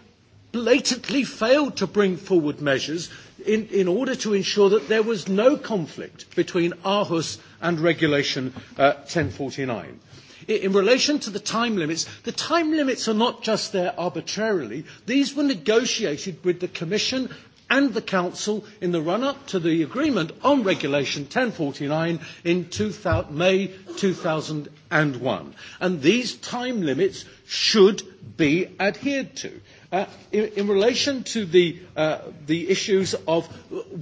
blatantly failed to bring forward measures in, in order to ensure that there was no conflict between Aarhus and Regulation uh, 1049. In, in relation to the time limits, the time limits are not just there arbitrarily. These were negotiated with the Commission and the Council in the run-up to the agreement on Regulation 1049 in 2000, May 2001. And these time limits should be adhered to. Uh, in, in relation to the, uh, the issues of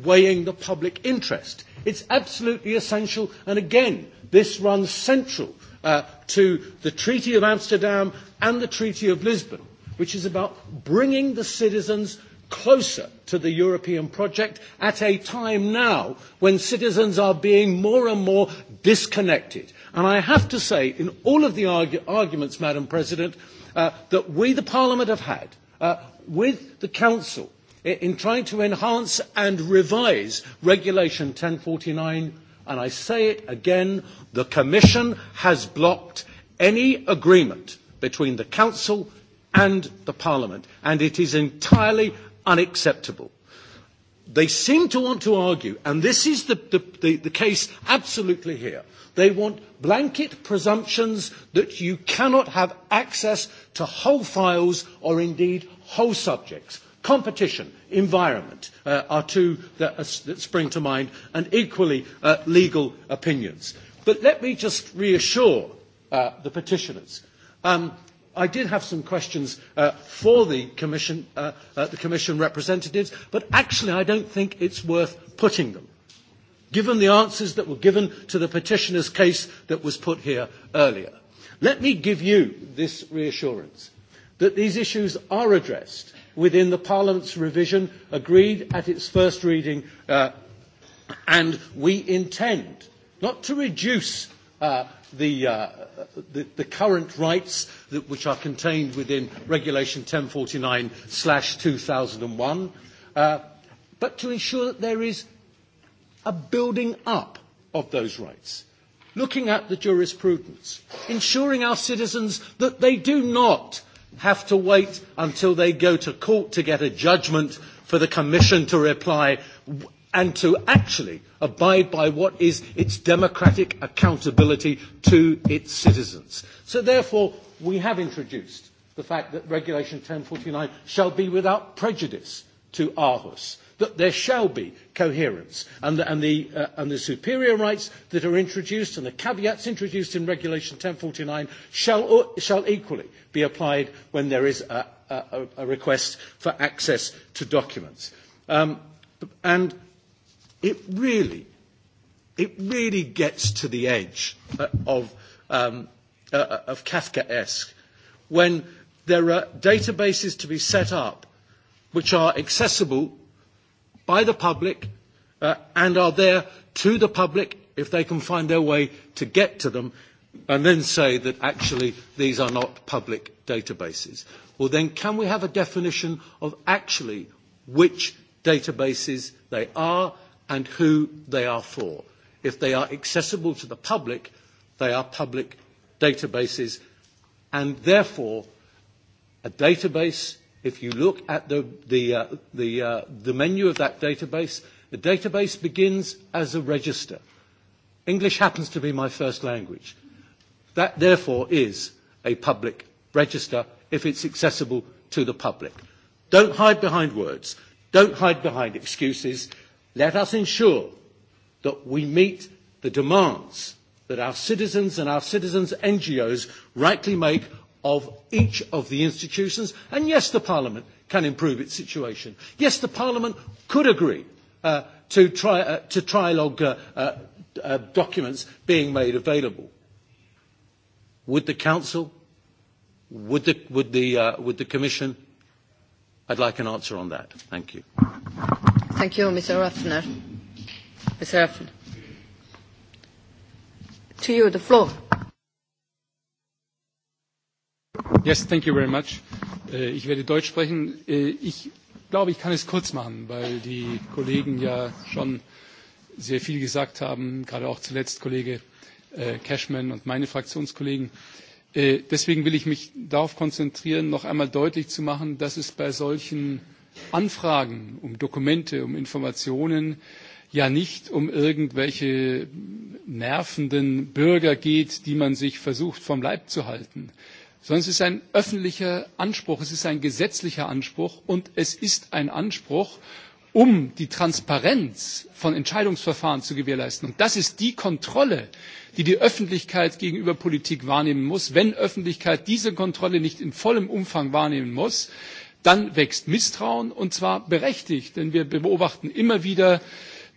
weighing the public interest, it's absolutely essential, and again, this runs central uh, to the Treaty of Amsterdam and the Treaty of Lisbon, which is about bringing the citizens closer to the European project at a time now when citizens are being more and more disconnected. And I have to say, in all of the argu- arguments, Madam President, uh, that we, the Parliament, have had Uh, with the Council in trying to enhance and revise Regulation 1049, and I say it again, the Commission has blocked any agreement between the Council and the Parliament, and it is entirely unacceptable. They seem to want to argue, and this is the, the, the, the case absolutely here. They want blanket presumptions that you cannot have access to whole files or indeed whole subjects. Competition, environment uh, are two that, uh, that spring to mind, and equally uh, legal opinions. But let me just reassure uh, the petitioners. Um, I did have some questions uh, for the commission, uh, uh, the commission representatives, but actually I don't think it's worth putting them, given the answers that were given to the petitioner's case that was put here earlier. Let me give you this reassurance that these issues are addressed within the Parliament's revision agreed at its first reading, uh, and we intend not to reduce uh, the, uh, the, the current rights that, which are contained within Regulation 1049 slash 2001, uh, but to ensure that there is a building up of those rights, looking at the jurisprudence, ensuring our citizens that they do not have to wait until they go to court to get a judgment for the Commission to reply and to actually abide by what is its democratic accountability to its citizens. So therefore, we have introduced the fact that Regulation 1049 shall be without prejudice to Aarhus, that there shall be coherence, and the, and the, uh, and the superior rights that are introduced and the caveats introduced in Regulation 1049 shall, uh, shall equally be applied when there is a, a, a request for access to documents. Um, and it really, it really gets to the edge uh, of, um, uh, uh, of Kafkaesque when there are databases to be set up which are accessible by the public uh, and are there to the public if they can find their way to get to them and then say that actually these are not public databases. Well, then can we have a definition of actually which databases they are and who they are for. If they are accessible to the public, they are public databases, and therefore, a database, if you look at the, the, uh, the, uh, the menu of that database, the database begins as a register. English happens to be my first language. That, therefore, is a public register if it's accessible to the public. Don't hide behind words. Don't hide behind excuses. Let us ensure that we meet the demands that our citizens and our citizens' NGOs rightly make of each of the institutions. And yes, the Parliament can improve its situation. Yes, the Parliament could agree uh, to, try, uh, to trilogue uh, uh, uh documents being made available. Would the Council, would the, would the, uh, would the Commission I'd like an answer on that. Thank you. Thank you, Mr. Ruffner. Mr. Ruffner. To you, the floor. Yes, thank you very much. Äh, ich werde Deutsch sprechen. Äh, ich glaube, ich kann es kurz machen, weil die Kollegen ja schon sehr viel gesagt haben, gerade auch zuletzt Kollege äh, Cashman und meine Fraktionskollegen. Äh, deswegen will ich mich darauf konzentrieren, noch einmal deutlich zu machen, dass es bei solchen Anfragen um Dokumente, um Informationen ja nicht um irgendwelche nervenden Bürger geht, die man sich versucht vom Leib zu halten, sondern es ist ein öffentlicher Anspruch, es ist ein gesetzlicher Anspruch und es ist ein Anspruch, um die transparenz von entscheidungsverfahren zu gewährleisten und das ist die kontrolle die die öffentlichkeit gegenüber politik wahrnehmen muss wenn öffentlichkeit diese kontrolle nicht in vollem umfang wahrnehmen muss dann wächst misstrauen und zwar berechtigt denn wir beobachten immer wieder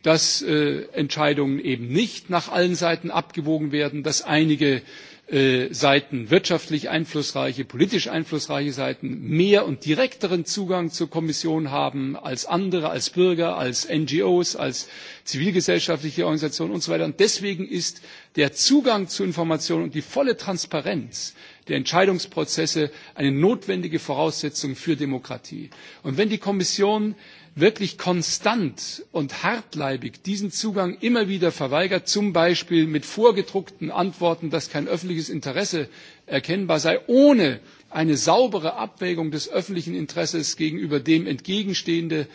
dass äh, entscheidungen eben nicht nach allen seiten abgewogen werden dass einige Äh, Seiten, wirtschaftlich einflussreiche, politisch einflussreiche Seiten, mehr und direkteren Zugang zur Kommission haben als andere, als Bürger, als NGOs, als zivilgesellschaftliche Organisationen und so weiter. Und deswegen ist der Zugang zu Informationen und die volle Transparenz der Entscheidungsprozesse eine notwendige Voraussetzung für Demokratie. Und wenn die Kommission wirklich konstant und hartleibig diesen Zugang immer wieder verweigert, zum Beispiel mit vorgedruckten Antworten, dass kein öffentliches Interesse erkennbar sei, ohne eine saubere Abwägung des öffentlichen Interesses gegenüber dem entgegenstehende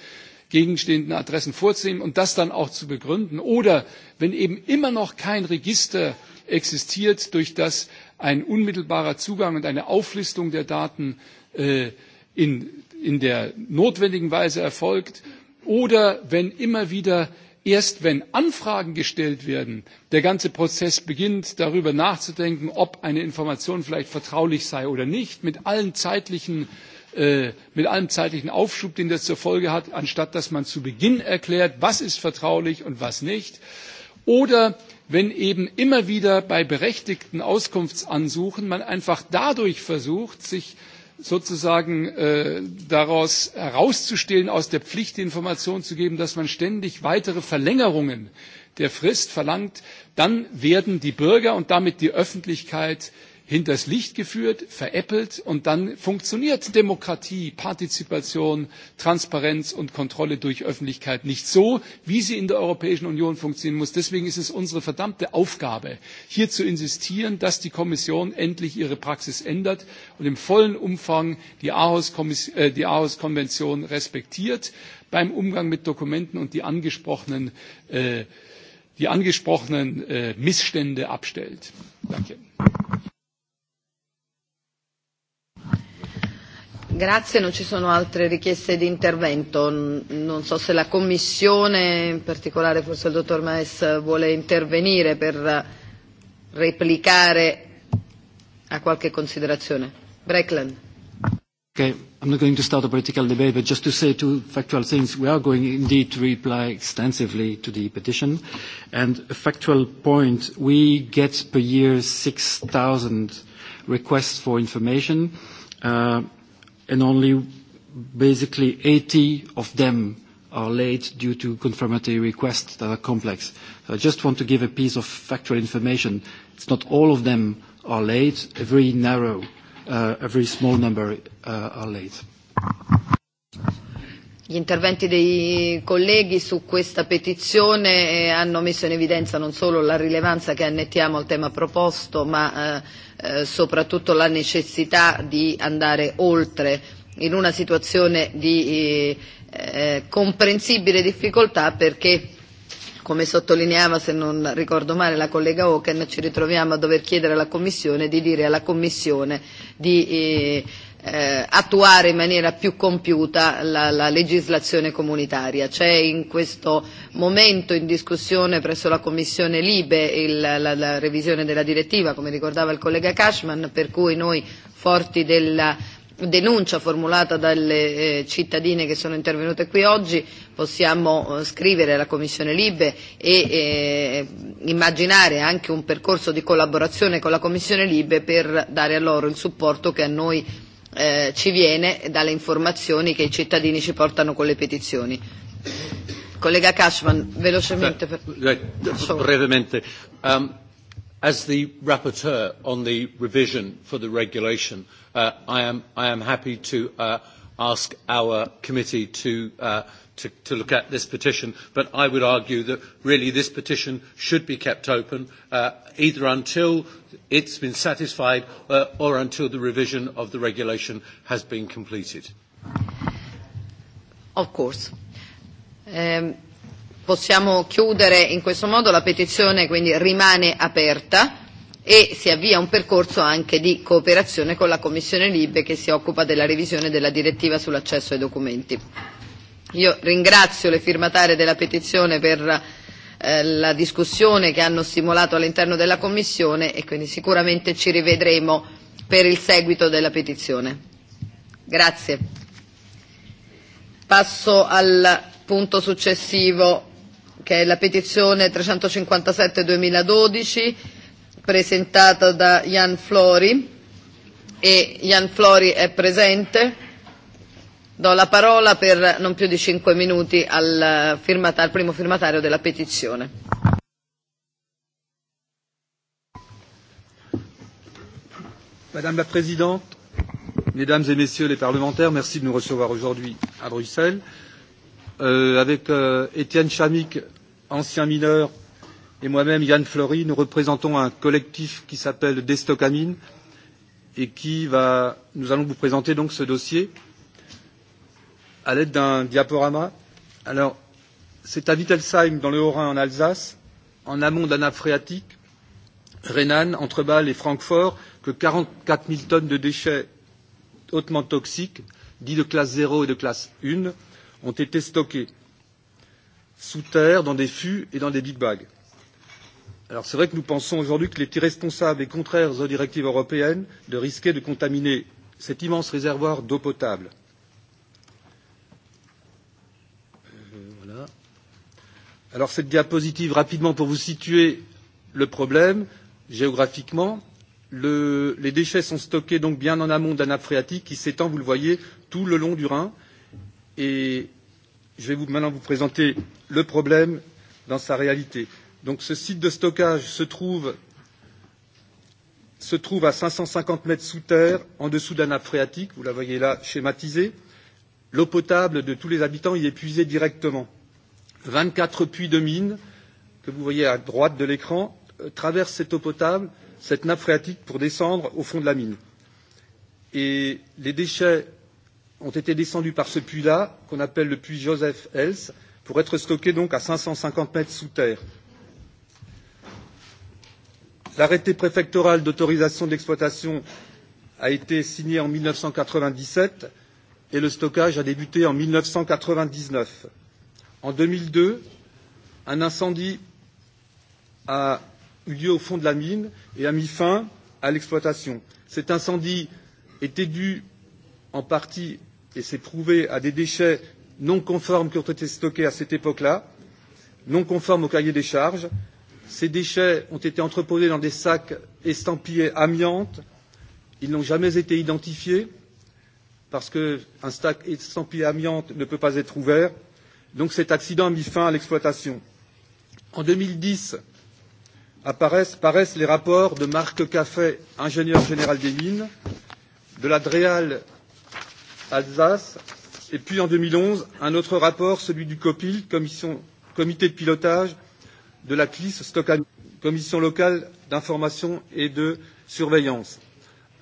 gegenstehenden Adressen vorzunehmen und das dann auch zu begründen. Oder wenn eben immer noch kein Register existiert, durch das ein unmittelbarer Zugang und eine Auflistung der Daten äh, in in der notwendigen Weise erfolgt oder wenn immer wieder erst wenn Anfragen gestellt werden, der ganze Prozess beginnt, darüber nachzudenken, ob eine Information vielleicht vertraulich sei oder nicht, mit allen zeitlichen äh, mit allem zeitlichen Aufschub, den das zur Folge hat, anstatt dass man zu Beginn erklärt, was ist vertraulich und was nicht. Oder wenn eben immer wieder bei berechtigten Auskunftsansuchen man einfach dadurch versucht, sich sozusagen äh, daraus herauszustehlen, aus der Pflicht die Information zu geben, dass man ständig weitere Verlängerungen der Frist verlangt, dann werden die Bürger und damit die Öffentlichkeit hinters Licht geführt, veräppelt und dann funktioniert Demokratie, Partizipation, Transparenz und Kontrolle durch Öffentlichkeit nicht so, wie sie in der Europäischen Union funktionieren muss. Deswegen ist es unsere verdammte Aufgabe, hier zu insistieren, dass die Kommission endlich ihre Praxis ändert und im vollen Umfang die Aarhus-Konvention äh, respektiert beim Umgang mit Dokumenten und die angesprochenen, äh, die angesprochenen äh, Missstände abstellt. Danke. Grazie, non ci sono altre richieste di intervento. Non so se la Commissione, in particolare forse il dottor Maes, vuole intervenire per replicare a qualche considerazione. Breckland. Okay, I'm not going to start a political debate, but just to say two factual things. We are going indeed to reply extensively to the petition. And a factual point, we get per year 6,000 requests for information. Uh, and only basically 80 of them are late due to confirmatory requests that are complex. So I just want to give a piece of factual information. It's not all of them are late. A very narrow, uh, a very small number uh, are late. Gli interventi dei colleghi su questa petizione eh, hanno messo in evidenza non solo la rilevanza che annettiamo al tema proposto, ma eh, eh soprattutto la necessità di andare oltre in una situazione di eh, eh, comprensibile difficoltà perché come sottolineava, se non ricordo male, la collega Oken, ci ritroviamo a dover chiedere alla Commissione di dire alla Commissione di eh, eh, attuare in maniera più compiuta la, la legislazione comunitaria. C'è in questo momento in discussione presso la Commissione Libe il, la, la revisione della direttiva, come ricordava il collega Cashman, per cui noi, forti della denuncia formulata dalle eh, cittadine che sono intervenute qui oggi possiamo eh, scrivere alla Commissione Libe e eh, immaginare anche un percorso di collaborazione con la Commissione Libe per dare a loro il supporto che a noi eh, ci viene dalle informazioni che i cittadini ci portano con le petizioni. Collega Cashman, velocemente. Per... Eh, eh, brevemente. Um, as the rapporteur on the revision for the regulation, uh, I, am, I am happy to uh, ask our committee to uh, to, to look at this petition, but I would argue that really this petition should be kept open uh, either until it's been satisfied uh, or until the revision of the regulation has been completed. Of course. Um, possiamo chiudere in questo modo la petizione, quindi rimane aperta e si avvia un percorso anche di cooperazione con la Commissione Libe che si occupa della revisione della direttiva sull'accesso ai documenti. Io ringrazio le firmatarie della petizione per eh, la discussione che hanno stimolato all'interno della Commissione e quindi sicuramente ci rivedremo per il seguito della petizione. Grazie. Passo al punto successivo che è la petizione 357-2012 presentata da Jan Flori e Jan Flori è presente. Do la parola per non più di cinque minuti al, firmata, al primo firmatario della petizione. Madame la Présidente, Mesdames et Messieurs les parlementaires, merci de nous recevoir aujourd'hui à Bruxelles. Euh, avec euh, Étienne Chamic, ancien mineur, et moi-même, Yann Fleury, nous représentons un collectif qui s'appelle Destocamine et qui va, nous allons vous présenter donc ce dossier. Euh, à l'aide d'un diaporama. Alors, c'est à Wittelsheim, dans le Haut-Rhin, en Alsace, en amont de la nappe phréatique, Rhénane, entre Bâle et Francfort, que 44 000 tonnes de déchets hautement toxiques, dits de classe 0 et de classe 1, ont été stockés sous terre, dans des fûts et dans des big bags. Alors c'est vrai que nous pensons aujourd'hui qu'il est irresponsable et contraire aux directives européennes de risquer de contaminer cet immense réservoir d'eau potable. Alors cette diapositive, rapidement pour vous situer le problème géographiquement, le, les déchets sont stockés donc bien en amont de la nappe phréatique qui s'étend, vous le voyez, tout le long du Rhin. Et je vais vous, maintenant vous présenter le problème dans sa réalité. Donc ce site de stockage se trouve, se trouve à 550 mètres sous terre, en dessous de la nappe phréatique, vous la voyez là schématisée. L'eau potable de tous les habitants y est puisée directement. 24 puits de mine que vous voyez à droite de l'écran euh, traversent cette eau potable, cette nappe phréatique pour descendre au fond de la mine. Et les déchets ont été descendus par ce puits-là, qu'on appelle le puits Joseph Hels, pour être stockés donc à 550 mètres sous terre. L'arrêté préfectoral d'autorisation d'exploitation a été signé en 1997 et le stockage a débuté en 1999. En 2002, un incendie a eu lieu au fond de la mine et a mis fin à l'exploitation. Cet incendie était dû en partie, et s'est prouvé, à des déchets non conformes qui ont été stockés à cette époque-là, non conformes au cahier des charges. Ces déchets ont été entreposés dans des sacs estampillés amiantes. Ils n'ont jamais été identifiés parce qu'un sac estampillé amiante ne peut pas être ouvert Donc cet accident a mis fin à l'exploitation. En 2010, apparaissent, paraissent les rapports de Marc Caffet, ingénieur général des mines, de la DREAL Alsace, et puis en 2011, un autre rapport, celui du COPIL, commission, comité de pilotage de la CLIS, Stockholm, commission locale d'information et de surveillance.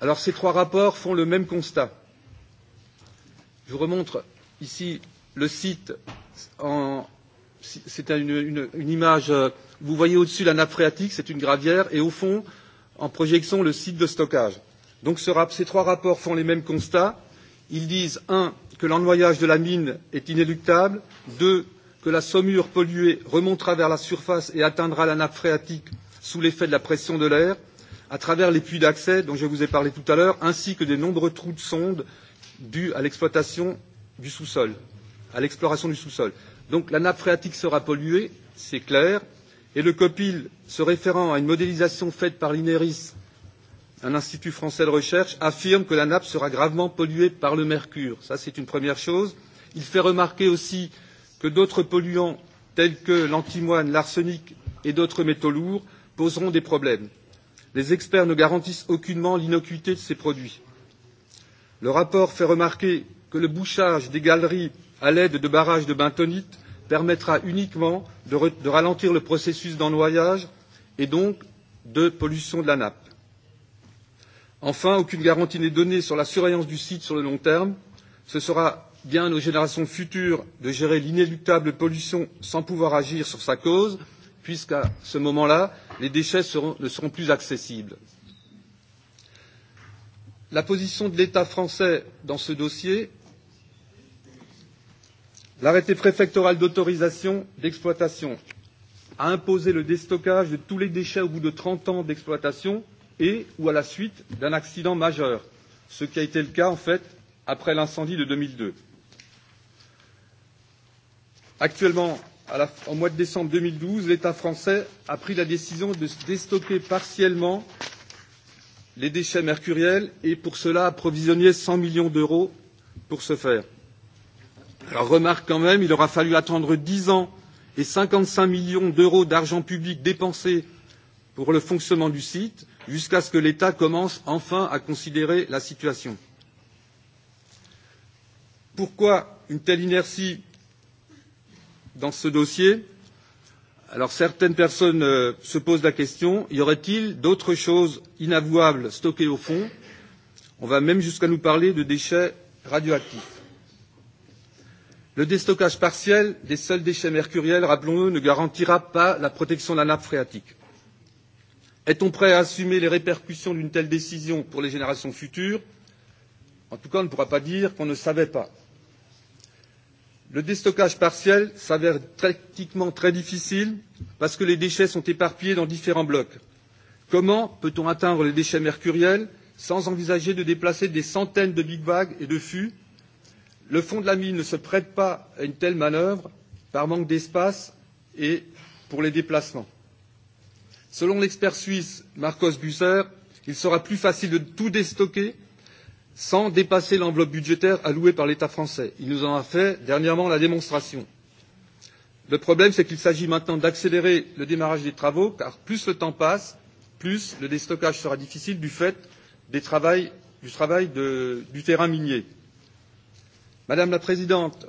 Alors ces trois rapports font le même constat. Je vous remontre ici le site c'est une, une, une image, euh, vous voyez au-dessus la nappe phréatique, c'est une gravière, et au fond, en projection, le site de stockage. Donc ce, ces trois rapports font les mêmes constats. Ils disent, un, que l'ennoyage de la mine est inéluctable, deux, que la saumure polluée remontera vers la surface et atteindra la nappe phréatique sous l'effet de la pression de l'air, à travers les puits d'accès dont je vous ai parlé tout à l'heure, ainsi que des nombreux trous de sonde dus à l'exploitation du sous-sol à l'exploration du sous-sol. Donc la nappe phréatique sera polluée, c'est clair, et le COPIL, se référant à une modélisation faite par l'INERIS, un institut français de recherche, affirme que la nappe sera gravement polluée par le mercure. Ça, c'est une première chose. Il fait remarquer aussi que d'autres polluants tels que l'antimoine, l'arsenic et d'autres métaux lourds poseront des problèmes. Les experts ne garantissent aucunement l'innocuité de ces produits. Le rapport fait remarquer que le bouchage des galeries à l'aide de barrages de bentonite permettra uniquement de, re, de ralentir le processus d'ennoyage et donc de pollution de la nappe. Enfin, aucune garantie n'est donnée sur la surveillance du site sur le long terme. Ce sera bien aux générations futures de gérer l'inéluctable pollution sans pouvoir agir sur sa cause, puisqu'à ce moment-là, les déchets seront, ne seront plus accessibles. La position de l'État français dans ce dossier L'arrêté préfectoral d'autorisation d'exploitation a imposé le déstockage de tous les déchets au bout de 30 ans d'exploitation et ou à la suite d'un accident majeur, ce qui a été le cas en fait après l'incendie de 2002. Actuellement, à la, au mois de décembre 2012, l'État français a pris la décision de déstocker partiellement les déchets mercuriels et pour cela approvisionner 100 millions d'euros pour ce faire. Alors remarque quand même, il aura fallu attendre dix ans et 55 millions d'euros d'argent public dépensés pour le fonctionnement du site jusqu'à ce que l'État commence enfin à considérer la situation. Pourquoi une telle inertie dans ce dossier Alors certaines personnes euh, se posent la question, y aurait-il d'autres choses inavouables stockées au fond On va même jusqu'à nous parler de déchets radioactifs. Le déstockage partiel des seuls déchets mercuriels, rappelons-le, ne garantira pas la protection de la nappe phréatique. Est-on prêt à assumer les répercussions d'une telle décision pour les générations futures En tout cas, on ne pourra pas dire qu'on ne savait pas. Le déstockage partiel s'avère techniquement très difficile parce que les déchets sont éparpillés dans différents blocs. Comment peut-on atteindre les déchets mercuriels sans envisager de déplacer des centaines de big bags et de fûts le fond de la mine ne se prête pas à une telle manœuvre par manque d'espace et pour les déplacements. Selon l'expert suisse Marcos Busser, il sera plus facile de tout déstocker sans dépasser l'enveloppe budgétaire allouée par l'État français. Il nous en a fait dernièrement la démonstration. Le problème, c'est qu'il s'agit maintenant d'accélérer le démarrage des travaux, car plus le temps passe, plus le déstockage sera difficile du fait des travail, du travail de, du terrain minier. Madame la Présidente,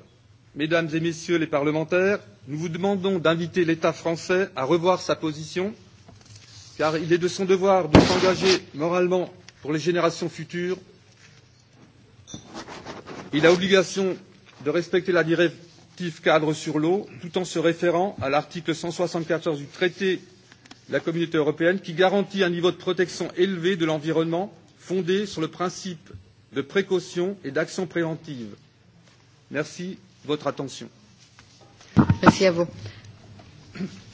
Mesdames et Messieurs les parlementaires, nous vous demandons d'inviter l'État français à revoir sa position, car il est de son devoir de s'engager moralement pour les générations futures. Il a obligation de respecter la directive cadre sur l'eau, tout en se référant à l'article 174 du traité de la Communauté européenne, qui garantit un niveau de protection élevé de l'environnement, fondé sur le principe de précaution et d'action préventive Merci de votre attention. Merci à vous.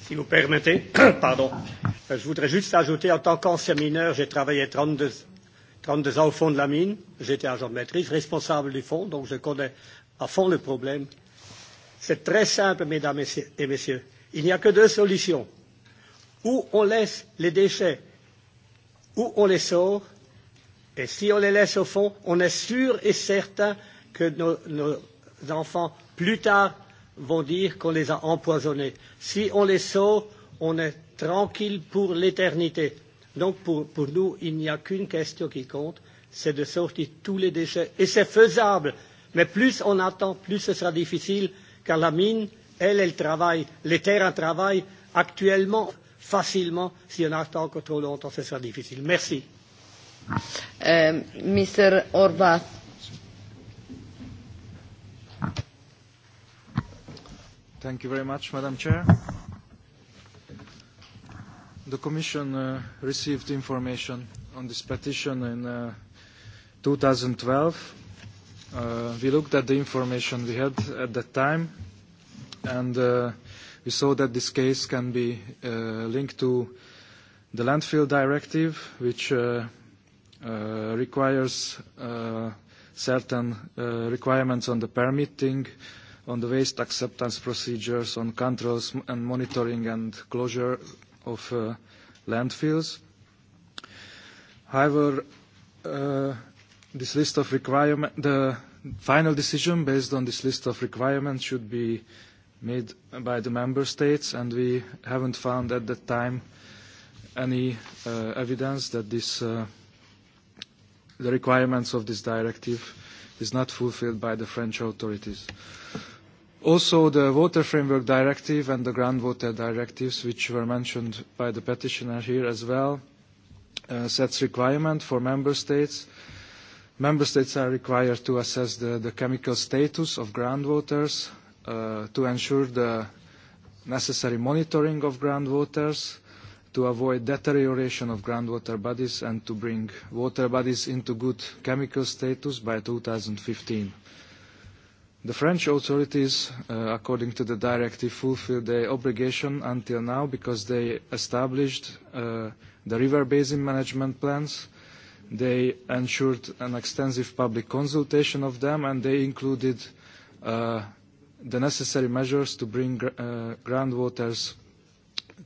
Si vous permettez, (coughs) pardon, je voudrais juste ajouter, en tant qu'ancien mineur, j'ai travaillé 32, 32 ans au fond de la mine. J'étais agent de maîtrise, responsable du fond, donc je connais à fond le problème. C'est très simple, mesdames et messieurs. Il n'y a que deux solutions. Ou on laisse les déchets, ou on les sort, et si on les laisse au fond, on est sûr et certain que nos, nos les enfants plus tard vont dire qu'on les a empoisonnés. Si on les sauve, on est tranquille pour l'éternité. Donc pour, pour nous, il n'y a qu'une question qui compte, c'est de sortir tous les déchets. Et c'est faisable. Mais plus on attend, plus ce sera difficile, car la mine, elle, elle travaille. Les terres travaillent actuellement facilement. Si on attend encore trop longtemps, ce sera difficile. Merci. Euh, Mr. Orvath, Thank you very much, Madam Chair. The Commission uh, received information on this petition in uh, 2012. Uh, we looked at the information we had at that time, and uh, we saw that this case can be uh, linked to the landfill directive, which uh, uh, requires uh, certain uh, requirements on the permitting on the waste acceptance procedures, on controls and monitoring and closure of uh, landfills. However, uh, this list of requirements, the final decision based on this list of requirements should be made by the member states, and we haven't found at that time any uh, evidence that this, uh, the requirements of this directive is not fulfilled by the French authorities. Also, the Water Framework Directive and the Groundwater Directives, which were mentioned by the petitioner here as well, uh, sets requirement for member states. Member states are required to assess the, the chemical status of groundwaters uh, to ensure the necessary monitoring of groundwaters, to avoid deterioration of groundwater bodies and to bring water bodies into good chemical status by 2015. The French authorities, uh, according to the directive, fulfilled their obligation until now because they established uh, the river basin management plans. They ensured an extensive public consultation of them, and they included uh, the necessary measures to bring gr uh, groundwaters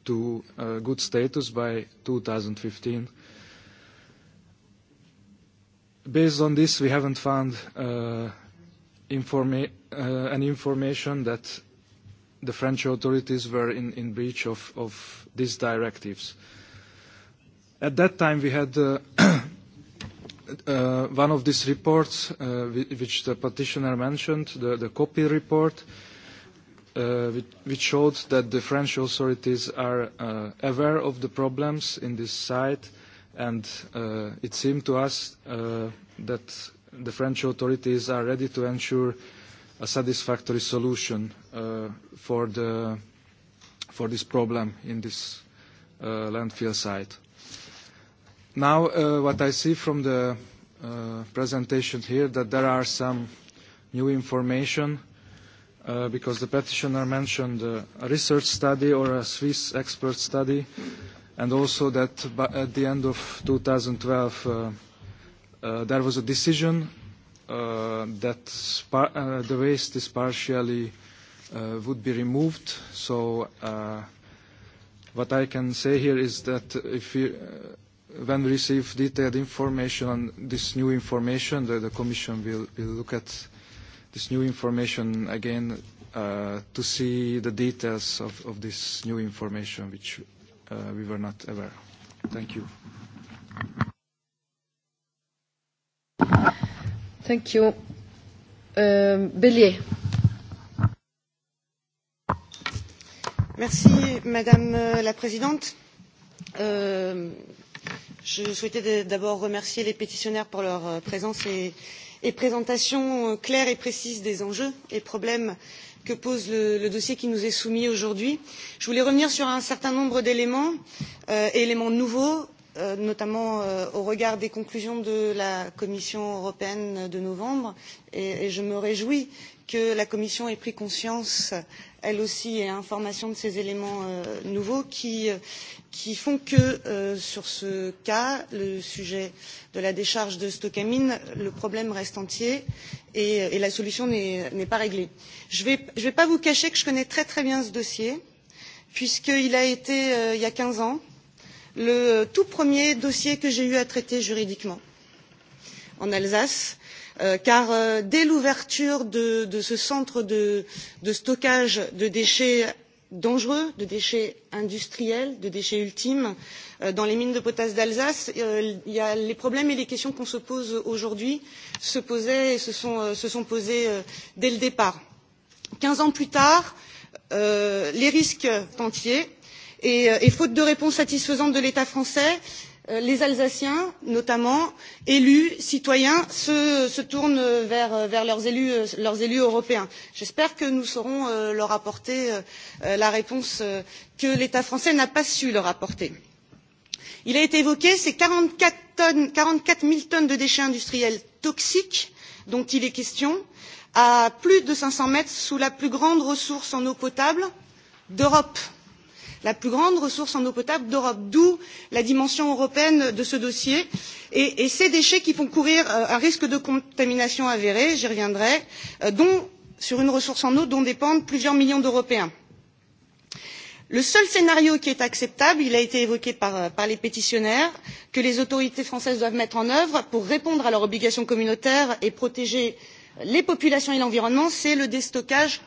to uh, good status by 2015. Based on this, we haven't found uh, informa uh, any information that the French authorities were in, in breach of, of these directives. At that time, we had uh, (coughs) uh, one of these reports, uh, which the petitioner mentioned, the, the copy report, uh, which, which showed that the French authorities are uh, aware of the problems in this site, and uh, it seemed to us uh, that the French authorities are ready to ensure a satisfactory solution uh, for, the, for this problem in this uh, landfill site. Now, uh, what I see from the uh, presentation here, that there are some new information, uh, because the petitioner mentioned uh, a research study or a Swiss expert study, and also that at the end of 2012, uh, Uh, there was a decision uh, that uh, the waste is partially uh, would be removed. So uh, what I can say here is that if we, uh, when we receive detailed information on this new information, the, the Commission will, will look at this new information again uh, to see the details of, of this new information which uh, we were not aware. Thank you. Thank you. Euh, Bélier. Merci, Madame la Présidente. Euh, je souhaitais d'abord remercier les pétitionnaires pour leur euh, présence et, et présentation euh, claire et précise des enjeux et problèmes que pose le, le dossier qui nous est soumis aujourd'hui. Je voulais revenir sur un certain nombre d'éléments, euh, éléments nouveaux Euh, notamment euh, au regard des conclusions de la Commission européenne de novembre. Et, et je me réjouis que la Commission ait pris conscience, elle aussi, et information de ces éléments euh, nouveaux qui, euh, qui font que, euh, sur ce cas, le sujet de la décharge de Stockamine, le problème reste entier et, et la solution n'est pas réglée. Je ne vais, je vais pas vous cacher que je connais très très bien ce dossier, puisqu'il a été, euh, il y a 15 ans, le tout premier dossier que j'ai eu à traiter juridiquement en Alsace, euh, car euh, dès l'ouverture de, de ce centre de, de stockage de déchets dangereux, de déchets industriels, de déchets ultimes, euh, dans les mines de potasse d'Alsace, euh, y a les problèmes et les questions qu'on se pose aujourd'hui se posaient et se sont, euh, se sont posés euh, dès le départ. Quinze ans plus tard, les risques entiers et, euh, et faute de réponse satisfaisante de l'état français euh, les alsaciens notamment élus citoyens se, se tournent vers, euh, vers leurs, élus, leurs élus européens. j'espère que nous saurons leur apporter la réponse que l'état français n'a pas su leur apporter. il a été évoqué ces quarante quatre zéro tonnes de déchets industriels toxiques dont il est question à plus de cinq cents mètres sous la plus grande ressource en eau potable d'europe la plus grande ressource en eau potable d'europe d'où la dimension européenne de ce dossier et, et ces déchets qui font courir euh, un risque de contamination avéré j'y reviendrai euh, dont, sur une ressource en eau dont dépendent plusieurs millions d'européens. le seul scénario qui est acceptable il a été évoqué par, euh, par les pétitionnaires que les autorités françaises doivent mettre en œuvre pour répondre à leur obligation communautaire et protéger les populations et l'environnement c'est le déstockage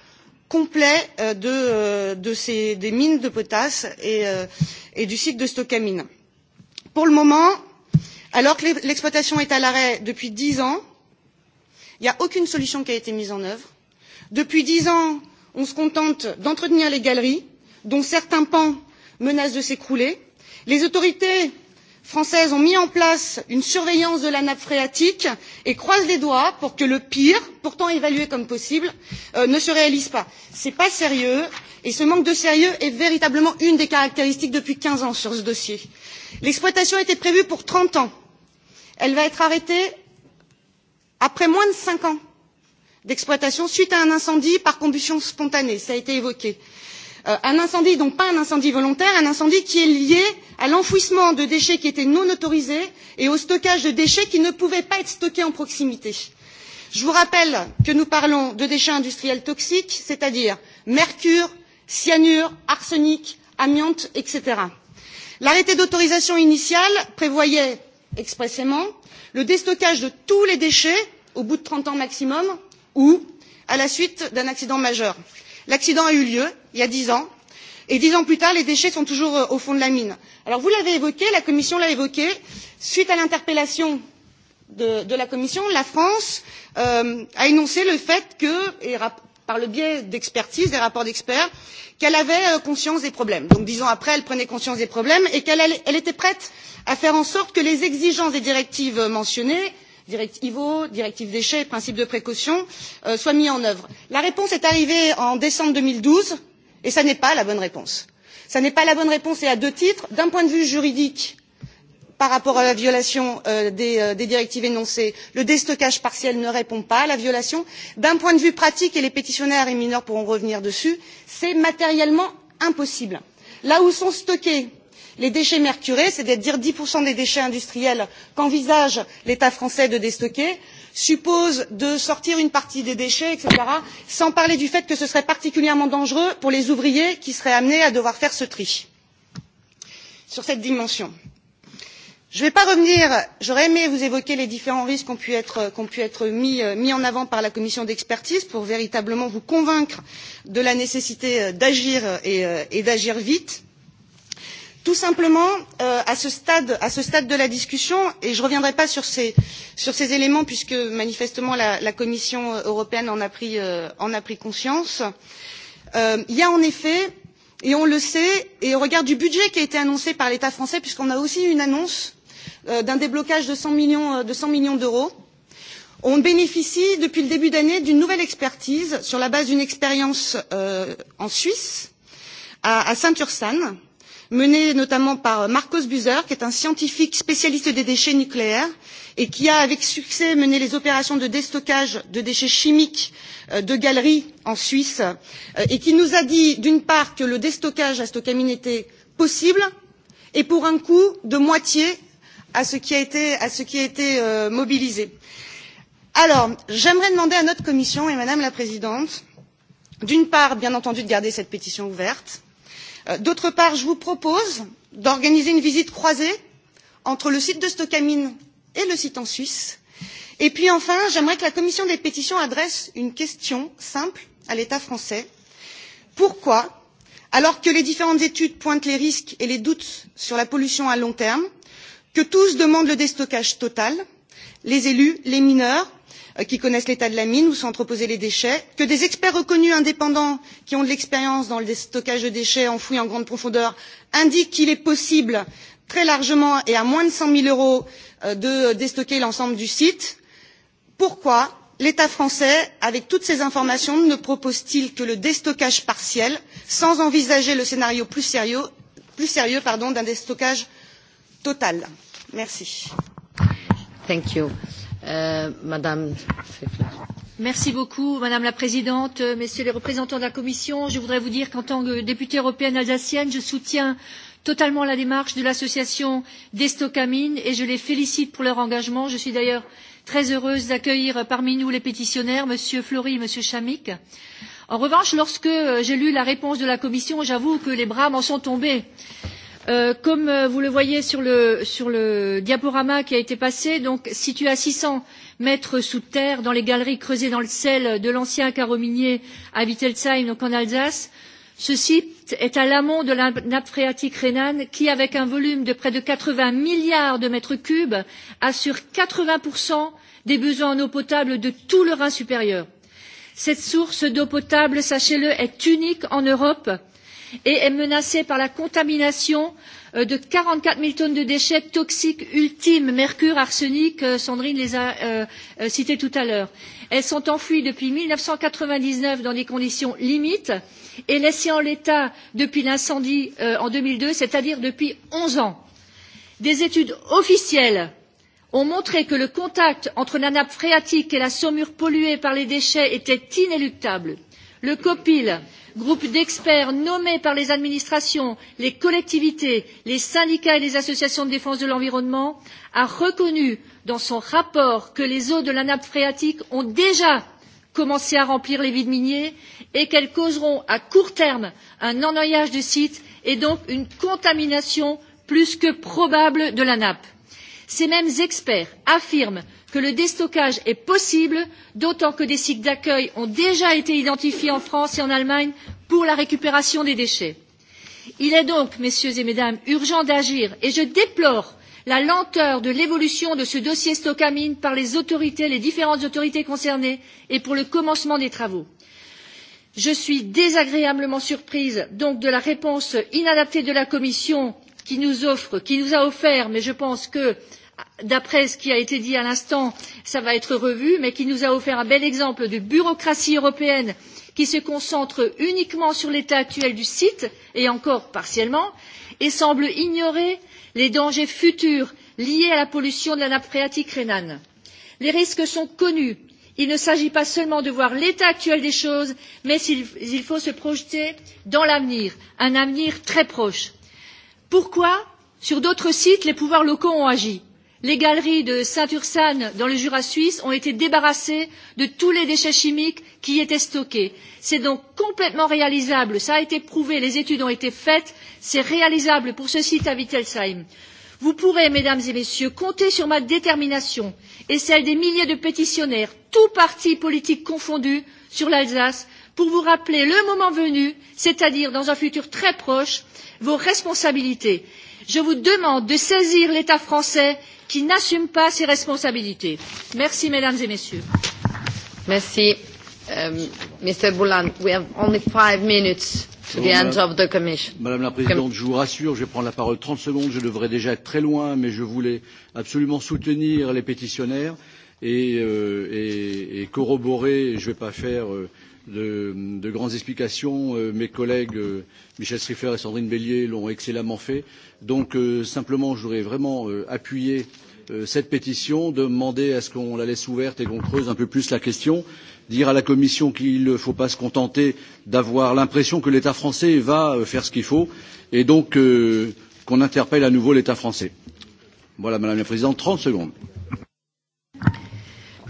complet euh, de, euh, de ces, des mines de potasse et, euh, et du site de Stockamine. Pour le moment, alors que l'exploitation est à l'arrêt depuis dix ans, il n'y a aucune solution qui a été mise en œuvre. Depuis dix ans, on se contente d'entretenir les galeries, dont certains pans menacent de s'écrouler. Les autorités françaises ont mis en place une surveillance de la nappe phréatique et croisent les doigts pour que le pire pourtant évalué comme possible euh, ne se réalise pas. ce n'est pas sérieux et ce manque de sérieux est véritablement une des caractéristiques depuis quinze ans sur ce dossier. l'exploitation était prévue pour trente ans elle va être arrêtée après moins de cinq ans d'exploitation suite à un incendie par combustion spontanée cela a été évoqué. Euh, un incendie, donc pas un incendie volontaire, un incendie qui est lié à l'enfouissement de déchets qui étaient non autorisés et au stockage de déchets qui ne pouvaient pas être stockés en proximité. Je vous rappelle que nous parlons de déchets industriels toxiques, c'est-à-dire mercure, cyanure, arsenic, amiante, etc. L'arrêté d'autorisation initiale prévoyait expressément le déstockage de tous les déchets au bout de 30 ans maximum ou à la suite d'un accident majeur l'accident a eu lieu il y a dix ans et dix ans plus tard les déchets sont toujours euh, au fond de la mine. vous l'avez évoqué la commission l'a évoqué suite à l'interpellation de, la commission la france euh, a énoncé le fait par le biais d'expertises des rapports d'experts qu'elle avait euh, conscience des problèmes. donc dix ans après elle prenait conscience des problèmes et qu'elle était prête à faire en sorte que les exigences des directives mentionnées directive eau directive déchets principe de précaution euh, soient mis en œuvre. la réponse est arrivée en décembre deux mille douze et ce n'est pas la bonne réponse. ce n'est pas la bonne réponse et à deux titres d'un point de vue juridique par rapport à la violation euh, des, euh, des directives énoncées le déstockage partiel ne répond pas à la violation d'un point de vue pratique et les pétitionnaires et mineurs pourront revenir dessus c'est matériellement impossible. là où sont stockés les déchets mercurés c'est à dire dix des déchets industriels qu'envisage l'état français de déstocker suppose de sortir une partie des déchets etc. sans parler du fait que ce serait particulièrement dangereux pour les ouvriers qui seraient amenés à devoir faire ce tri sur cette dimension. je ne vais pas revenir j'aurais aimé vous évoquer les différents risques qui ont pu être, euh, mis, en avant par la commission d'expertise pour véritablement vous convaincre de la nécessité euh, d'agir euh, et d'agir vite tout simplement euh, à, ce stade, à ce stade de la discussion et je ne reviendrai pas sur ces, sur ces éléments puisque manifestement la, la commission européenne en a pris, euh, en a pris conscience euh, il y a en effet et on le sait et au regard du budget qui a été annoncé par l'état français puisqu'on a aussi une annonce euh, d'un déblocage euh, de cent millions d'euros on bénéficie depuis le début d'année d'une nouvelle expertise sur la base d'une expérience euh, en suisse à, à saint ursanne menée notamment par marcos buser qui est un scientifique spécialiste des déchets nucléaires et qui a avec succès mené les opérations de déstockage de déchets chimiques euh, de galeries en suisse euh, et qui nous a dit d'une part que le déstockage à stockamine était possible et pour un coût de moitié à ce qui a été, qui a été euh, mobilisé. alors j'aimerais demander à notre commission et à madame la présidente d'une part bien entendu de garder cette pétition ouverte Euh, d'autre part je vous propose d'organiser une visite croisée entre le site de stockamine et le site en suisse et puis enfin j'aimerais que la commission des pétitions adresse une question simple à l'état français pourquoi alors que les différentes études pointent les risques et les doutes sur la pollution à long terme que tous demandent le déstockage total les élus les mineurs Euh, qui connaissent l'état de la mine où sont entreposés les déchets que des experts reconnus indépendants qui ont de l'expérience dans le stockage de déchets enfouis en grande profondeur indiquent qu'il est possible très largement et à moins de cent zéro euros euh, de déstocker l'ensemble du site pourquoi l'état français avec toutes ces informations ne propose t il que le déstockage partiel sans envisager le scénario plus sérieux, plus sérieux pardon, d'un déstockage total? merci. Euh, Madame Merci beaucoup, Madame la Présidente, Messieurs les représentants de la Commission. Je voudrais vous dire qu'en tant que députée européenne alsacienne, je soutiens totalement la démarche de l'association d'Estocamine et je les félicite pour leur engagement. Je suis d'ailleurs très heureuse d'accueillir parmi nous les pétitionnaires, Monsieur Fleury et Monsieur Chamic. En revanche, lorsque euh, j'ai lu la réponse de la Commission, j'avoue que les bras m'en sont tombés. Euh, Euh, comme euh, vous le voyez sur le, sur le diaporama qui a été passé, donc situé à 600 mètres sous terre dans les galeries creusées dans le sel de l'ancien carreau minier à Wittelsheim, donc en Alsace, ce site est à l'amont de la nappe phréatique rhénane qui, avec un volume de près de 80 milliards de mètres cubes, assure 80% des besoins en eau potable de tout le Rhin supérieur. Cette source d'eau potable, sachez-le, est unique en Europe et est menacée par la contamination euh, de quarante quatre zéro tonnes de déchets toxiques ultimes mercure arsenic euh, sandrine les a euh, euh cités tout à l'heure. elles sont enfouies depuis mille neuf cent quatre vingt dix neuf dans des conditions limites et laissées en l'état depuis l'incendie euh, en deux mille deux c'est à dire depuis onze ans. des études officielles ont montré que le contact entre la nappe phréatique et la saumure polluée par les déchets était inéluctable. le copil groupes d'experts nommés par les administrations, les collectivités, les syndicats et les associations de défense de l'environnement, a reconnu dans son rapport que les eaux de la nappe phréatique ont déjà commencé à remplir les vides miniers et qu'elles causeront à court terme un ennoyage du site et donc une contamination plus que probable de la nappe ces mêmes experts affirment que le déstockage est possible d'autant que des sites d'accueil ont déjà été identifiés en france et en allemagne pour la récupération des déchets. il est donc messieurs et mesdames urgent d'agir et je déplore la lenteur de l'évolution de ce dossier stockamine par les autorités les différentes autorités concernées et pour le commencement des travaux. je suis désagréablement surprise donc de la réponse inadaptée de la commission qui nous offre, qui nous a offert, mais je pense que d'après ce qui a été dit à l'instant, ça va être revu, mais qui nous a offert un bel exemple de bureaucratie européenne qui se concentre uniquement sur l'état actuel du site, et encore partiellement, et semble ignorer les dangers futurs liés à la pollution de la nappe phréatique rhénane. Les risques sont connus. Il ne s'agit pas seulement de voir l'état actuel des choses, mais il faut se projeter dans l'avenir, un avenir très proche Pourquoi, sur d'autres sites, les pouvoirs locaux ont agi Les galeries de Saint-Ursanne, dans le Jura suisse, ont été débarrassées de tous les déchets chimiques qui y étaient stockés. C'est donc complètement réalisable, ça a été prouvé, les études ont été faites, c'est réalisable pour ce site à Wittelsheim. Vous pourrez, mesdames et messieurs, compter sur ma détermination et celle des milliers de pétitionnaires, tous partis politiques confondus, sur l'Alsace pour vous rappeler le moment venu, c'est-à-dire dans un futur très proche, vos responsabilités. Je vous demande de saisir l'État français qui n'assume pas ses responsabilités. Merci, mesdames et messieurs. Merci. Um, euh, Mr. Boulan, we have only five minutes to the end of the commission. Madame la Présidente, je vous rassure, je vais prendre la parole 30 secondes, je devrais déjà être très loin, mais je voulais absolument soutenir les pétitionnaires et, euh, et, et corroborer, je ne vais pas faire euh, de, de grandes explications. Euh, mes collègues euh, Michel Striffer et Sandrine Bélier l'ont excellemment fait. Donc euh, simplement, je voudrais vraiment euh, appuyer euh, cette pétition, demander à ce qu'on la laisse ouverte et qu'on creuse un peu plus la question, dire à la Commission qu'il ne faut pas se contenter d'avoir l'impression que l'État français va euh, faire ce qu'il faut, et donc euh, qu'on interpelle à nouveau l'État français. Voilà, Madame la Présidente, 30 secondes.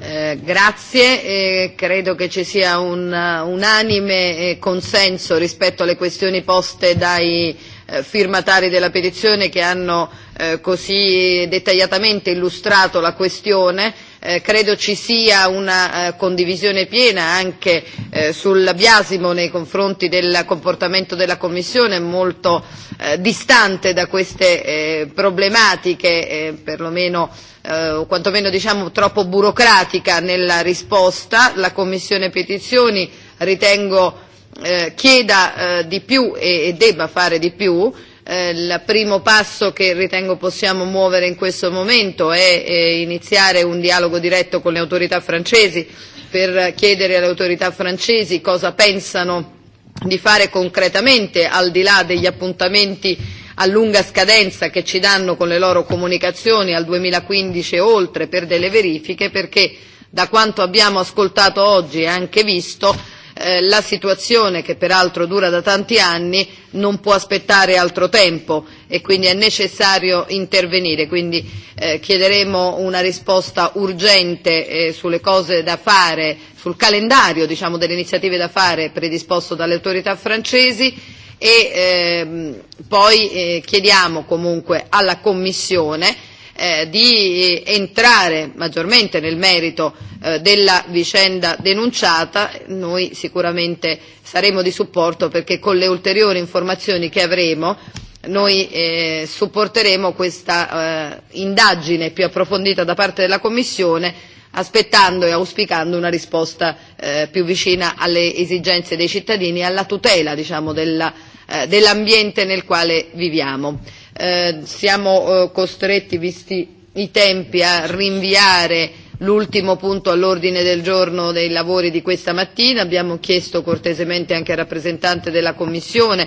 Eh, grazie, eh, credo che ci sia un eh, unanime eh, consenso rispetto alle questioni poste dai eh, firmatari della petizione che hanno eh, così dettagliatamente illustrato la questione eh, credo ci sia una eh, condivisione piena anche eh, sul biasimo nei confronti del comportamento della Commissione, molto eh, distante da queste eh, problematiche, eh, perlomeno eh, quantomeno diciamo troppo burocratica nella risposta. La Commissione Petizioni ritengo eh, chieda eh, di più e, e debba fare di più eh, il primo passo che ritengo possiamo muovere in questo momento è eh, iniziare un dialogo diretto con le autorità francesi per chiedere alle autorità francesi cosa pensano di fare concretamente al di là degli appuntamenti a lunga scadenza che ci danno con le loro comunicazioni al 2015 e oltre per delle verifiche perché da quanto abbiamo ascoltato oggi e anche visto Eh, la situazione, che peraltro dura da tanti anni, non può aspettare altro tempo e quindi è necessario intervenire. Quindi eh, chiederemo una risposta urgente eh, sulle cose da fare, sul calendario diciamo, delle iniziative da fare predisposto dalle autorità francesi e ehm, poi eh, chiediamo comunque alla Commissione eh, di eh, entrare maggiormente nel merito eh, della vicenda denunciata, noi sicuramente saremo di supporto perché con le ulteriori informazioni che avremo noi eh, supporteremo questa eh, indagine più approfondita da parte della Commissione aspettando e auspicando una risposta eh, più vicina alle esigenze dei cittadini e alla tutela diciamo, della, eh, dell'ambiente nel quale viviamo. Eh, siamo eh, costretti, visti i tempi, a rinviare l'ultimo punto all'ordine del giorno dei lavori di questa mattina. Abbiamo chiesto cortesemente anche al rappresentante della Commissione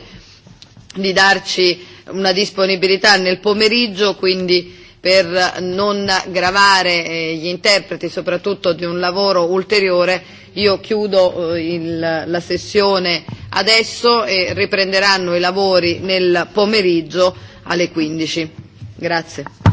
di darci una disponibilità nel pomeriggio, quindi per non gravare eh, gli interpreti soprattutto di un lavoro ulteriore, io chiudo eh, il, la sessione adesso e riprenderanno i lavori nel pomeriggio alle quindici Grazie.